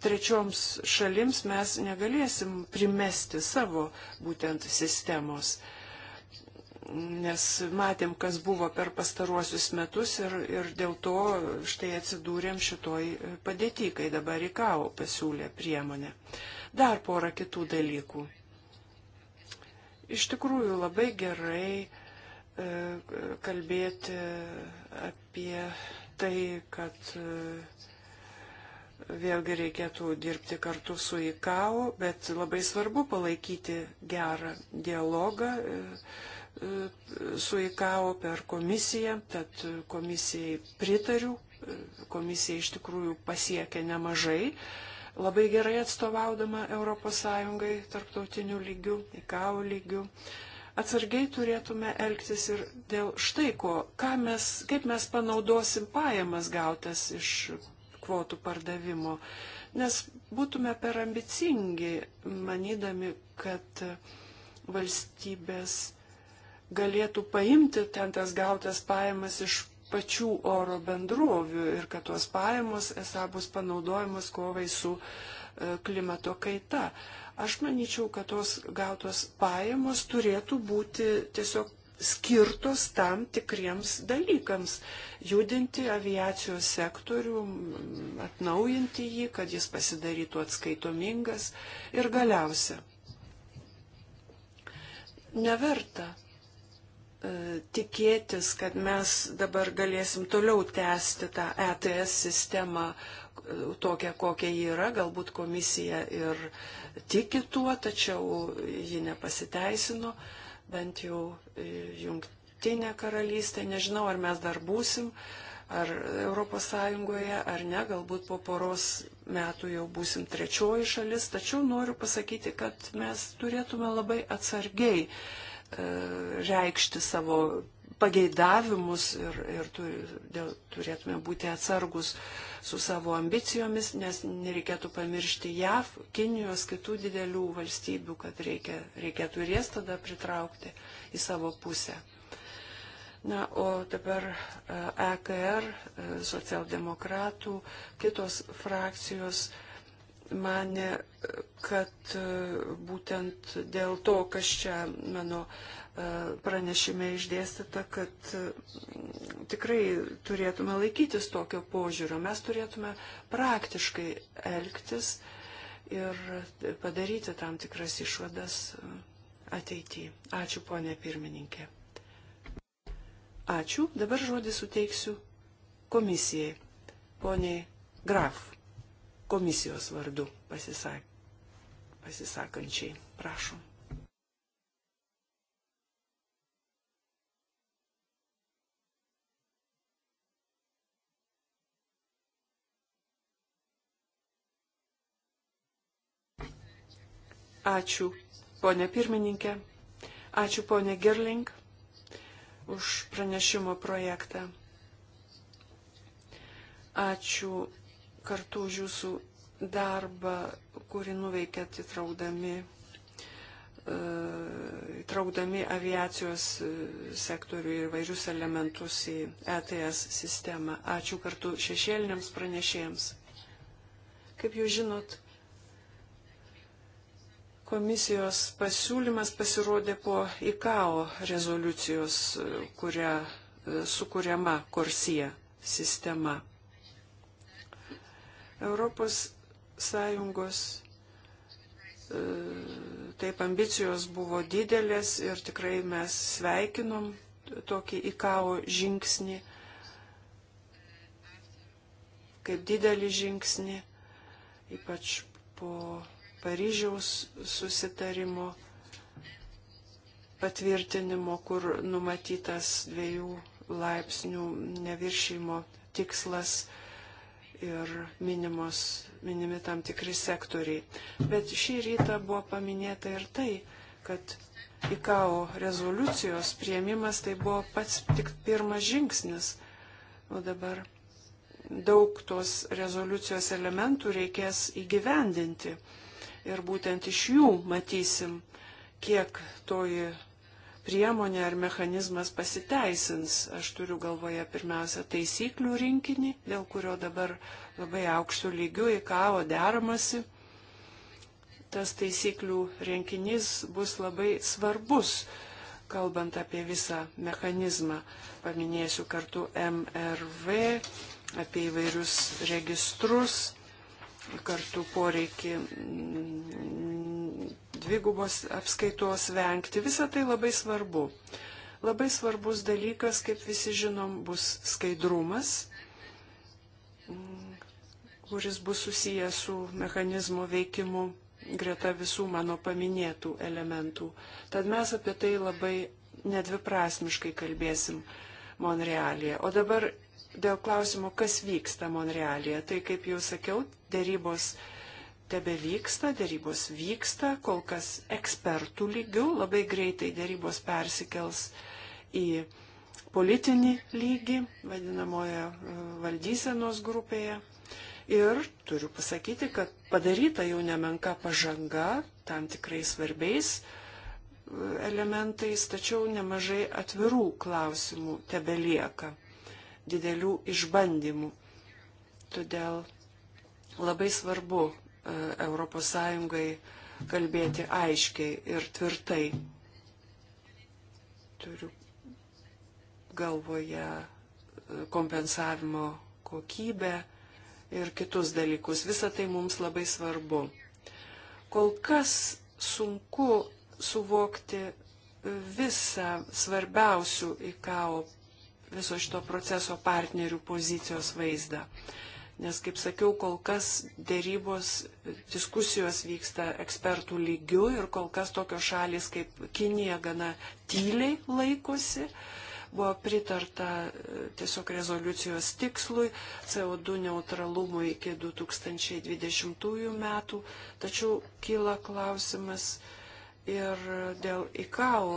trečioms šalims mes negalėsim primesti savo būtent sistemos. Nes matėm, kas buvo per pastaruosius metus ir, ir dėl to štai atsidūrėm šitoj padėty, kai dabar IKAO pasiūlė priemonę. Dar porą kitų dalykų iš tikrųjų labai gerai E, kalbėti apie tai, kad e, vėlgi reikėtų dirbti kartu su IKAO, bet labai svarbu palaikyti gerą dialogą e, su IKAO per komisiją, tad komisijai pritariu, komisija iš tikrųjų pasiekė nemažai labai gerai atstovaudama ES tarptautiniu lygiu, IKAO lygiu. Uh, atsargiai turėtume elgtis ir dėl štai ko, mes, kaip mes panaudosim pajamas gautas iš kvotų pardavimo, nes būtume per ambicingi, manydami, kad valstybės galėtų paimti ten tas gautas pajamas iš pačių oro bendrovių ir kad tuos pajamos esą bus panaudojamos kovai su e, klimato kaita. Aš manyčiau, kad tos gautos pajamos turėtų būti tiesiog skirtos tam tikriems dalykams - judinti aviacijos sektorių, atnaujinti jį, kad jis pasidarytų atskaitomingas ir galiausia. Neverta e, tikėtis, kad mes dabar galėsim toliau tęsti tą ETS sistemą tokią, kokia ji yra, galbūt komisija ir tiki tuo, tačiau ji nepasiteisino, bent jau e, jungtinė karalystė, nežinau, ar mes dar būsim, ar ES, ar ne, galbūt po poros metų jau būsim trečioji šalis, tačiau noriu pasakyti, kad mes turėtume labai atsargiai e, reikšti savo pageidavimus ir, ir dėl, turėtume būti atsargus su savo ambicijomis, nes nereikėtų pamiršti JAV, Kinijos, kitų didelių valstybių, kad reikia, reikėtų ir jas tada pritraukti į savo pusę. Na, o dabar EKR, e e, socialdemokratų, kitos frakcijos mane, kad e, būtent dėl to, kas čia mano pranešime išdėstyta, kad mm, tikrai turėtume laikytis tokio požiūrio. Mes turėtume praktiškai elgtis ir padaryti tam tikras išvadas mm, ateityje. Ačiū, ponė pirmininkė. Ačiū. Dabar žodį suteiksiu komisijai. Poniai Graf, komisijos vardu pasisak... pasisakančiai. Prašom. Ačiū, ponė pirmininkė. Ačiū, ponė Girling, už pranešimo projektą. Ačiū kartu už jūsų darbą, kurį nuveikėt įtraudami e, įtraukdami aviacijos e, sektorių ir vairius elementus į ETS sistemą. Ačiū kartu šešėliniams pranešėjams. Kaip jūs žinot, Komisijos pasiūlymas pasirodė po ICAO rezoliucijos, e, kuria e, sukūriama Korsija sistema. Europos Sąjungos e, taip ambicijos buvo didelės ir tikrai mes sveikinom tokį ICAO žingsnį, kaip didelį žingsnį, ypač po Paryžiaus susitarimo patvirtinimo, kur numatytas dviejų laipsnių neviršymo tikslas ir minimos, minimi tam tikri sektoriai. Bet šį rytą buvo paminėta ir tai, kad IKAO rezoliucijos prieimimas tai buvo pats tik pirmas žingsnis. O dabar daug tos rezoliucijos elementų reikės įgyvendinti ir būtent iš jų matysim, kiek toji priemonė ar mechanizmas pasiteisins. Aš turiu galvoje pirmiausia taisyklių rinkinį, dėl kurio dabar labai aukštų lygių į kavo deramasi. Tas taisyklių rinkinys bus labai svarbus, kalbant apie visą mechanizmą. Paminėsiu kartu MRV, apie įvairius registrus, kartu poreikį mm, dvigubos apskaitos vengti. Visą tai labai svarbu. Labai svarbus dalykas, kaip visi žinom, bus skaidrumas, mm, kuris bus susijęs su mechanizmo veikimu greta visų mano paminėtų elementų. Tad mes apie tai labai nedviprasmiškai kalbėsim Monrealėje. O dabar dėl klausimo, kas vyksta Monrealėje. Tai, kaip jau sakiau, dėrybos tebe vyksta, dėrybos vyksta, kol kas ekspertų lygių, labai greitai dėrybos persikels į politinį lygį, vadinamoje e, valdysenos grupėje. Ir turiu pasakyti, kad padaryta jau nemenka pažanga tam tikrais svarbiais e, elementais, tačiau nemažai atvirų klausimų tebe lieka didelių išbandymų. Todėl labai svarbu ES kalbėti aiškiai ir tvirtai. Turiu galvoje e, kompensavimo kokybę ir kitus dalykus. Visa tai mums labai svarbu. Kol kas sunku suvokti visą svarbiausių IKAO viso šito proceso partnerių pozicijos vaizdą. Nes, kaip sakiau, kol kas dėrybos, diskusijos vyksta ekspertų lygių ir kol kas tokios šalis kaip Kinija gana tyliai laikosi. Buvo pritarta e, tiesiog rezoliucijos tikslui CO2 neutralumui iki 2020 metų, tačiau kyla klausimas, ir dėl ICAO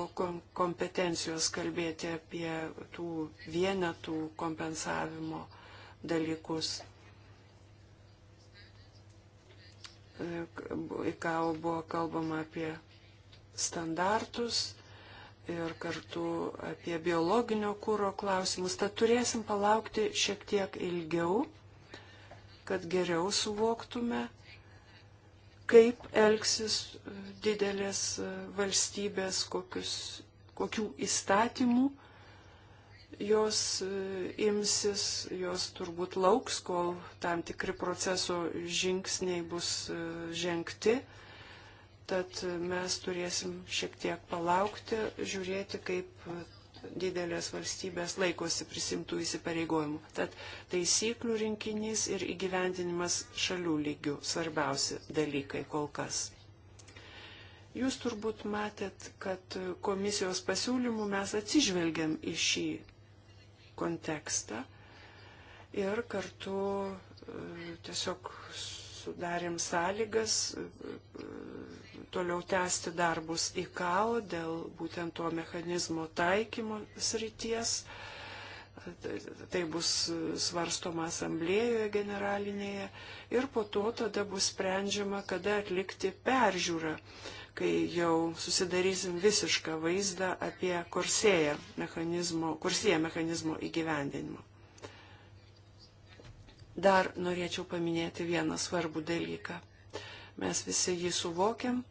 kompetencijos kalbėti apie tų vienetų kompensavimo dalykus. E, ICAO buvo kalbama apie standartus ir kartu apie biologinio kūro klausimus. Tad turėsim palaukti šiek tiek ilgiau, kad geriau suvoktume kaip elgsis didelės valstybės, kokius, kokių įstatymų jos imsis, jos turbūt lauks, kol tam tikri proceso žingsniai bus žengti. Tad mes turėsim šiek tiek palaukti, žiūrėti, kaip didelės valstybės laikosi prisimtų įsipareigojimų. Tad taisyklių rinkinys ir įgyvendinimas šalių lygių svarbiausi dalykai kol kas. Jūs turbūt matėt, kad komisijos pasiūlymų mes atsižvelgiam į šį kontekstą ir kartu e, tiesiog sudarėm sąlygas e, e, toliau tęsti darbus į KAO dėl būtent to mechanizmo taikymo srities. Tai bus svarstoma asamblėjoje generalinėje ir po to tada bus sprendžiama, kada atlikti peržiūrą, kai jau susidarysim visišką vaizdą apie korsėją mechanizmo, korsėją mechanizmo įgyvendinimą. Dar norėčiau paminėti vieną svarbų dalyką mes visi jį suvokiam,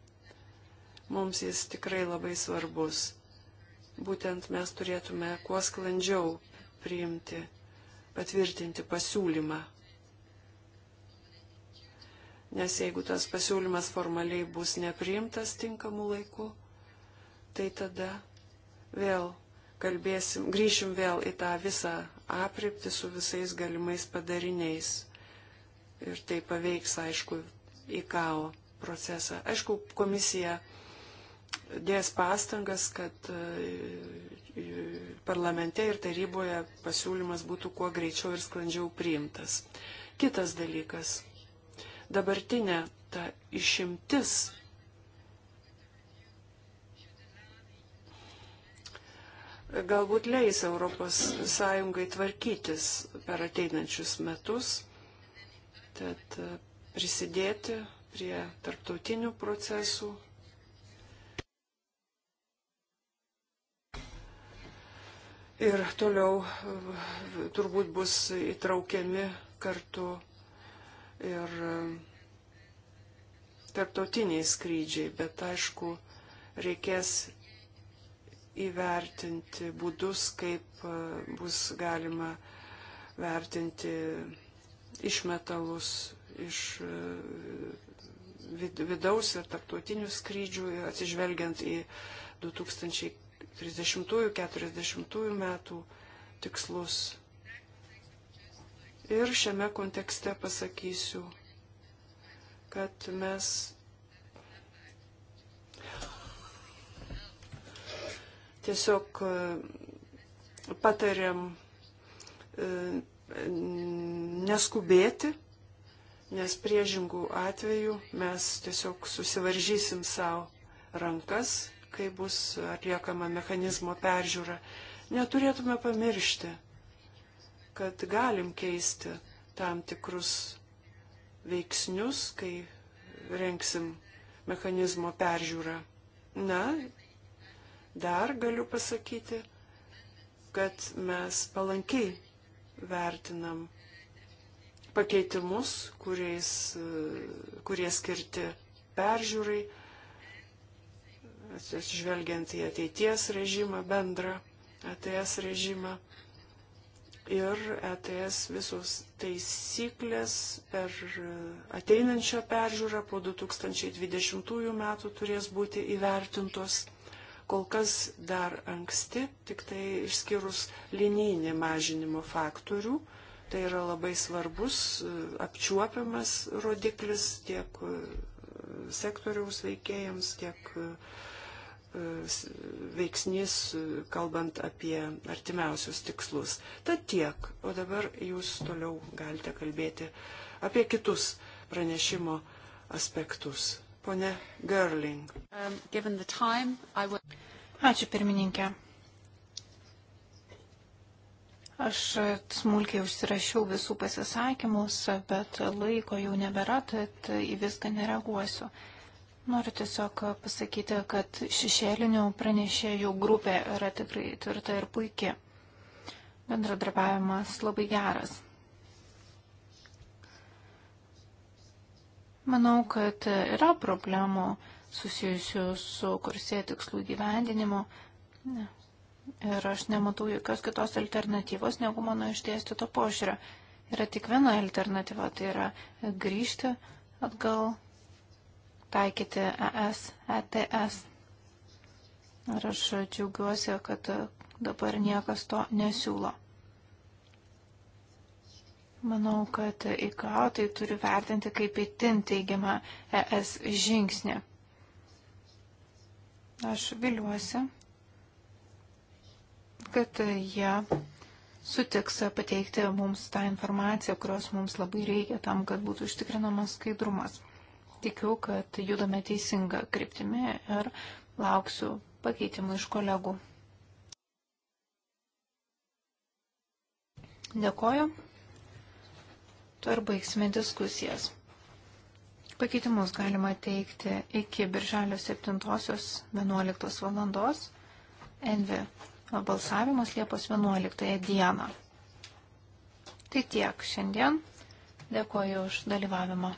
mums jis tikrai labai svarbus. Būtent mes turėtume kuo sklandžiau priimti, patvirtinti pasiūlymą. Nes jeigu tas pasiūlymas formaliai bus nepriimtas tinkamu laiku, tai tada vėl kalbėsim, grįšim vėl į tą visą apripti su visais galimais padariniais. Ir tai paveiks, aišku, į kao procesą. Aišku, komisija dės pastangas, kad e, e, parlamente ir taryboje pasiūlymas būtų kuo greičiau ir sklandžiau priimtas. Kitas dalykas. Dabartinė ta išimtis galbūt leis ES tvarkytis per ateinančius metus, tad e, prisidėti prie tarptautinių procesų ir toliau turbūt bus įtraukiami kartu ir e, tarptautiniai skrydžiai, bet aišku, reikės įvertinti būdus, kaip e, bus galima vertinti išmetalus iš e, vidaus ir tarptautinių skrydžių, atsižvelgiant į 2000. 30-40 metų tikslus. Ir šiame kontekste pasakysiu, kad mes tiesiog e, patariam e, neskubėti, nes priežingų atveju mes tiesiog susivaržysim savo rankas kai bus atliekama mechanizmo peržiūra, neturėtume pamiršti, kad galim keisti tam tikrus veiksnius, kai renksim mechanizmo peržiūrą. Na, dar galiu pasakyti, kad mes palankiai vertinam pakeitimus, kuriais, kurie skirti peržiūrai atsižvelgiant į ateities režimą, bendrą ETS režimą. Ir ETS visos taisyklės per ateinančią peržiūrą po 2020 metų turės būti įvertintos. Kol kas dar anksti, tik tai išskyrus linijinį mažinimo faktorių, tai yra labai svarbus e, apčiuopiamas rodiklis tiek e, sektoriaus veikėjams, tiek uh, E, veiksnys, e, kalbant apie artimiausius tikslus. Tad tiek. O dabar jūs toliau galite kalbėti apie kitus pranešimo aspektus. Pone Gerling. Um, time, will... Ačiū pirmininkė. Aš smulkiai užsirašiau visų pasisakymus, bet laiko jau nebėra, tad į viską nereaguosiu. Noriu tiesiog pasakyti, kad šešėlinių pranešėjų grupė yra tikrai tvirta ir puikia. Bendradarbiavimas labai geras. Manau, kad yra problemų susijusių su kursė tikslų gyvendinimu. Ir aš nematau jokios kitos alternatyvos negu mano išdėstyto požiūrio. Yra tik viena alternatyva, tai yra grįžti atgal taikyti ES, ETS. Ir aš džiaugiuosi, kad dabar niekas to nesiūlo. Manau, kad IKAO tai turi vertinti kaip itin teigiamą ES žingsnį. Aš viliuosi, kad jie sutiks pateikti mums tą informaciją, kurios mums labai reikia tam, kad būtų užtikrinamas skaidrumas tikiu, kad judame teisinga kryptimi ir lauksiu pakeitimų iš kolegų. Dėkoju. Tuo ir baigsime diskusijas. Pakeitimus galima teikti iki birželio 7.11 valandos. Envi balsavimas Liepos 11 dieną. Tai tiek šiandien. Dėkoju už dalyvavimą.